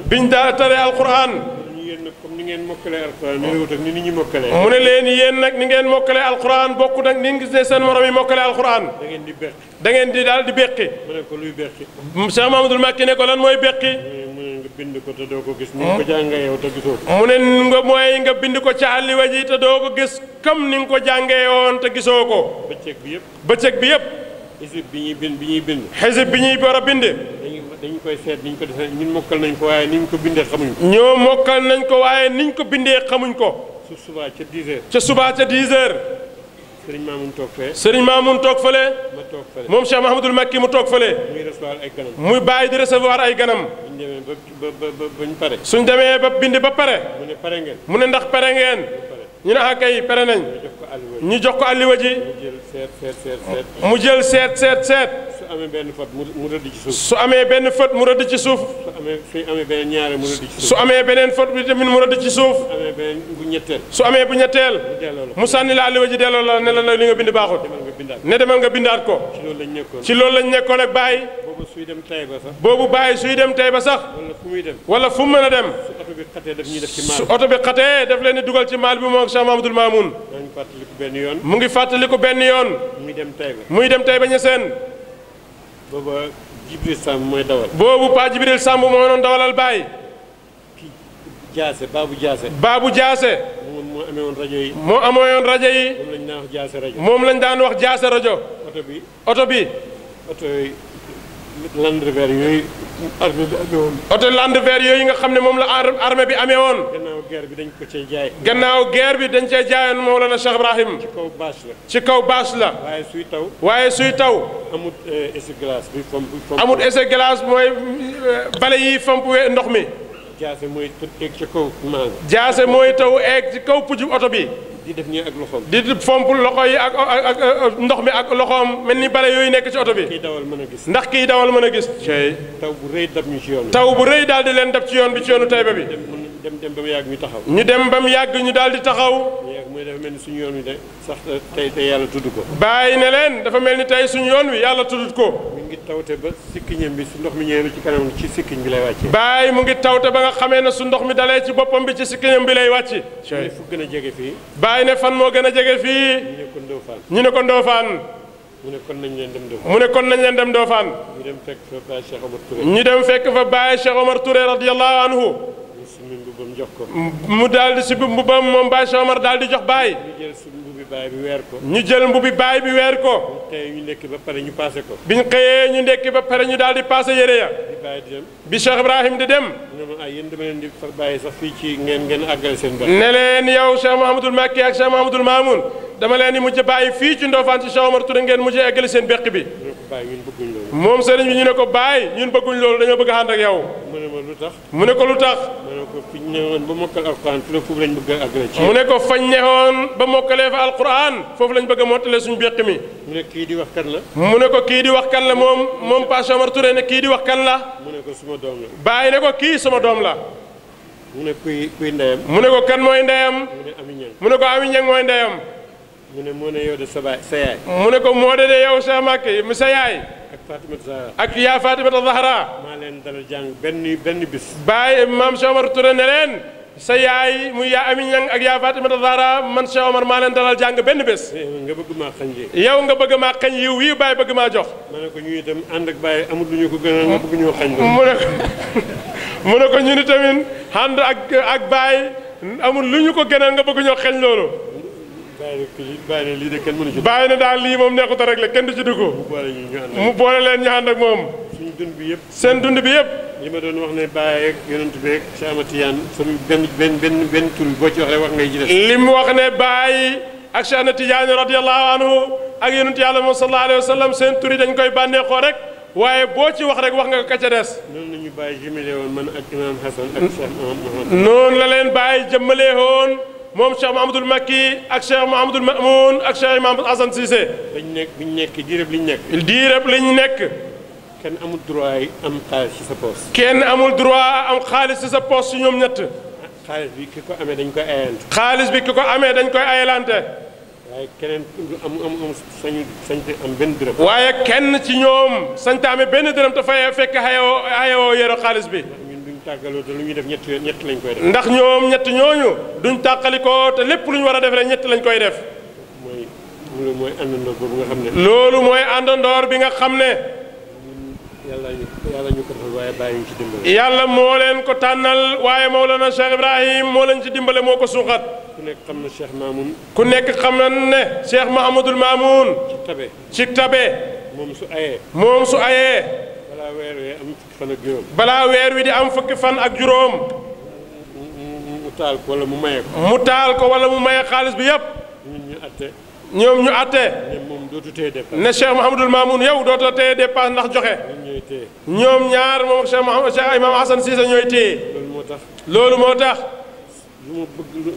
S2: biñ yéen nag comme ni ngeen mokkalee mu ne leen yéen nag ni ngeen mokkalee alxuraan bokkut ni ngeen gisee seen morom yi alxuraan. da ngeen di beqi. da ngeen di daal di beqi. mu ne ko luy beqi. Cheikh Mamadou Mbacké ne ko lan mooy beqi. mu ne nga ni
S7: ko jàngee yow te gisoo ko. mu ne nga
S2: mooy nga bind ko ca te doo ko gis comme ni ko jàngee woon gisoo ko. bëccëg bi yëpp. bëccëg bi yëpp. xisib bi ñuy bind bi bi ñuy war a bind
S7: dañ koy ko defee ñun mokkal
S2: nañ ko waaye niñ ko ko. ñoo mokkal ko waaye niñ ko bindee xamuñ ko. su subaa ca 10 heures. ca subaa ca 10 heures.
S7: sëriñ Mamoun toog fee. sëriñ Mamoun toog fële. ma moom Cheikh Mahamadul Makki mu toog fële. muy recevoir ay ganam. muy bàyyi
S2: di recevoir ay ganam. suñ demee ba ba ba suñ demee ba bind ba pare. mu ne pare mu ne ndax pare ngeen. ñu ne ah kay pere nañ. ñu jox ko alliwa ji. mu
S7: jël seet seet seet seet. mu jël seet
S2: seet seet. su amee benn fët mu rëdd ci suuf. su amee benn fët mu rëdd ci suuf. su amee su amee beneen ñaare mu rëdd ci suuf. su amee fët bi tamit mu rëdd ci suuf. su amee beneen bu ñetteel. su amee mu sànni la alluwa ji delloo la ne li nga bind baaxul. ne demal nga bindaat ko. ci loolu lañ nekkoon ci loolu lañ ak bàyyi. boobu ba bàyyi suy dem tay ba sax.
S7: wala fu wala fu mu mën a dem. su
S2: oto bi xatee daf leen di dugal ci maal bi moom Cheikh Mamadou Mamoun.
S7: mu ngi fàttaliku
S2: benn yoon. muy dem tay ba ñeseen boobu Jibril mooy dawal. boobu Pa Jibril Samb moo doon dawalal Baye. ki Jaase Baabu Jaase. Baabu Jaase. moo amee woon rajo yi. moo amee woon rajo yi. moom lañ daan
S7: wax Jaase rajo. moom lañ
S2: daan wax Jaase rajo. oto bi oto bi. oto land vert yooyu armée bi amee oto land vert yooyu nga xam ne moom la armée bi amee woon.
S7: gannaaw guerre bi dañ ko cee jaay. gannaaw
S2: guerre bi dañ cee jaayoon Mawlana Cheikh Ibrahim. ci kaw bâche la. ci kaw bâche la. waaye suy taw. waaye suy taw. amut euh, essai glace buy fomp. amut essai glace mooy euh, bale yi fomp ndox mi. jaase mooy kaw maal. mooy taw egg ci kaw puju oto bi. di def nii ak loxoom. di fomp loxo yi ak ak ndox mi ak loxoom mel ni bale yooyu nekk ci oto bi. kii mën a gis ndax kii dawal mën a gis. taw bu rëy dab ñu yoon taw bu rëy daal di leen dab ci yoon bi ci yoonu Taïba bi. dem dem ba mu yàgg ñu taxaw. dem ba mu yàgg ñu daal di taxaw. ñu mel ni suñu yoon wi de sax tey tey yàlla tudd ko. bàyyi ne leen dafa mel ni tey suñu yoon wi yàlla ko. mu ngi tawte ba sikkiñam bi su ndox mi ñëwee ci kanam ci sikkiñ bi lay wàccee. bàyyi mu ngi tawte ba nga xamee ne su ndox mi dalee ci boppam bi ci sikkiñam bi lay wàcce. bàyyi fu gën a jege fii. bàyyi ne fan moo gën a jege fii. ñu ne ñu ne ko Ndofane.
S7: mu ne kon nañ leen dem Ndofane
S2: mu ne nañ leen dem Ndofane. ñu dem fekk fa Baye Cheikh Omar Touré. ñu dem anhu mbubbam jox ko. mu daal di si mbubbam moom Baye Cheikh Omar daal di jox Baye.
S7: ñu jël mbubbi Baye bi weer ko. ñu jël mbubbi
S2: Baye bi weer ko. ñu xëyee ñu ndekki ba pare ñu paase ko. biñ xëyee ñu ndekki ba pare ñu daal di paase yére ya.
S7: bi Baye di dem.
S2: bi Cheikh Ibrahim di dem.
S7: non ah yéen dama leen di bàyyi sax fii ci ngeen
S2: ngeen àggale seen bopp. ne leen yow Cheikh Makki ak Cheikh Mouhamadul Mamoun dama leen mujj bàyyi fii ci Ndofane ci Cheikh Omar Touré ngeen mujj àggale seen beq bi. moom sëriñ bi ñu ne ko bàyyi ñun bëgguñ loolu dañoo bëgg a ànd ak yow. mu
S7: ne lu tax. mu ne ko lu tax.
S2: mu ne ko foofu lañ bëgg a mu ne ko fañ neexoon ba mokkalee fa alquran foofu lañ bëgg a mottalee suñu béq mi. mu ne kii di wax kan la. mu ne ko kii di wax kan la moom moom Pa Omar Touré ne kii di wax kan la. mu ne ko suma doom la. ne ko kii suma doom la.
S7: mu ne kuy mu ne ko kan mooy
S2: ndeyam. mu ne ko Ami Ñang mooy ndeyam.
S7: mu ne moo ne yow de sa baay
S2: sa ne ko moo de de yow sa màkk sa yaay.
S7: ak Fatimata Zahra.
S2: ak yaa Fatimata maa
S7: leen dalal jàng benn benn
S2: bis. bàyyi maam Cheikh Omar sa yaay mu yaa Ami Ñang ak yaa Fatimata Zahra man Cheikh Omar maa leen dalal jàng benn bes eh, nga bëgg maa xañ yow nga bëgg maa xañ yiw wii bàyyi bëgg maa jox. ma ko ñu itam ànd ak bàyyi amul lu ñu ko gënal ma bëgg mu ne ko ñu ni tamit ànd ak ak bàyyi amul ko gënal nga bëgg ñoo xañ loolu bàyyi na kenn mënu ci. bàyyi na daal lii moom nekkut rek la kenn du ci mu boole leen ñu ànd moom. suñu dund bi yëpp. seen dund bi yëpp. li ma doon wax ne Baye ak yonent bi ak Cheikh benn benn boo ci waxee wax ngay ji li mu wax ne Baye ak Cheikh Ahmad Tidiane radiyallahu anhu ak yonent yàlla moom sallallahu alayhi wa seen tur dañ koy bànneexoo rek. waaye boo ci wax rek wax nga ko ka ca la
S7: ñu Baye jëmale woon man ak Imam Hassan ak Cheikh Mouhamad. noonu
S2: la leen Baye jëmale moom Cheikh Mahamadul Makki ak Cheikh Mahamadul Mamoun ak Cheikh Imam Assane Cissé. dañ nekk biñ nekk diireb liñ nekk. diireb liñ nekk. kenn amul droit
S7: yi am xaalis ci sa poos. kenn amul droit
S2: am xaalis ci sa poos si ñoom ñett. xaalis bi ki ko amee dañ koy ayalante. xaalis bi ki ko amee dañ koy ayalante. waaye keneen am am am sañu sañte am benn dërëm. waaye kenn ci ñoom sañte amee benn dërëm te fayee fekk ayoo ayoo yore xaalis bi. tàggaloo te lu ñuy def ñett ñett lañ koy ndax ñoom ñett ñooñu duñ tàqalikoo te lépp lu ñu war a def rek ñett lañ koy def. mooy loolu mooy àndandoor xam ne. loolu mooy àndandoor bi nga xam ne.
S7: yàlla ñu yàlla ñu
S2: yàlla moo leen ko tànnal waaye Mawlana Cheikh Ibrahim moo leen ci dimbale moo ko suuxat. ku nekk xam na Cheikh Mamoun. ku nekk xam na ne Cheikh Mahamadul Mamoun. ci tabe ci tabe.
S7: moom su ayee.
S2: moom su ayee. balaa weer wi am fukki fan ak juróom. balaa weer wi di am fukki fan ak juróom. mu taal ko wala mu maye ko. mu taal ko wala mu maye xaalis bi yëpp. ñun ñu atte. ñoom ñu atte. ne
S7: moom dootu téye
S2: dépense. ne Cheikh Mouhamadul Mamoun yow dootu la téye dépense ndax joxe. ñoom ñaar moom Cheikh Mouhamad Cheikh Imam Hassan Cissé ñooy téye. loolu moo tax. loolu moo tax.
S7: lu ma bëgg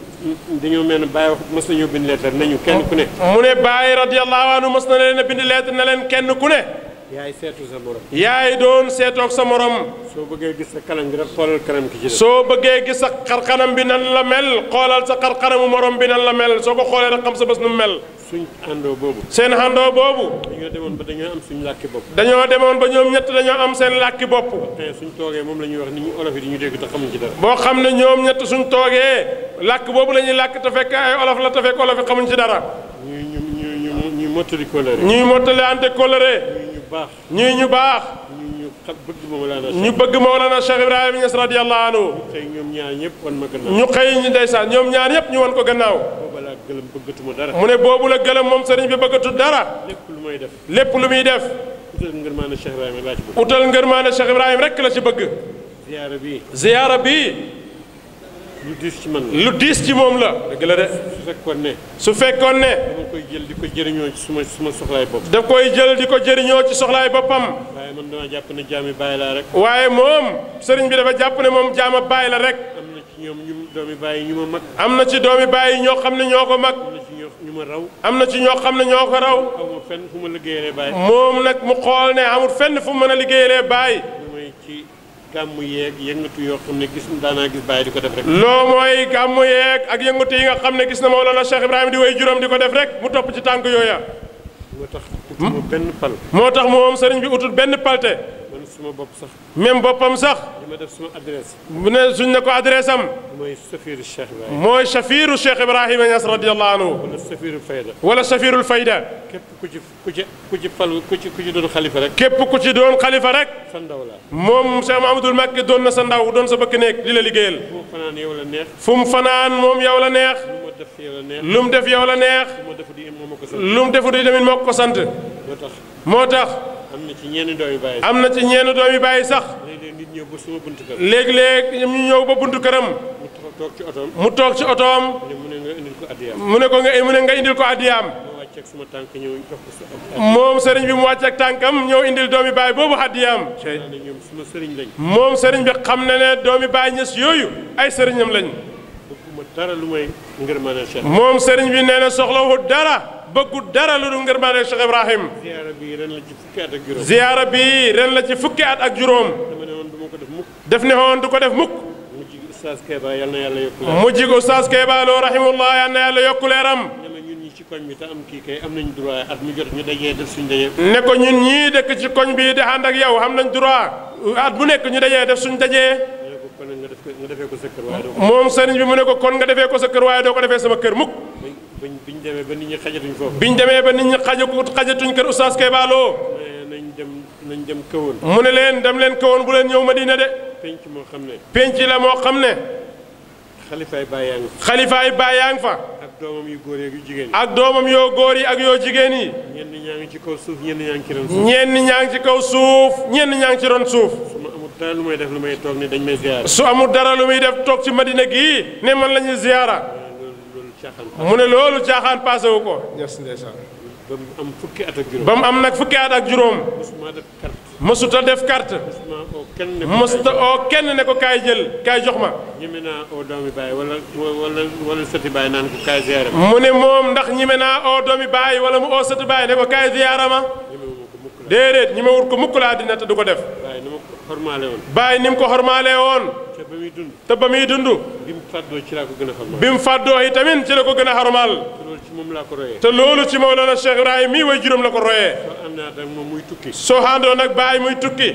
S7: dañoo mel ne Baye mës nañoo bind lettre nañu kenn ku ne. mu ne Baye
S2: radiyallahu anhu mës na leen a bind lettre na leen kenn ku ne. yaay seetu sa morom. yaay doon seetoog sa morom. soo bëggee gis sa kanam bi nag xoolal kanam ki ci des. soo bëggee gis sa xar kanam bi nan la mel xoolal sa xar kanamu morom bi nan la mel soo ko xoolee nag xam sa bés nu mu mel. suñ seen àndoo boobu. dañoo demoon ba dañoo am suñ làkki bopp. dañoo demoon ba ñoom ñett dañoo am seen làkki bopp.
S7: tey suñ toogee moom la ñuy wax nit ñi olof
S2: yi di ñu dégg te xamuñ ci dara. boo xam ne ñoom ñett suñ toogee làkk boobu lañuy làkk te fekk ay olof la te fekk olof yi xamuñ si dara.
S7: ñuy mottali kóllëre. ñuy mottali
S2: ante kóllëre baax ñu baax. ñu
S7: bëgg Mawlana
S2: ñu bëgg Mawlana Cheikh Ibrahima Niass radiyallahu anhu.
S7: ñu xëy ñëpp wan ma gannaaw. ñu xëy ñu ñoom ñaan
S2: ñëpp ñu wan ko gannaaw.
S7: boobu la gëlëm bëggatuma
S2: dara. mu ne boobu la gëlëm moom sëriñ bi bëggatu dara.
S7: lépp lu def. lépp lu muy def. utal ngërmaane Cheikh Ibrahima laa ci bëgg. utal ngërmaane Cheikh Ibrahima rek la ci
S2: bëgg. ziyaara bi lu diis ci man ci moom la. dëgg la de su fekkoon ne. su fekkoon ne. dama koy jël di ko jëriñoo ci suma suma soxlaay bopp. daf koy jël di ko jëriñoo ci soxlaay boppam.
S7: waaye man dama jàpp ne jaami bàyyi laa rek. waaye moom
S2: sëriñ bi dafa jàpp ne moom jaama bàyyi la rek. am na ci ñoom ñu doomi bàyyi ñu ma mag. am na ci doomi bàyyi ñoo xam ne ñoo ko mag. am na ci
S7: ñu ma raw. am na ci ñoo xam ne ñoo ko raw. amul fenn fu ma liggéeyalee bàyyi. moom nag mu xool ne amul fenn fu mu mën a liggéeyalee bàyyi. gàmmu yeeg yëngatu yoo xam ne gis daanaa gis bàyyi di ko def rek. loo mooy
S2: gàmmu yeeg ak yëngatu yi nga xam ne gis na Mawlana Cheikh Ibrahima di way juróom di ko def rek mu topp ci tànk yooya.
S7: moo tax utul benn pal.
S2: moo tax moom sëriñ bi utul benn palte. même bopam sax.
S7: li def sama adresse.
S2: bu ne suñ ne ko adresse am.
S7: mooy Cheikh ibrahim mooy safiiru Cheikh Ibrahima radiyallahu anhu. wala safiirul fayda. wala safiirul
S2: fayda. kep ku ci ku ci ku ci falu ku ci ku ci doon xalifa rek. képp ku ci doon xalifa rek. sa ndaw la. moom sa bëkk nekk di la liggéeyal. fu mu fanaan yow la neex. fu mu yow la neex. lu def yow la neex. lu mu def di tamit moo ko sant. moo tax.
S7: am na ci ñeeni doomi bàyyi am na ci ñeeni doomi bàyyi sax. léeg-léeg nit ñëw ba sama buntu ñu ñëw ba buntu këram. mu toog ci otoom.
S2: mu toog ci otoom.
S7: mu ne nga indil ko addiyaam.
S2: mu ne ko nga mu ne nga indil ko addiyaam.
S7: moom sëriñ bi mu
S2: wàcc ak tànkam ñëw indil doomi baay boobu xaddiyaam moom sëriñ bi xam na ne doomi baay ñës yooyu ay sëriñam lañ
S7: moom sëriñ
S2: bi nee na soxlawul dara bëggu dara lu dul ngërmaane Cheikh Ibrahim. ziyaara bi ren la ci fukki at ak juróom. ziyaara bi ren la ci fukki at ak juróom. dama ne woon du ma ko def mukk. ñun ñii dëkk ci koñ bi di ànd ak yow am nañ droit at bu nekk ñu dajee def suñ dajee. moom sëriñ bi mu ne ko kon nga defee ko sa kër waaye doo ko defee sama kër mukk bi ñu demee ba nit ñi xajatuñ foofu. biñ demee ba nit ñi xajagut xajatuñ kër Oustaz Kéba Lo. nañ dem nañ dem kawoon. mu ne leen dem leen kawoon bu leen ñëw Madina de. penc moo xam ne. penc la moo xam ne. xalifaay bàyyaa ngi fa. xalifaay bàyyaa ngi fa. ak
S7: doomam yu góor yi ak
S2: jigéen ak doomam yoo góor yi ak yoo jigéen yi.
S7: ñenn ñaa ngi ci kaw suuf ñenn ñaa ngi ci ron suuf. ñenn ñaa ngi ci kaw suuf
S2: ñenn ñaa ngi ci ron suuf. dara lu muy def lu may toog ne dañ may ziyaara. su amul dara lu muy def toog ci Madina gii ne man la ñuy ziyaara. mu ne loolu caaxaan paase wu ko.
S7: ba mu am fukki at ak ba mu am
S2: nag fukki at ak juróom. mosuma def carte. mosuta def carte. mosuma oo kenn ne ko mosuta oo kenn ne ko kaay jël kaay jox ma. ñeme naa oo doomi baay wala wala wala sëti mu ne moom ndax ñeme naa oo doomi baay wala mu oo sëti ne ko kaay ziyaara ma. déedéet ñi ma wut ko mukk laa dina te du ko def.
S7: bàyyi ni mu ko xormaalee woon. bàyyi ni ko xormaalee woon. te ba muy dund. te ba muy dund. ci laa ko gën a xormaal. bi
S2: yi tamit ci la ko gën a xormaal.
S7: te loolu ci moom laa ko royee. te
S2: ci Mawlana Cheikh Ibrahim mii way juróom la ko royee.
S7: soo àndoon moom
S2: muy tukki. soo àndoon ak baay muy tukki.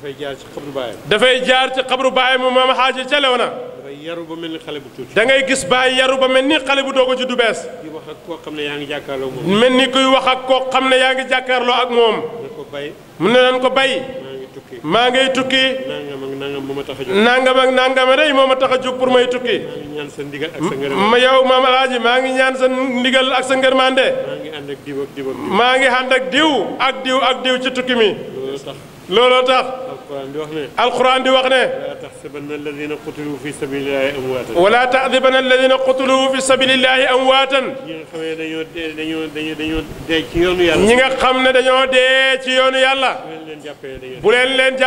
S7: dafay jaar ci xabru baayam.
S2: dafay jaar ci xabru baayam moom Maam Xaaji Calew na
S7: yaru ba mel ni xale bu tuuti. da ngay gis baa yaru
S2: ba mel ni xale bu doog a juddu bees.
S7: di wax ak koo xam ne yaa ngi jàkkaarloo moom. mel ni
S2: kuy wax ak koo xam ne yaa ngi jàkkaarloo ak moom. na ko bay. mu ne nan ko bay. maa ngay tukki. nangam ak nangam moo ma tax nangam ak nangam day moo ma tax a jóg pour may tukki. maa ngi ñaan ma yow maam alaaji maa ngi ñaan sa ndigal ak sa ngërmande. maa
S7: ngi ànd ak diw ak diw ak diw.
S2: maa ngi ànd ak diw ak diw ak diw ci tukki mi.
S7: القران
S2: دي وخني ولا
S7: تحسبن الذين قتلوا في سبيل الله امواتا ولا
S2: الذين قتلوا في سبيل الله امواتا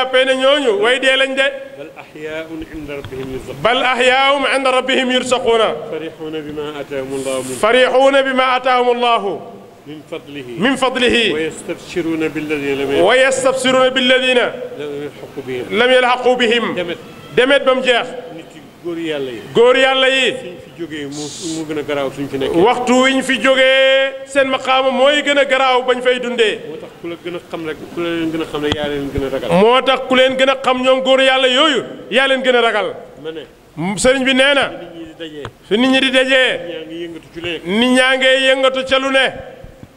S2: لين
S7: بل احياء عند ربهم يرزقون فرحون بما اتاهم الله فرحون
S2: بما اتاهم الله من فضله من فضله
S7: ويستبشرون بالذين
S2: لم ويستبشرون بالذين
S7: لم يلحقوا بهم لم يلحقوا بهم
S2: demet demet ba mu jeex. góor yàlla yi góor yàlla yi. suñ fi jógee moo
S7: gën a garaaw suñ fi
S2: nekkee. waxtu wi ñu fi jógee seen maqaama mooy gën a garaaw bañ fay dundee. moo tax ku la gën a xam rek ku la leen gën a xam rek yaa leen gën a ragal. moo tax ku leen gën a xam ñoom góor yàlla yooyu yaa leen gën a ragal. ma ne sëriñ bi nee na. su nit ñi di dajee. nit ñaa ngi yëngatu ci lu ne. nit ñaa ngi yëngatu ca lu ne.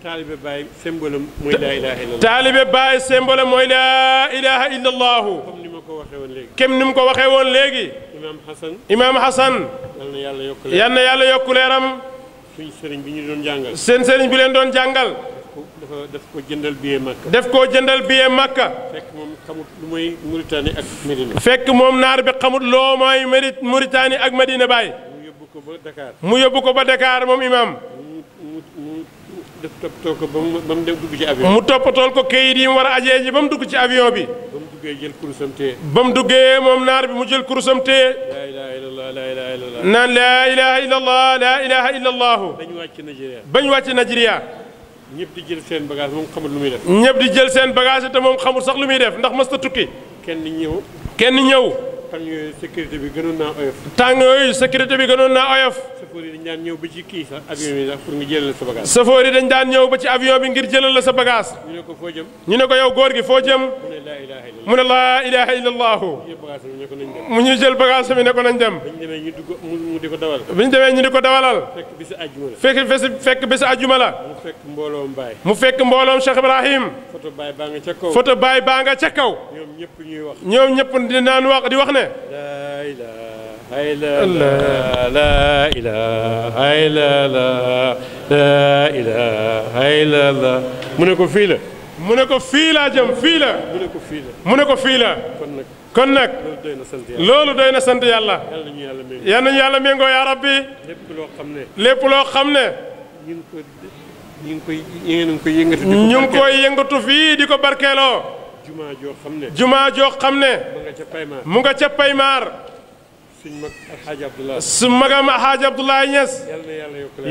S7: talibé baye symbole
S2: moy la ilaha illallah. talibé baye symbole moy la ilaha illallah. comme ni ko waxee woon léegi. kem ni mu ko
S7: bi ñu doon jàngal. seen ko jëndal billet Makka. daf koo jëndal billet Makka. fekk moom xamut lu mooy Mauritanie ak Medina. fekk moom naar bi
S2: xamut loo mooy Mauritanie ak Medina Baye. mu
S7: yóbbu ko ba Dakar.
S2: mu yóbbu ba Dakar moom imaam.
S7: toppatoo ko ba mu ba mu dem dugg ci avion. mu toppatool
S2: ko kayit yi mu war a ajee ji ba mu dugg ci avion bi. ba
S7: mu jël kurusam téye. ba mu duggee
S2: moom naar bi mu jël kurusam téye. laa
S7: ilaha illallah laa ilaha illallah. naan laa ilaha
S2: illallah laa ilaha illallah.
S7: bañ wàcc Nigeria. bañ wàcc Nigeria.
S2: ñëpp di jël seen bagage moom xamul lu muy def. ñëpp di jël seen bagage te moom xamul sax lu muy def ndax mës ta tukki. kenn ñëw. kenn ñëw. temps yooyu sécurité bi gënoon naa oyof. temps yooyu sécurité bi gënoon naa oyof.
S7: safoor yi dañ daan ñëw ba ci kii sax
S2: avion bi sax pour nga jëlal sa bagage. safoor yi dañ daan ñëw ba ci avion bi ngir jëlal la sa bagage. ñu
S7: ne ko foo jëm. ñu ne ko yow góor gi foo jëm.
S2: mu ne laa ilaaha illallah. mu ñu jël bagage bi ne ko nañ dem. bi
S7: ñu demee ñu di ko mu di ko dawal. bi ñu demee ñu di ko dawalal. fekk bi sa àjjuma la.
S2: fekk bi sa fekk bi sa àjjuma la. mu
S7: fekk mbooloom Baay. mu fekk mbooloom Cheikh Ibrahim. foto Baay baa nga
S2: ca kaw. foto Baay baa nga ca kaw. ñoom ñëpp ñuy wax. ñoom ñëpp di naan wax di wax ne
S4: لا إله إلا
S7: الله لا إله إلا الله mu ne ko fii la
S2: mu ne ko fii laa jëm mu ne ko fiila la kon nag loolu doy na sant yàlla yal nañu yàlla méngoo yaa rabbi
S7: lépp loo xam ne lépp loo xam
S2: ne ñu ngi koy ñu fii di ko barkeeloo jumaa joo xam ne. joo xam ne. mu nga ca Paymaar mu nga ca Paymaar.
S7: suñ su magam Alxaaji Abdoulaye Niass.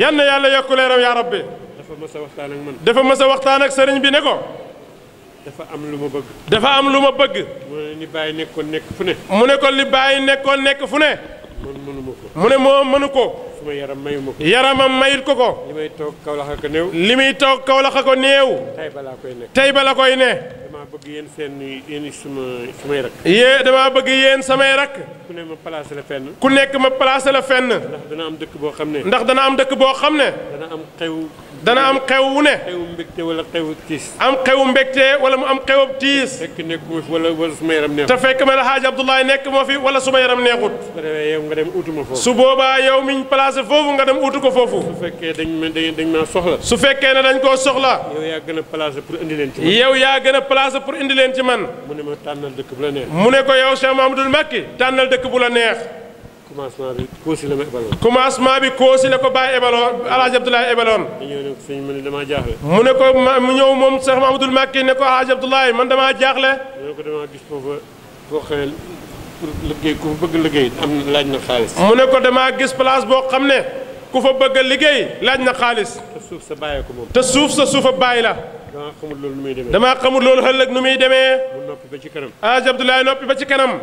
S7: yal
S2: na yàlla yokk leeram yal na yàlla yokk leeram yaa rabbi.
S7: dafa a waxtaan
S2: ak man. dafa mës a sëriñ bi ne ko. dafa am lu ma bëgg. dafa am lu ma bëgg. mu ne li nekkoon nekk mu ne ko li bàyyi nekkoon nekk fu ne. man mu ne moo mënu ko.
S7: sama yaram mayu ma ko. yaramam mayit ko ko. li may kaw la ko néew. li
S2: muy toog kaw la ko néew. tey bala koy ne.
S7: damaa bëgg yéen seen yéen suma samay rakk.
S2: yee damaa bëgg yéen samay rakk.
S7: ku ma placé la fenn. ku nekk ma
S2: placé la fenn. ndax dana am dëkk boo xam ne. ndax dana am dëkk boo xam ne. dana am xew wu ne. xew mbégte wala xew tiis. am xew mbégte wala mu am xew tiis. fekk nekkuma fi wala wala suma yaram neexut. te fekk ma la Hadj Abdoulaye nekk moo fi wala suma yaram neexut. su boobaa yow nga dem utu ma foofu. su boobaa yow miñ placé foofu nga dem utu ko foofu. su fekkee dañ ma dañ ma soxla. su fekkee ne dañ koo soxla.
S7: yow yaa gën a placé pour indi leen ci man. yow yaa
S2: gën a placé pour indi leen ci man. mu ne ma tànnal dëkk bu la neex. mu ne ko yow Cheikh Mouhamadoul Macky tànnal dëkk bu la neex commencement bi koosi la ma ebaloon. commencement bi koosi la ko bàyyi ebaloon El Hadj Abdoulaye ebaloon.
S7: mu ñëw ne ko sëñ mu ne damaa jaaxle. mu ne ko ma mu ñëw moom Cheikh Mahamadul Makki ne ko El
S2: Hadj Abdoulaye man damaa jaaxle. mu ne ko damaa gis foofa foo xëyal liggéey ku fa bëgg liggéey am laaj na xaalis. mu ne ko damaa gis place boo xam ne ku fa bëgg liggéey laaj na xaalis. suuf sa bàyyee ko moom. te suuf sa suufa bàyyi la. damaa xamul loolu nu muy demee. damaa xamul loolu ëllëg nu muy demee.
S7: mu noppi ba ci kanam.
S2: Aji Abdoulaye noppi ba ci kanam.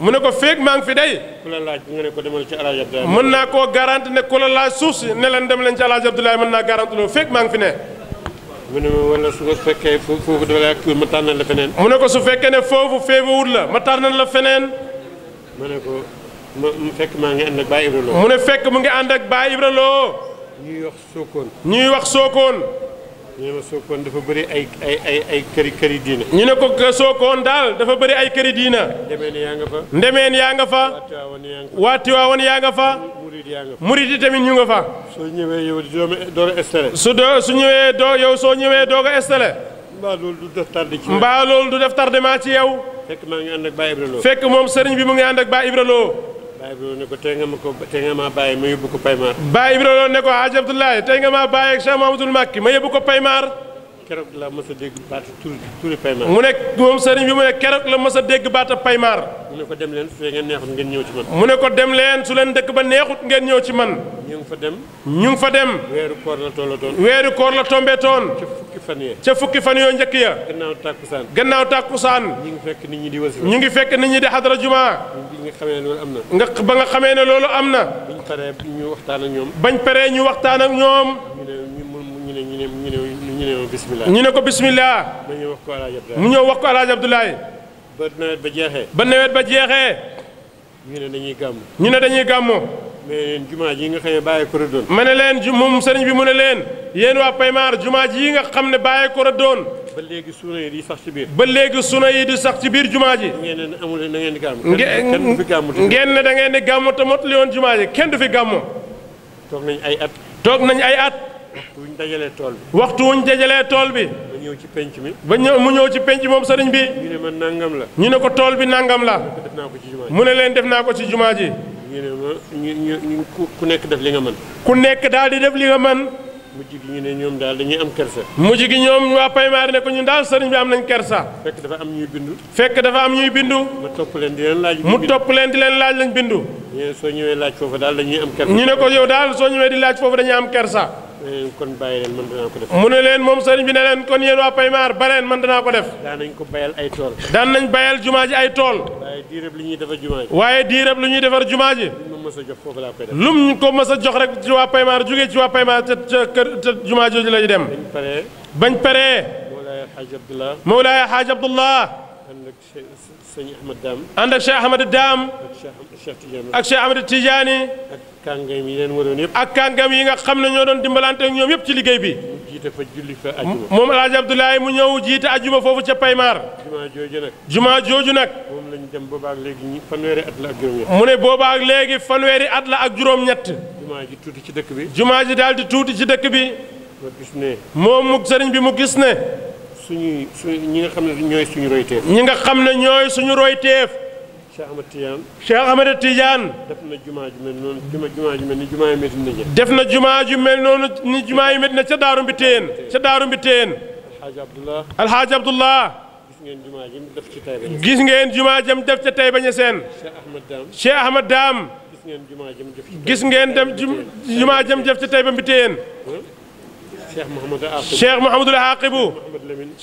S7: mu ne ko feeg maa fi day.
S2: mu ko la laaj garanti ne ku suuf si ne leen leen ci Alaaji Abdoulaye mën garanti loolu feeg maa fi ne. mu ne su fekkee foofu dafa ma tànnal feneen. mu ko su fekkee ne foofu feebuwul a ma tànnal la feneen.
S7: mu ne ko mu fekk maa ngi ànd ak Baye fekk
S2: mu ngi ànd ak Ibra
S7: Lo. ñuy wax Sokone. ñuy wax Sokone. ñu dafa bëri ay ay
S2: ay ay këri këri diina. ñu ne ko Sokone daal dafa bëri ay këri diina.
S7: ndemeen yaa nga fa. ndemeen yaa nga fa.
S2: waa Tiwaawan yaa nga fa. murid yaa nga tamit ñu nga fa. soo ñëwee yow doo doog a su doo su ñëwee doo yow soo ñëwee doog a installé.
S7: mbaa loolu du def tardé ci yow. mbaa
S2: loolu du def tardement ci yow.
S7: fekk maa ngi ànd ak Baye Ibra fekk moom sëriñ bi
S2: mu ngi ànd ak Baye Ibra Lo.
S7: bàyyi bi ne ko tey nga ma ko tey maa bàyyi ma yóbbu ko Paymar. ma
S2: yóbbu ko Paymar. keroog la mës a dégg baata turi turi Paymar. mu ne moom sëriñ bi mu ne keroog la dégg baata Paymar. mu ne ko dem
S7: leen su fekkee neexut ngeen ñëw ci man. mu ne ko
S2: dem leen su leen dëkk ba neexut ngeen ñëw ci man. ñu fa dem. ñu fa dem.
S7: weeru koor la tollatoon. weeru koor la tombetoon. ca fukki fan ya. ca fukki fan yoo njëkk ya. gannaaw gannaaw ngi fekk nit ñi di
S2: ngi fekk nit ñi di juma. nga xamee ne loolu amna. nga ba nga xamee ne
S7: ñu waxtaan ak bañ ñu waxtaan ak ñu ne ñu ne ñu ne bismillah. ñu ne ko bismillah. mu ñëw wax
S2: ko El Hadj Abdoulaye
S7: mu ñëw wax ko El Hadj ba nawet ba jeexee. ba nawet ba jeexee. dañuy gàmm. ñu ne dañuy gàmmoo. ma yi nga xam ne bàyyi ko doon. ma ne leen ju moom sëriñ bi mu ne
S2: leen. yéen waa Paymar jumaa ji nga xam ne bàyyi ko doon.
S7: ba léegi suna yi di sax ci biir. ba léegi suna yi di sax ci biir jumaa ji. ngeen ne amul na ngeen di gàmm. kenn du
S2: fi gàmm ngeen ne da ngeen di gàmm te mot li woon jumaa kenn du fi gàmmoo. toog toog nañ ay at. waxtu wuñ dajalee tool
S7: bi. waxtu wuñ dajalee
S2: tool bi. ba ñëw ci penc mi. ba ñëw mu ñëw ci penc moom sëriñ bi. ñu
S7: ne ma nangam
S2: la. ñu ne ko tool bi nangam la. mu ne leen def naa ko ci jumaa ji.
S7: ñu ne ma ñu ku nekk def li nga mën.
S2: ku nekk daal di def li nga mën.
S7: mujj gi ñu ne ñoom daal dañuy am kersa.
S2: mujj gi ñoom waa Paymaar ne ko ñun daal sëriñ bi am nañ kersa.
S7: fekk dafa am ñuy bindu.
S2: fekk dafa am ñuy bindu. mu topp leen di topp leen di leen laaj lañ bindu.
S7: ñu ne soo laaj foofu daal
S2: dañuy am kersa. ñu ne ko yow daal soo ñëwee di laaj foofu dañuy am kersa.
S7: Eh, kon bàyyi leen mu ne
S2: leen moom sëriñ bi ne leen kon yéen waa Paymar ba leen mën danaa ko def. daan nañ ko bayal ay tool. daan nañ bayal jumaa ji ay tool. waaye diirab li
S7: ñuy defar jumaa ji. waaye diirab lu ñuy defar jumaa ji.
S2: lu mu mës a jox foofu laa koy def. lu mu ko mës a jox rek ci waa Paymar jugee ci waa Paymar te ca kër te jumaa jooju la ñu dem. bañ paree. bañ paree.
S7: Mawlaaya Xaaj Abdullah.
S2: Mawlaaya Xaaj Abdullah.
S7: ànd ak sëñ Ahmad Daam. ànd ak Cheikh Ahmad Daam. ak
S2: Cheikh Ahmad Tidiane. ak kàngam yi leen waroon ak kàngam yi nga xam ne ñoo doon dimbalante ak ñoom yëpp ci liggéey bi. mu jiite fa julli fa moom El Hadj mu ñëw jiite ajuma foofu ca Paymar.
S7: juma jooju nag. juma jooju nag. moom lañ dem boobaa ak léegi ñi fanweeri mu ne
S2: boobaa ak léegi fanweeri at la ak juróom-ñett.
S7: juma ji tuuti ci dëkk bi.
S2: juma ji daal di tuuti ci dëkk bi. gis ne. moom mu sëriñ bi mu gis ne.
S7: suñuy suñ
S2: ñi nga xam ne ñooy suñu royteef. ñi nga xam ne ñooy suñu royteef
S7: Cheikh Ahmed Tidiane.
S2: Cheikh Ahmed Tidiane.
S7: def na jumaa ju mel noonu juma jumaa ju mel ni jumaa yi métti na ja. def na jumaa
S2: ju mel noonu ni jumaa yi métti na ca Daaru Mbitéen ca Daaru Mbitéen.
S7: Alhaji Abdullah.
S2: Alhaji Abdullah. gis ngeen
S7: jumaa jëm def ci
S2: Taïba Niassène. gis ngeen jumaa jëm def ca Taïba Niassène. Cheikh Ahmed Dame. Cheikh Ahmed Dame. gis ngeen jumaa jëm def ci. gis ngeen dem jumaa jëm def ca Taïba Mbitéen.
S7: Cheikh Mouhamadou Aqibu Cheikh Mouhamadou Aqibu.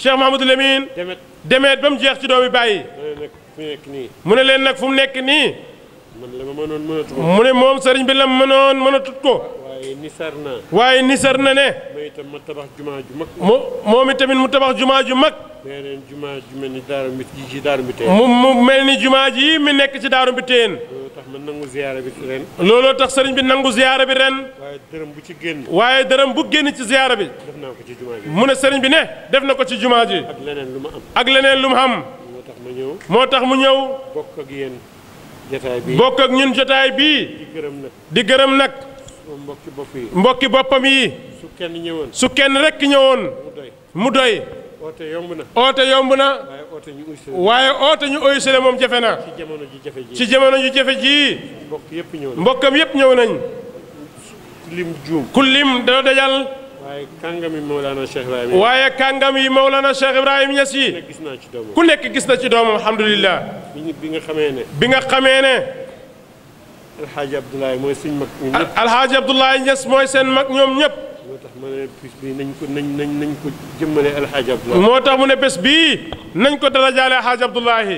S7: Cheikh
S2: Mouhamadou Lamine. Demet Demet ba mu jeex ci doomi bàyyi. mu nekk nii. mu ne leen nag fu mu nekk nii.
S7: man la ma mënoon
S2: mënatu mu ne moom sëriñ bi la ma mënoon mënatut ko.
S7: waaye nisar na. waaye nisar na ne. mooy ma tabax jumaa ju mag. mu
S2: moom itamit mu tabax jumaa ju mag.
S7: beneen jumaa ju mel ni daaru bi ji ci bi teen. mu mu mel ni jumaa
S2: ji mi nekk ci daaru bi teen. looloo
S7: tax ma nangu ziyaara bi ren.
S2: looloo tax sëriñ bi nangu ziyaara bi ren. waaye
S7: dërëm bu ci génn. waaye
S2: dërëm bu génn ci ziyaara bi. def naa ko ci jumaa mu ne sëriñ bi ne def na ko ci jumaa ji. ak leneen lu ak leneen lu mu am. tax ma moo tax mu ñëw.
S7: bokk ak yéen
S2: jotaay bii bokk ñun jotaay bii. di gërëm nag di gërëm nag. mbokki bopp yi mbokki boppam yi. su kenn ñëwoon su kenn rekk ñëwoon. mu doy mu doy.
S7: oote yomb na oote yomb na. waaye oote ñu oysele waaye oote ñu oysele moom jafe na. ci jamono ji jafe ji ci
S2: jamono ji jafe ji.
S7: mbokk yëpp ñëw
S2: nañ mbokkam yëpp ñëw nañ. ku lim juum dajal. waaye kàngam yi Mawlana Cheikh Ibrahim waaye kàngam ku nekk gis na ci doomam alhamdulilah.
S7: bi nga xamee ne. bi nga
S2: xamee ne. Alhaji abdullah mooy suñ mag ñoom Alhaji abdullah Niass mooy seen mag ñoom ñëpp. moo tax
S7: ma ne bés bii nañ ko nañ nañ ko jëmmalee Alhaji Abdoulaye. moo
S2: mu ne bés bii nañ ko darajaale Alhaji Abdoulaye.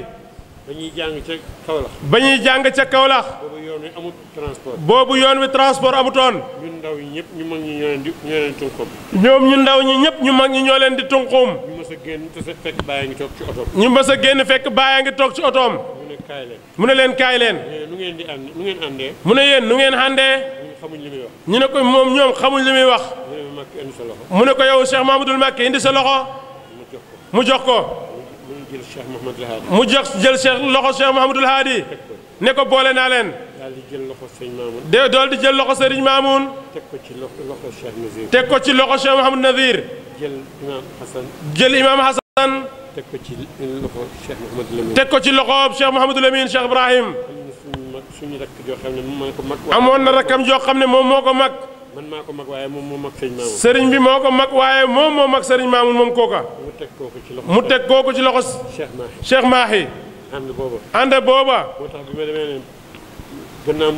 S2: dañuy jàng ca Kaolack. ba ñuy jàng ca Kaolack. boobu yoon wi amut transport. boobu yoon wi transport amutoon. ndaw ñi ñëpp ñu mag ñi ñoo leen ñoom ñu ndaw ñi ñëpp ñu mag ñi ñoo leen di tunqum. ñu mës a génn fekk baa ngi toog ci otoom. ñu mës a génn fekk baa ngi toog ci otoom. mu ne kaay leen. mu ne leen leen.
S7: nu ngeen di ànd nu
S2: mu ne yéen nu ngeen àndee. ñun xamuñ li ñu ne ko moom ñoom xamuñ li muy wax. mu ne ko yow Cheikh Mamadou Mbacké indi sa loxo mu jox ko mu jox jël Cheikh loxo Cheikh mohamed Mouhamadul hadi ne ko bolé na len
S7: daal di jël loxo sëñ Maamoun. de dool di jël loxo serigne mamoun tek ko ci loxo Cheikh mohamed teg ko jël imam hasan jël imam hasan tek ko ci loxo Cheikh Mouhamadul Amin. teg ko ci
S2: loxo Cheikh Mouhamadul Amin Cheikh Ibrahim.
S7: amoon na rakkam joo xam ne moom moo man maa ko mag waaye moom moo mag sëriñ Mamoun. sëriñ bi moo ko mak waaye moom moo mag sëriñ Mamoun moom kooka. mu teg kooku ci loxo mu teg kooku ci loxo. Cheikh Mahi
S2: Cheikh Mahi. ànd booba ànd gannaaw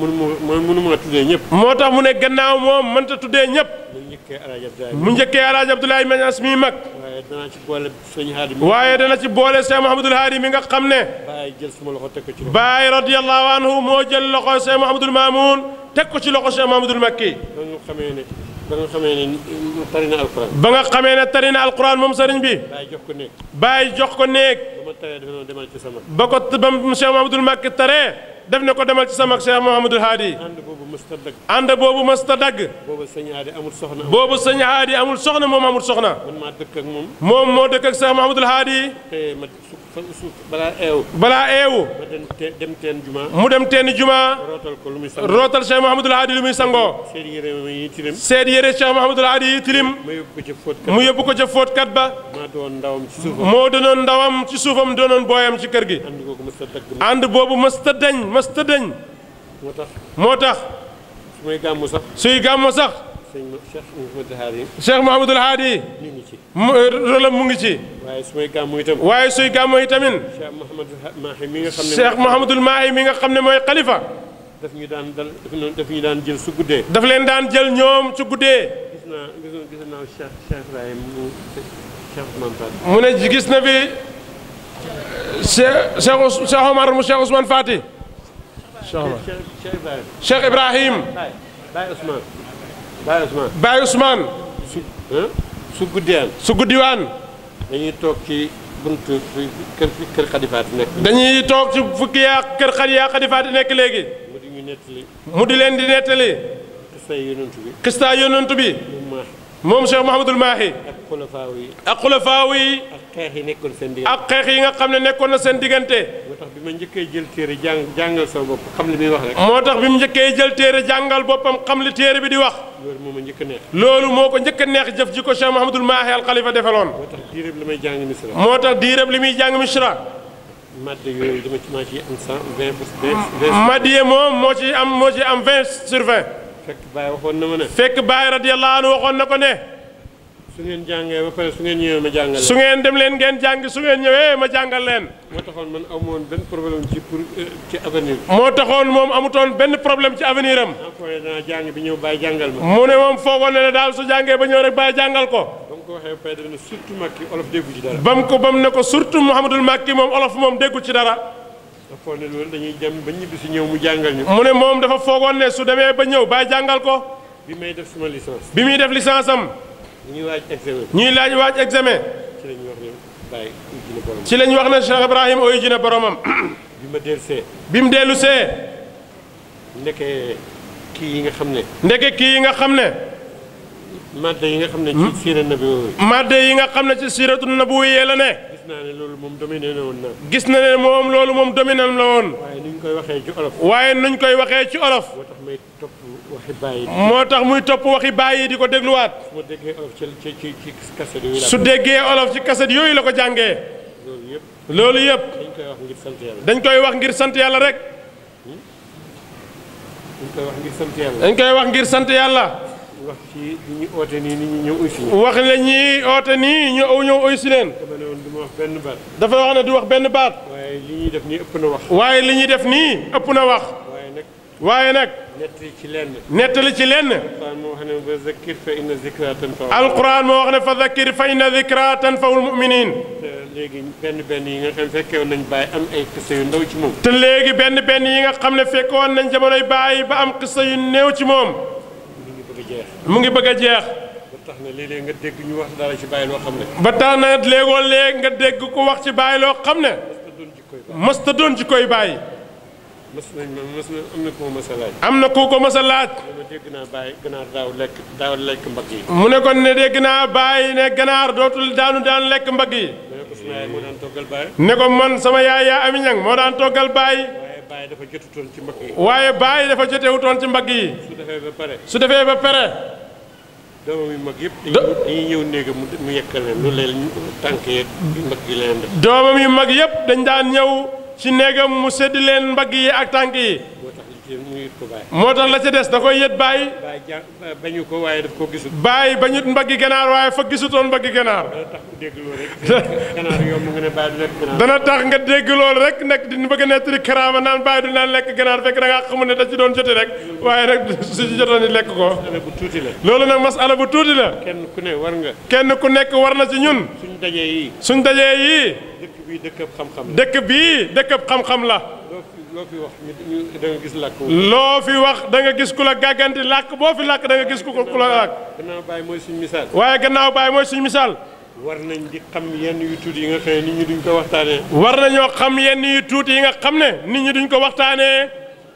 S2: mënuma tuddee ñëpp. moo tax mu ne gannaaw moom mënta tuddee ñëpp. mu
S7: njëkkee Alaaji Abdoulaye. mu njëkkee Alaaji Abdoulaye
S2: Mañas mi mag.
S7: waaye dana ci boole sëñ Haadi. waaye dana ci boole sëñ Mouhamadul Haadi mi nga xam ne. Baay jël suma loxo teg ko ci loxo. Baay
S2: radiyallahu anhu moo jël loxo sëñ Mouhamadul Mamoun teg ko ci loxo sëñ Mouhamadul Makki. ba nga xamee ne ba nga xamee ne tari na alquran. ba nga xamee ne tari na alquran moom sëriñ bi. Baay jox ko néeg. Baay jox ko néeg. ba ko taree dafa doon demal ci sama. ba ko ba sëñ Mouhamadul Makki taree def ne ko demal ci sama Cheikh Mouhamadul Haadi. ànd boobu mës ta dagg. ànd boobu mës ta dagg. boobu
S7: sëñ Haadi amul soxna. boobu sëñ
S2: Haadi amul soxna moom amul soxna. man
S7: moom. moom moo dëkk ak Cheikh Mouhamadul balaa eewu. balaa eewu. dem teen mu dem teen juma. rootal ko lu muy sangoo rootal Cheikh Mouhamadul Hadi lu muy sangoo. seet yére yi tilim. seet yére Cheikh
S2: mu yóbbu ko ca fóotkat ba. moo doon ndawam ci suufam. moo doonoon ndawam ci suufam doonoon booyam ci kër gi. ànd boobu mësta dañ moo tax. moo tax. suy gàmmu sax. sax.
S7: Cheikh Mouhamadul Haadi. mi ngi ci. mu eh, rëlam mu
S2: ngi ci. waaye suy gàmmu itam. waaye suy gàmmu itamit.
S7: Cheikh mi nga xam ne. Cheikh Mouhamadul Mahi
S2: mi nga xam ne mooy xalifa. daf ñu daan dal daf daan jël su guddee. daf leen daan jël ñoom su guddee.
S7: gis naa gis naa mu Cheikh mu ne gis na bi
S2: Cheikh Cheikh Omar mu Cheikh Ousmane Fati.
S7: Cheikh Ibrahim
S2: Baye Ousmane Baye Ousmane. su su guddiwaan su guddiwaan. dañuy toog ci buntu kër kër xadifaat nekk. dañuy toog ci fukki yaa kër xad yaa nekk léegi. mu di ñu nettali. mu di leen di nettali. xistaa yonent bi. xistaa yonent bi. moom Cheikh Mouhamadul ak xulafaaw ak xulafaaw xeex yi nekkoon seen diggante ak xeex yi nga xam ne nekkoon na seen diggante. moo tax bi ma njëkkee jël téere jàng jàngal sama bopp xam li muy wax rek. moo tax bi mu njëkkee jël téere jàngal boppam xam li téere bi di wax. loolu moo ma njëkk a loolu moo ko njëkk neex jëf ji ko Cheikh Mouhamadul Mahi al Khalifa defeloon. moo
S7: tax diireb li may jàng misra. moo
S2: tax diireb li muy jàng misra.
S7: madd yooyu dama ci maa ciy am cent vingt pour cent. madd yi
S2: moo ci am moo ci am vingt sur vingt. fekk Baye waxoon na ma ne. fekk Baye radiyallahu anhu waxoon na ko ne
S7: su ngeen jàngee ba pare su ngeen ñëwee ma jàngal leen. su ngeen
S2: dem leen ngeen jàng su ngeen ñëwee ma jàngal leen. moo taxoon man amoon benn problème ci pour euh, ci avenir moo taxoon moom amutoon benn problème ci avenir am.
S7: jàng bi ñëw bàyyi jàngal ma. mu ne moom
S2: foogoon ne daal su jàngee ba ñëw rek bàyyi ko.
S7: ba mu waxee ba pare surtout Macky olof déggu ci ba mu ko ba mu
S2: ne ko surtout Mouhamadul Macky moom moom déggu ci dara. dafa
S7: foog ne loolu dañuy dem ba
S2: si ñëw mu jàngal ñu. mu ne moom dafa foogoon ne su demee ba ñëw bàyyi jàngal ko.
S7: bi may def sama licence.
S2: bi muy def licence am
S7: ñuy laaj
S2: waaj examen. ci lañ wax ne na Cheikh ibrahim uyu ji boromam.
S7: bi ma dellu see.
S2: mu dellu see. ndeke kii yi nga xam ne. ndeke kii yi nga xam ne. madde yi nga xam ne. ci siira nabi madde yi nga xam ne ci siiratu nabu yee la ne. gis naa ne loolu moom dominé la woon gis na ne moom loolu moom dominé la woon. waaye nuñ koy waxee
S7: ci olof. waaye
S2: nuñ koy waxee ci olof.
S7: moo tax may topp. motax
S2: muy top waxi baay yi di ko dégluwaat.
S7: su degge olof ci cassette
S2: yoy la ko jàngee. loolu yëpp. dañ koy wax ngir sante yalla rek. dañ koy wax ngir sante yalla wax
S7: ngir sant yàlla. wax ci ñi oote ni
S2: ñu ñëw wax la ñi oote ni ñu ñëw uy len dafa wax ne du wax benn baat.
S7: waye li ñi def ni ëpp na wax. waye li ñuy def nii ëpp na wax.
S2: waaye nag. waaye nag.
S7: nettali ci lenn. nettali ci lenn. alquran moo wax ne fa zakkir fa inna zikra tanfaw. alquran
S2: moo wax ne fa zakkir fa inna zikra tanfawul muminin.
S7: te léegi benn benn yi nga xam ne fekkoon nañ bàyyi am ay xisa yu ndaw ci moom.
S2: te léegi benn benn yi nga xam ne fekkoon nañ jamonoy bàyyi ba am xisa yu néew ci moom. mu ngi bëgg a jeex. mu ngi bëgg a jeex. ba tax na léeg-léeg nga dégg ñu wax dara ci bàyyi loo xam ne. ba tax na léegoo léeg nga dégg ku wax ci bàyyi loo xam ne. mësta doon jikkoy bàyyi.
S7: mës nañ ma mës na am na koo mës a laaj. am na koo ko mës a laaj. mu ne ko dégg naa bàyyi ganaar daaw lekk daaw lekk mbagg yi. mu ne kon ne dégg
S2: naa bàyyi ne ganaar dootul daanu daan lekk mbagg yi. ne
S7: ko sama yaay moo daan toggal bàyyi.
S2: ne ko man sama yaay yaa ami ñang moo daan toggal bàyyi. waaye
S7: bàyyi dafa jotutoon ci mbagg yi. waaye bàyyi dafa jotewutoon ci mbagg yi. su defee ba pare.
S2: su defee ba pare.
S7: doomam yu mag yëpp dañuy ñëw néegam mu yekkal leen lu leen tànk yeeg mbagg yi leen def.
S2: doomam yu mag yëpp dañ daan ñëw. ci néegam mu sedd leen mbagg yi ak tànk yi.
S7: moo tax la ca des da koy yët bàyyi. bàyyi bañu ko waaye daf ko
S2: gisut. bàyyi bañut mbaggi ganaar waaye fa gisutoon mbaggi ganaar. dana tax nga dégg loolu rek nekk di bëgg a nettali karaama naan bàyyi du naan lekk ganaar fekk da ngaa xamul ne da ci doon joti rek waaye nag su ci jotoon ni lekk ko. loolu nag masala bu tuuti la.
S7: kenn ku ne war nga.
S2: kenn ku nekk war na ci ñun. suñ suñ dajee yii.
S7: bii dëkkab xam dëkk
S2: bi dëkkab xam-xam la.
S7: loo fi wax da nga gis loo fi
S2: wax da gis ku la gàgganti làkk boo fi làkk da gis ku la làkk. gannaaw baay mooy suñu misaal. waaye gannaaw baay mooy suñu misaal. war nañ di xam yenn yu tuuti yi nga xam ne nit ñi duñ ko waxtaanee. war nañoo xam yenn yu tuuti yi nga xam ne nit ñi duñ ko waxtaanee.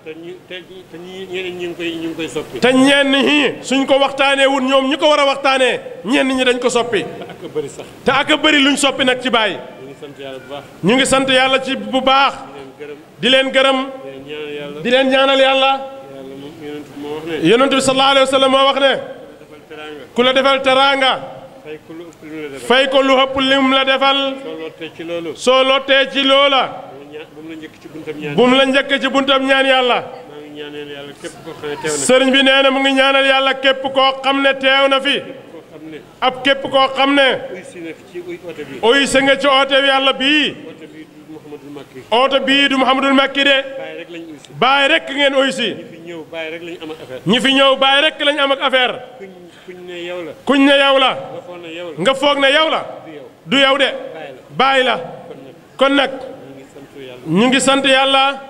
S7: te ñu te te ñu ngi koy soppi. te ñenn
S2: suñ ko waxtaanee wut ñoom ñi ko war a waxtaanee ñenn ñi dañ ko soppi. ak a te ak bëri luñ soppi nag ci baay
S7: ñu ngi sant yàlla bu
S2: ñu ngi sant yàlla ci bu baax. di leen gërëm. di leen ñaanal yàlla. yonent bi sallallahu alayhi wa sallam moo wax ku la defal teraanga. fay ko lu ëpp lim la defal. soo lottee ci loola. bu mu la njëkk ci buntam ñaan yàlla. sëriñ bi nee na mu ngi ñaanal yàlla képp koo xam ne teew na fi. ab kep ko xamne ne. oyse nga ci oote bi yalla bi bi du Mouhamadul Makki de. baay rek ngeen si ñi fi ñew baay rek lañ am ak affaire. kuñ ne yaw la. nga ne yaw la. du yaw de. baay la. kon nak ñu ngi sant yalla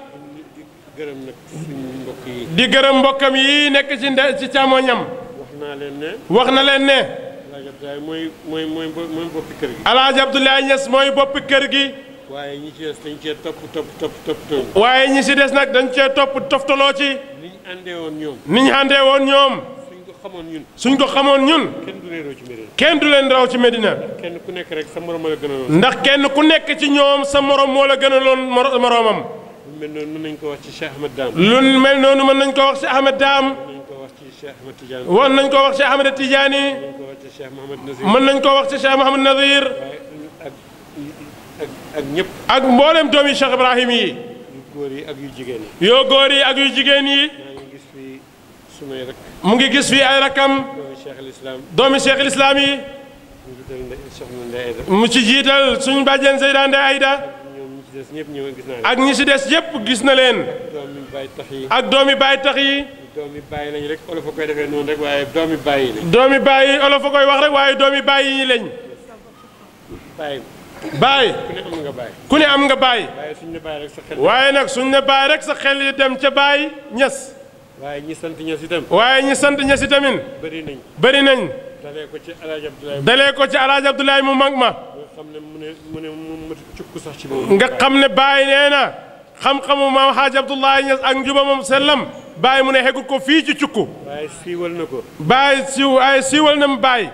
S2: di gërëm mbokam yi nek ci chamoñam waxna len ne waxna len ne. Abdoulaye mooy mooy mooy mooy boppi kër gi. El mooy boppi kër gi. waaye ñi ci des dañ cee topp topp topp topp. waaye ñi ci des nag dañ cee topp toftaloo ci. ni
S7: ñu woon ñoom. ni ñu àndee
S2: woon ñoom. suñ ko xamoon ñun. suñ ko xamoon ñun. kenn du leen raw ci Medina.
S7: kenn du leen raw ci Medina. ndax kenn ku nekk rek sa morom moo la gënaloon. ndax
S2: kenn ku nekk ci ñoom sa morom moo la gënaloon moromam.
S7: lu mel noonu mën nañ ko wax ci Cheikh Ahmed Dame.
S2: lu mel noonu mën nañ ko wax ci Ahmed Dame. woon nañ ko wax Cheikh Ahmed Tidiane mën nañ ko wax ci Cheikh Mouhamad Nazir ak ñëpp ak mboolem doomi Cheikh Ibrahim yi.
S7: yu góor yi ak yu jigéen
S2: yi. yoo góor yi ak yu jigéen yi. mu ngi gis fii ay rakam. doomi Cheikh Lislaam yi.
S7: mu ci jiital
S2: suñu bàjjen Zeyda Ndeye Ayda.
S7: ak ñi si des ñëpp gis na leen. ak doomi baay tax yi. doomi bàyyi lañ rek olof a koy defee noonu rek waaye doomi bàyyi
S2: lañ. doomi bàyyi olof a koy wax rek waaye doomi bàyyi lañ. bàyyi. bàyyi
S7: ku ne am nga bàyyi. ku ne am nga bàyyi. waaye suñ ne bàyyi rek sa xel. waaye
S2: nag suñ ne bàyyi rek sa xel yi dem ca bàyyi ñes. waaye ñi sant ñes itam. waaye ñi sant ñes itamit. bëri nañ. bëri nañ.
S7: dalee ko ci El Hadj Abdoulaye. dalee
S2: ko ci El Hadj Abdoulaye mu mag ma. nga xam
S7: ne mu ne mu ne mu cukku sax ci moom. nga
S2: xam ne bàyyi nee na xam-xamu maam El Hadj Abdoulaye Niass ak njuba moom sellam baay mu ne xegu ko fii ci cukku.
S7: baay siiwal na ko.
S2: baay siiw waaye siiwal na mu baay.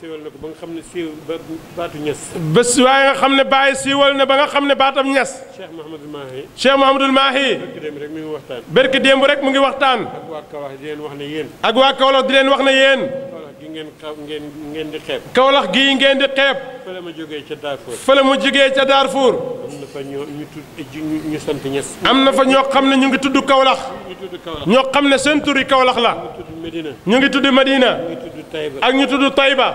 S7: siiwal na ko xam ne siiw a baatu ñes. bés waaye nga xam ne baay
S2: siiwal na ba nga xam ne baatam ñes.
S7: Cheikh Mouhamadul Mahi. Cheikh Mouhamadul Mahi. barki démb rek mu ngi waxtaan.
S2: barki démb rek mu ngi waxtaan. ak waa Kaolack wax ne ak waa di leen wax na yéen.
S7: ngeen ngeen ngeen di xeeb. Kaolack gii ngeen di xeeb. fële ma jógee ca Darfour. fële mu jógee ca Darfour. am na fa ñoo ñu eh, ñu sant Niass. am na fa ñoo xam ne ñu ngi tudd Kaolack. ñoo xam ne seen tur yi la. ñu ngi tudd Medina. ñu ngi ak ñu
S2: tudd Taïba.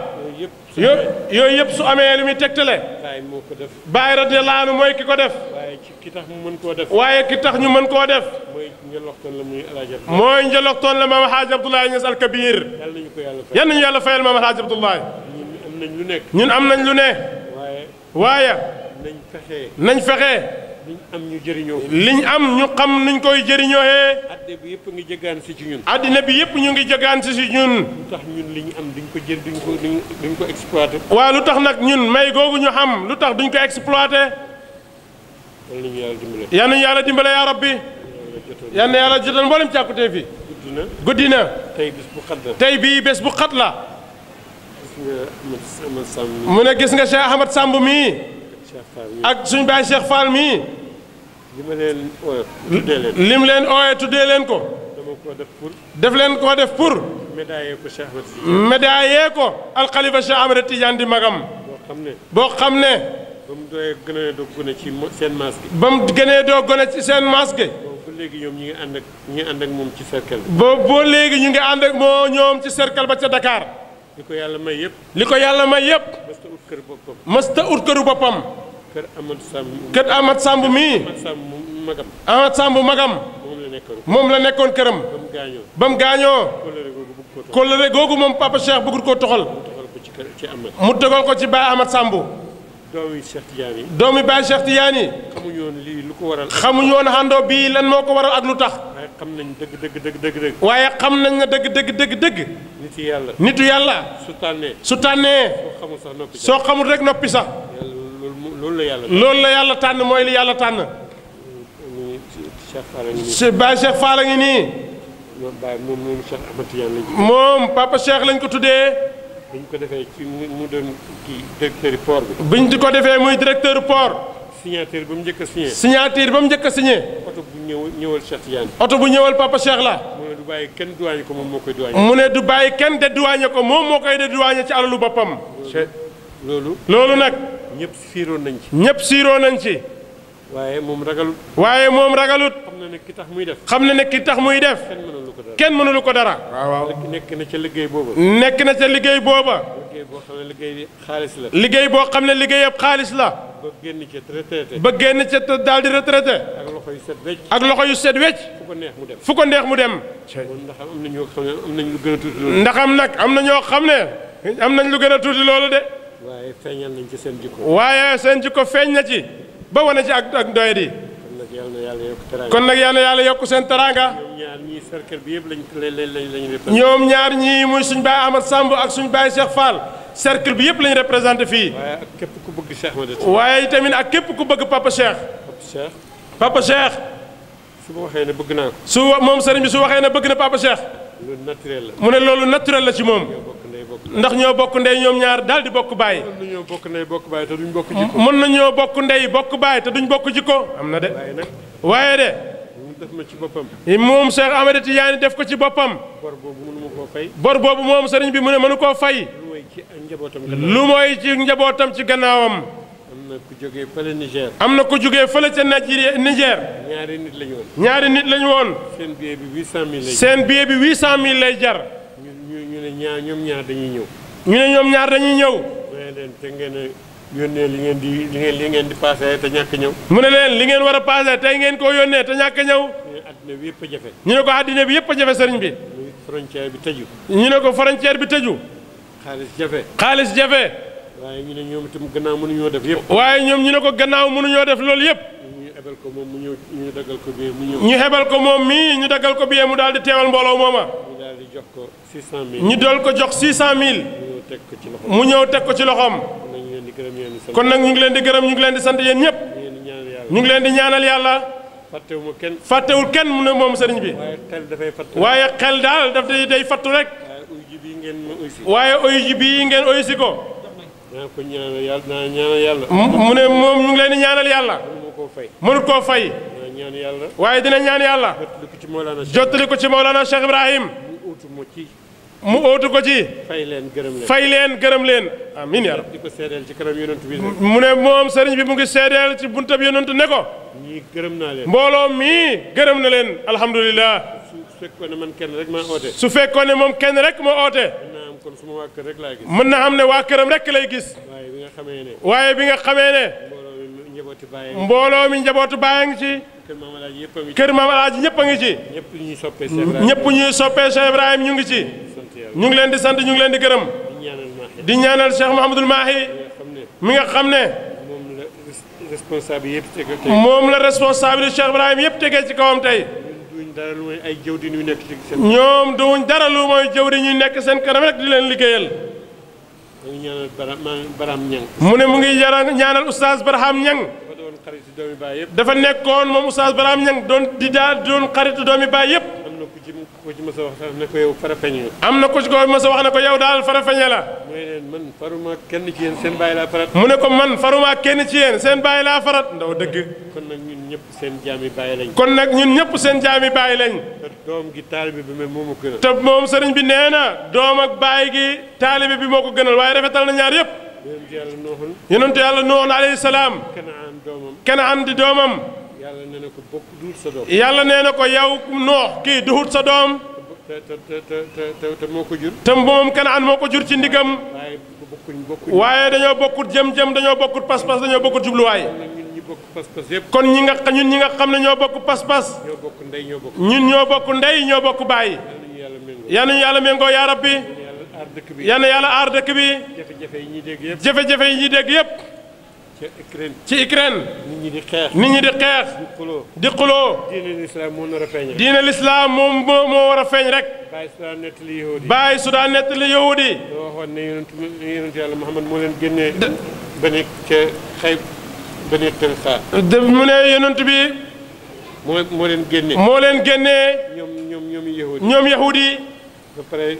S2: yooyu yëpp su amee lu muy tegtale.
S7: bàyyi moo ko def.
S2: bàyyi radiyallaahu anhu mooy ki ko def.
S7: waaye ki tax mu mën koo def. waaye ki tax ñu mën koo def. mooy njëloxtoon la muy alaaji. mooy
S2: njëloxtoon la maam Hadj Abdoulaye Niass Al Kabir.
S7: yal nañu ko yàlla fayal
S2: yal nañu yàlla fayal maam Hadj Abdoulaye. ñun am nañ lu nekk. ñun am nañ lu ne. waaye. waaye. nañ fexe. nañ fexe. liñ am ñu xam nuñ koy jëriñoohee
S7: addina bi yëpp bi yëpp ñu ngi jëgaan si si ñun wa lu tax
S2: nag ñun may googu ñu xam lu tax duñ ko exploité
S7: yal nañu yàlla dimbale
S2: yaa rabbi yal na yàlla jotal mboolem càkkutee fi guddi na tey bés bu xat bés bu xat la
S7: mu ne gis nga Cheikh Ahmad Samb mii ak suñ baay Cheikh Fall mii. li ma leen ooyee tuddee leen ko lim leen ooyee tuddee leen ko. dama ko def pour.
S2: def leen koo def pour.
S7: médaillé ko Cheikh Ahmed
S2: Tidiane. ko alxalifa Cheikh Ahmed Tidiane di magam. boo xam ne boo xam ne.
S7: ba mu doyee gënee doo gone ci seen masque. ba mu gënee
S2: doo gone ci seen masque. boobu ba léegi ñoom
S7: ñu ngi ànd ñu ngi moom ci cercle bi. léegi ñu ngi
S2: ànd ak moo ñoom ci cercle ba ca Dakar. li ko yàlla may yëpp. li ko yàlla may yëpp. kër boppam mësta ut këru boppam.
S7: kër Amat Samb mii kër Amat Samb mii.
S2: Amat Samb magam.
S7: moom la nekkoon këram.
S2: ba mu gaañoo. kóllëre googu moom papa Cheikh bëggul koo toxal. mu toxal ko ci Amat. mu toxal ko ci Baay Amat
S7: doomi Cheikh Tidiane yi.
S2: doomi Baye lii lu ko waral. xamuñu woon xandoo bii lan moo ko waral ak lu tax. waaye xam nañ dëgg dëgg dëgg dëgg dëgg. waaye xam nañ ne dëgg dëgg dëgg dëgg.
S7: nitu yàlla nitu yàlla. su tànnee su tànnee. soo xamul sax noppi sax soo xamul rek noppi sax. loolu la yàlla tànn la yàlla tànn
S2: mooy li yàlla tànn.
S7: si Baye Cheikh Fall a ngi nii. moom
S2: papa Cheikh lañ ko tuddee.
S7: buñ ko defee ci mu doon
S2: ki directeur port bi. biñ ko defee muy directeur port. signature ba mu njëkk signé. signature mu signé. Papa Cheikh la.
S7: mu ne du baye kenn duwaañe ko mom moo koy duwaañe. mu ne du baye
S2: kenn de duwaañe ko mom moo koy de ci alalu boppam. nañ ci. ragalut. waye mom ragalut.
S7: xamna ne ki tax muy
S2: def. xamna ne ki tax muy def. kenn mënulu ko dara.
S7: waaw waaw nekk na ca liggéey booba. nekk na ca liggéey boo xam ne liggéey xaalis la. liggéey boo
S2: xam ne liggéey yëpp xaalis la.
S7: génn ca retraité.
S2: ba génn ca daal di retraité. ak loxo yu set wecc. ak loxo yu set wecc. ko neex mu dem fu ko neex mu dem. ndax am na ñoo xam ne am nañ lu gën a ndax am nag am na ñoo xam ne am nañ lu gën a tuuti loolu de.
S7: waaye feeñal nañ ci seen jikko. waaye seen
S2: jikko feeñ na ci ba wane ci ak ak doyadi
S7: kon nag yal na yàlla yokk seen teraanga. ñoom ñaar ñii cercle bi yëpp lañ ñoom ñaar ñii
S2: muy suñu baay Ahmad sàmb ak suñu baay Cheikh Fall cercle bi yëpp lañ représenté fii. waaye ak képp ku waaye tamit ak képp ku bëgg papa Cheikh. papa Cheikh. papa Cheikh. su ma waxee ne bëgg naa su moom sëriñ bi su waxee ne bëgg na papa Cheikh. mu ne loolu naturel la ci moom.
S7: ndax ñoo bokk ndey ñoom ñaar
S2: daal di bokk baay. mën nañoo bokk ndey bokk te duñ bokk mën nañoo bokk ndey bokk baay te duñ bokk jikko am na de. waaye de.
S7: def ma ci boppam.
S2: moom Cheikh Ahmed Tidiane def ko ci boppam. bor boobu mënu koo fay. bor boobu moom sëriñ bi mu ne mënu koo fay. lu mooy ci njabootam lu mooy ci njabootam ci gannaawam. am na ku jógee fële Niger. am na ku jógee fële ca Niger.
S7: ñaari nit lañu woon. ñaari nit lañu woon. seen billet bi 800000 lay jar. seen billet
S2: bi 800000 lay jar. ne ñaar ñoom ñaar dañuy ñëw. ñu ne ñoom ñaar dañuy ñëw. mu ne leen te ngeen a yónnee li ngeen di li ngeen li ngeen di passé te ñàkk ñëw. mu ne leen li ngeen war a passé tey ngeen koo yónnee te ñàkk ñëw. ñu
S7: ne bi yëpp a ñu
S2: ne ko addina bi yëpp a jafe sëriñ bi. frontière bi tëju. ñu ne ko frontière bi tëju. xaalis jafe. xaalis jafe. waaye ñu ne ñoom itam gannaaw mënuñoo def yëpp. waaye ñoom ñu ne ko gannaaw mënuñoo def loolu yëpp.
S7: ñu xebal ko moom mu ñëw ñu daggal ko biyee mu ñu xebal ko moom mii ñu daggal ko biyee mu daal di teewal mbooloo moom ñu daal di ko. ñu dool ko jox
S2: 600000. mu ñëw teg ko ci loxoom. kon nag ñu ngi leen di gërëm ñu ngi leen di sant yéen ñëpp. ñu ngi leen di ñaanal yàlla. fàttewul kenn fàttewul kenn mu ne moom sëriñ bi. waaye xel dafay fattu waaye xel daal daf day day fattu rek. waaye oyu ji bii ngeen oyu si ko.
S7: ko ñaanal yàlla mu ne moom ñu ngi leen di
S2: ñaanal yàlla. mënu koo fay. waaye dina ñaan yàlla.
S7: jottali ko ci Mawlana Cheikh
S2: Ibrahim. mu ootu ko ci. fay leen gërëm leen leen gërëm leen. amiin yaa rabbi
S7: di ko seedeel ci kanam yonent bi
S2: mu ne moom sëriñ bi mu ngi seedeel ci buntab yonent ne ko.
S7: ñii gërëm naa
S2: leen. mbooloo mii gërëm na leen alhamdulilah.
S7: su fekkoon ne man kenn rek maa oote. su fekkoon
S2: ne moom kenn rek moo oote. kon suma waa kër rek laay gis. mën na xam ne waa këram rek lay gis. waaye bi nga xamee ne. waaye bi nga xamee ne. mbooloo mi njabootu baay ngi ci. mbooloo
S7: mi njabootu kër ma alaaji ñëpp a ngi ci.
S2: ñëpp ñuy soppee Cheikh Ibrahima ñu ngi ci ñu ngi leen di sant ñu ngi leen di gërëm di ñaanal Cheikh Mouhamadul Mahi mi nga xam ne
S7: moom la responsable
S2: Cheikh Ibrahima yëpp tegee ci kawam tey
S7: dara lu mooy ay jëwriñ yu nekk ci seen.
S2: ñoom duñ dara lu mooy jëwriñ yu nekk seen kanam rek di leen liggéeyal.
S7: mu ngi mu ne mu ngi
S2: yaral ñaanal oustaz Barham Ñang. dafa nekkoon moom oustaz Barham Ñang doon di daal doon xaritu doomi baay yëpp. na
S7: a am na ku ci ko mës a wax
S2: kenn ci yéen seen bàyyi laa mu ne man faruma kenn ci seen bàyyi laa farat ndaw dëgg. kon nag ñun ñëpp seen jaami bàyyi lañ. nag ñun ñëpp seen jaami bàyyi lañ.
S7: te doom gi taalibe bi mais moomu gënal.
S2: te moom sëriñ bi nee na doom ak bàyyi gi taalibe bi moo ko gënal waaye rafetal na ñaar yëpp. yonent yàlla nooxul. yonent yàlla nooxul alayhi salaam. kanaan doomam. di doomam.
S7: yàlla nee na ko bokk sa doom. yàlla nee
S2: na ko yow noox kii duhut sa doom. te te te te moo ko jur. te moom Kanaan moo ko jur ci ndigam. waaye bokkuñ bokkuñ. waaye dañoo bokkut jëm-jëm dañoo bokkut pas-pas dañoo bokkut jubluwaay. kon ñi nga ñun ñi nga xam ne ñoo bokk pas-pas. ñoo bokk ndey ñoo bokk. ñun ñoo bokk ndey ñoo bokk baay. yal nañu yàlla méngoo yaa rabbi. yal na yàlla dëkk bi. yal yàlla aar dëkk bi. jafe-jafe yi ñuy dégg yëpp. yi ñuy dégg yëpp. ci Ukraine ci Ukraine. nit ñi di xeex nit ñi di xeex. di xuloo di xuloo. moo nar feeñ
S7: rek. diine lislaam
S2: moom moo moo war a feeñ rek.
S7: bàyyi su daan nettali yahudi. bàyyi
S2: moo leen génne ba nekk ca xay ba nekk Talxa. de mu ne yonent bi. moo leen génne moo leen génnee.
S7: ñoom ñoom ñoom ñoom yahudi.
S2: ba pare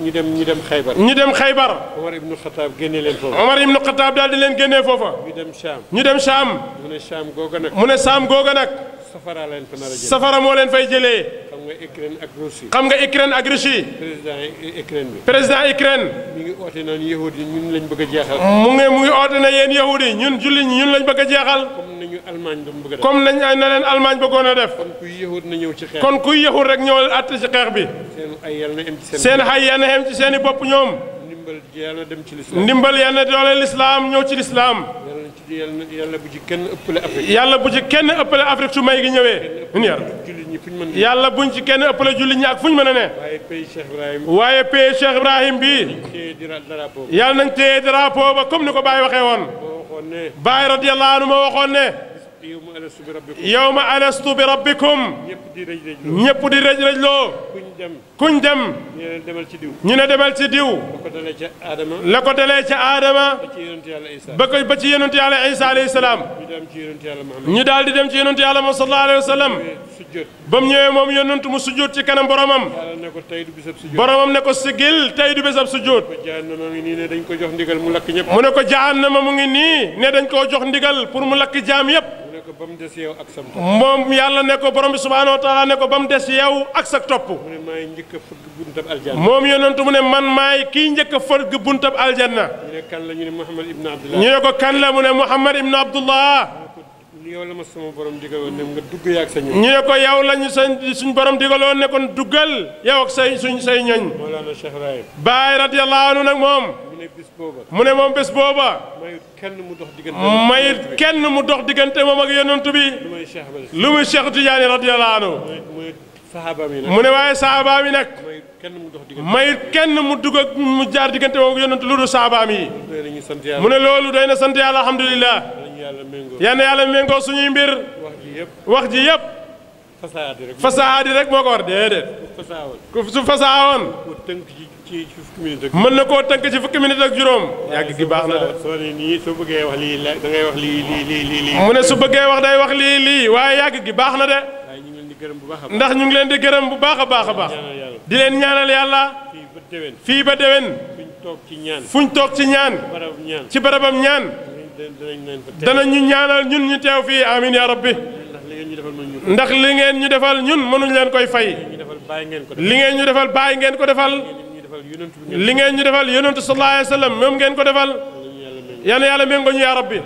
S2: ñu dem ñu dem xaybar. ñu dem xaybar.
S7: Omar ibnu Xataab génne
S2: leen foofa. Omar ibnu Xataab daal di leen génne foofa. ñu dem Saam. ñu dem Saam.
S7: mu ne Saam googa nag. mu ne Saam googa nag. safara leen fa nar a moo leen fay jëlee. xam nga Ukraine ak Russie. xam nga Ukraine ak Russie. président Ukraine bi. président Ukraine. mi ngi oote lañ bëgg a jeexal. mu ngi mu ngi oote na yéen yahudi ñun julli ñun lañ bëgg a jeexal. comme nañu Allemagne doon bëgg a comme nañ na leen Allemagne bëggoon a def. kon kuy yahud na ñëw ci xeex. kon
S2: rek ñëwal àtt ci xeex bi. seen ay yal na yem ci seen. seen ay yal na yem ci bopp ñoom.
S7: ndimbal yàlla dem ci lislaam ndimbal yàlla
S2: doole lislaam ñëw ci lislaam
S7: yàlla bu ci kenn ëppale
S2: Afrique yàlla bu ci kenn ëppale Afrique su may gi ñëwee yàlla buñ ci kenn ëppale jullit ñi ak fuñ mën a ne waaye pays Cheikh Ibrahim bi yàlla nañ téye drapeau ba comme ni ko Baye waxee woon Baye radiyallahu anhu ma waxoon ne
S7: yawma alastu bi rabbikum ñëpp di rëj rëjloo kuñ dem. ñu ne demal ci diw. ñu ne demal ci diw. la ko dalee ca Adama. la ko dalee ca Adama. ba ci yonent yàlla Isa. ba ko ba ci yonent yàlla Isa alayhi salaam.
S2: ñu daal di dem ci yonent yàlla Muhammad sallallahu alayhi wa sallam. ba mu ñëwee moom yonent mu sujjóot ci kanam boromam. yàlla ne ko tey boromam ne ko sigil tey du bisab sujjóot. mu ne
S7: ko jahannama mu ngi nii ne dañ ko jox ndigal mu lakk ñëpp. mu ne ko jahannama
S2: mu ngi nii ne dañ koo jox ndigal pour mu lakk jaam yëpp. moom yàlla ne ko borom bi subhaanahu wa taala ne ko ba mu des yow ak sa topp. mu ne maay njëkk a fëgg
S7: buntab aljanna. moom yonentu mu ne man maay
S2: kii njëkk a fëgg buntab aljanna.
S7: ñu ne Muhammad ibn
S2: Abdullah.
S7: yow ma sama borom digaloon ne nga dugg sa ñu ne ko yow lañu
S2: suñ borom digaloon ne kon duggal yow ak say suñ say ñoñ. Mawlana Cheikh Ibrahim. Baay radiyallahu anhu moom. mu ne bés booba. mu ne moom bés booba. mayit
S7: kenn mu dox diggante moom mayit
S2: kenn mu dox diggante moom ak yonent bi. lu muy Cheikh Ibrahim. lu muy Cheikh Tidiane radiyallahu anhu.
S7: muy mu ne
S2: waaye saxaabaam yi nag. mayit kenn mu dugg ak mu jaar diggante moom ak yonent lu dul saxaabaam yi. mu ne loolu doy na sant yàlla alhamdulillah
S7: yal
S2: na yàlla méngoo suñuy mbir wax ji yëpp
S7: fasahaadi rek moo ko war déedéet
S2: ku su fasaawoon mën na koo tënk ci fukki minute ak juróom yàgg gi baax na de su bëggee wax lii da ngay wax ne su bëggee wax day wax lii lii waaye yàgg gi baax na de ndax ñu ngi leen di gërëm bu baax a baax a baax di leen ñaanal yàlla fii ba toog déwén fuñ toog ci ñaan ci barabam ñaan dana ñu ñaanal ñun ñu teew fii amin ya rabbi ndax li ngeen ñu defal ñun mënuñ leen koy fay li ngeen ñu defal bàyyi ngeen ko defal li ngeen ñu defal yonentu sallallahu alayhi wa sallam ngeen ko defal yàlla yàlla méngoo ñu ya rabbi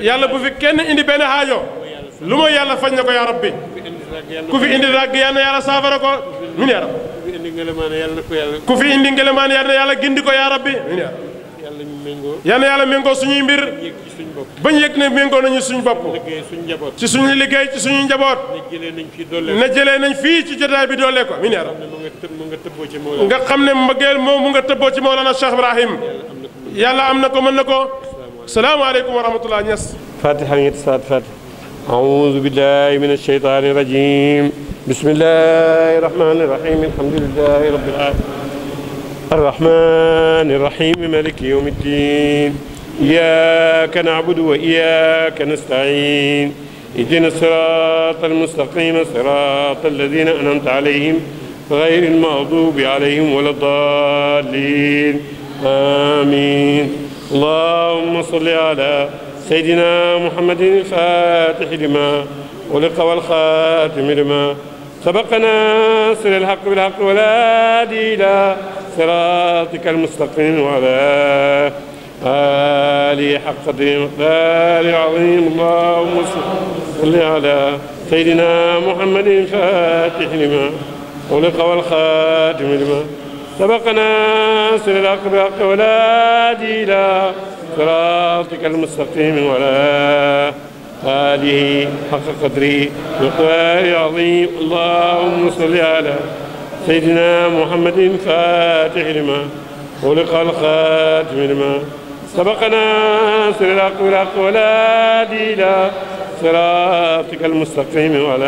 S2: yàlla bu fi kenn indi benn haajo lu mooy yàlla fañ na ko ya rabbi ku fi indi ràgg yàlla yàlla saafara ko min ya rabbi ku fi indi ngelemaane yàlla gindi ko ya rabbi yàlla ñu méngoo yal na yàlla méngoo suñuy mbir bañ yëg ne méngoo nañu suñu bopp ci suñu liggéey ci suñu njaboot na jëlee nañ fii ci jotaay bi doole ko mi neera nga xam ne mbëggeel moom mu nga tëbboo ci Mawlana Cheikh Ibrahim yàlla am na ko mën na ko salaamaaleykum wa rahmatullah ñes
S7: fatiha ngi saat fatiha أعوذ بالله من الشيطان الرجيم بسم الله الرحمن الرحيم الحمد لله رب العالمين الرحمن الرحيم مالك يوم الدين إياك نعبد وإياك نستعين اهدنا الصراط المستقيم صراط الذين أنعمت عليهم غير المغضوب عليهم ولا الضالين آمين اللهم صل على سيدنا محمد الفاتح لما ولقى والخاتم لما سبق سر الحق بالحق ولا إلى صراطك المستقيم وعلى آلي حق قدره عظيم العظيم اللهم صل على سيدنا محمد الفاتح لما أغلق والخاتم لما سبق سر الحق بالحق ولا إلى صراطك المستقيم وعلى آله حق قدره وقوله عظيم اللهم صل على سيدنا محمد فاتح لما خلق الخاتم لما سبقنا سر الحق والحق ولا ديلا صراطك المستقيم وعلى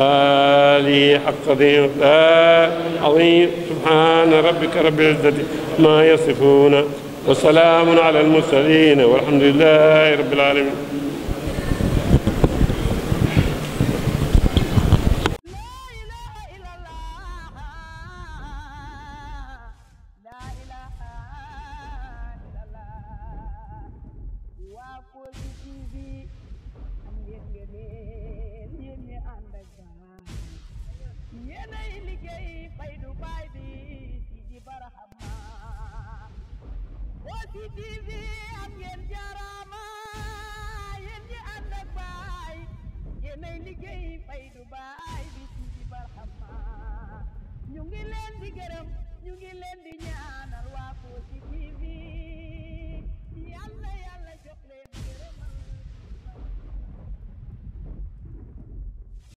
S7: آله حق قدير عظيم سبحان ربك رب العزة ما يصفون وسلام على المرسلين والحمد لله رب العالمين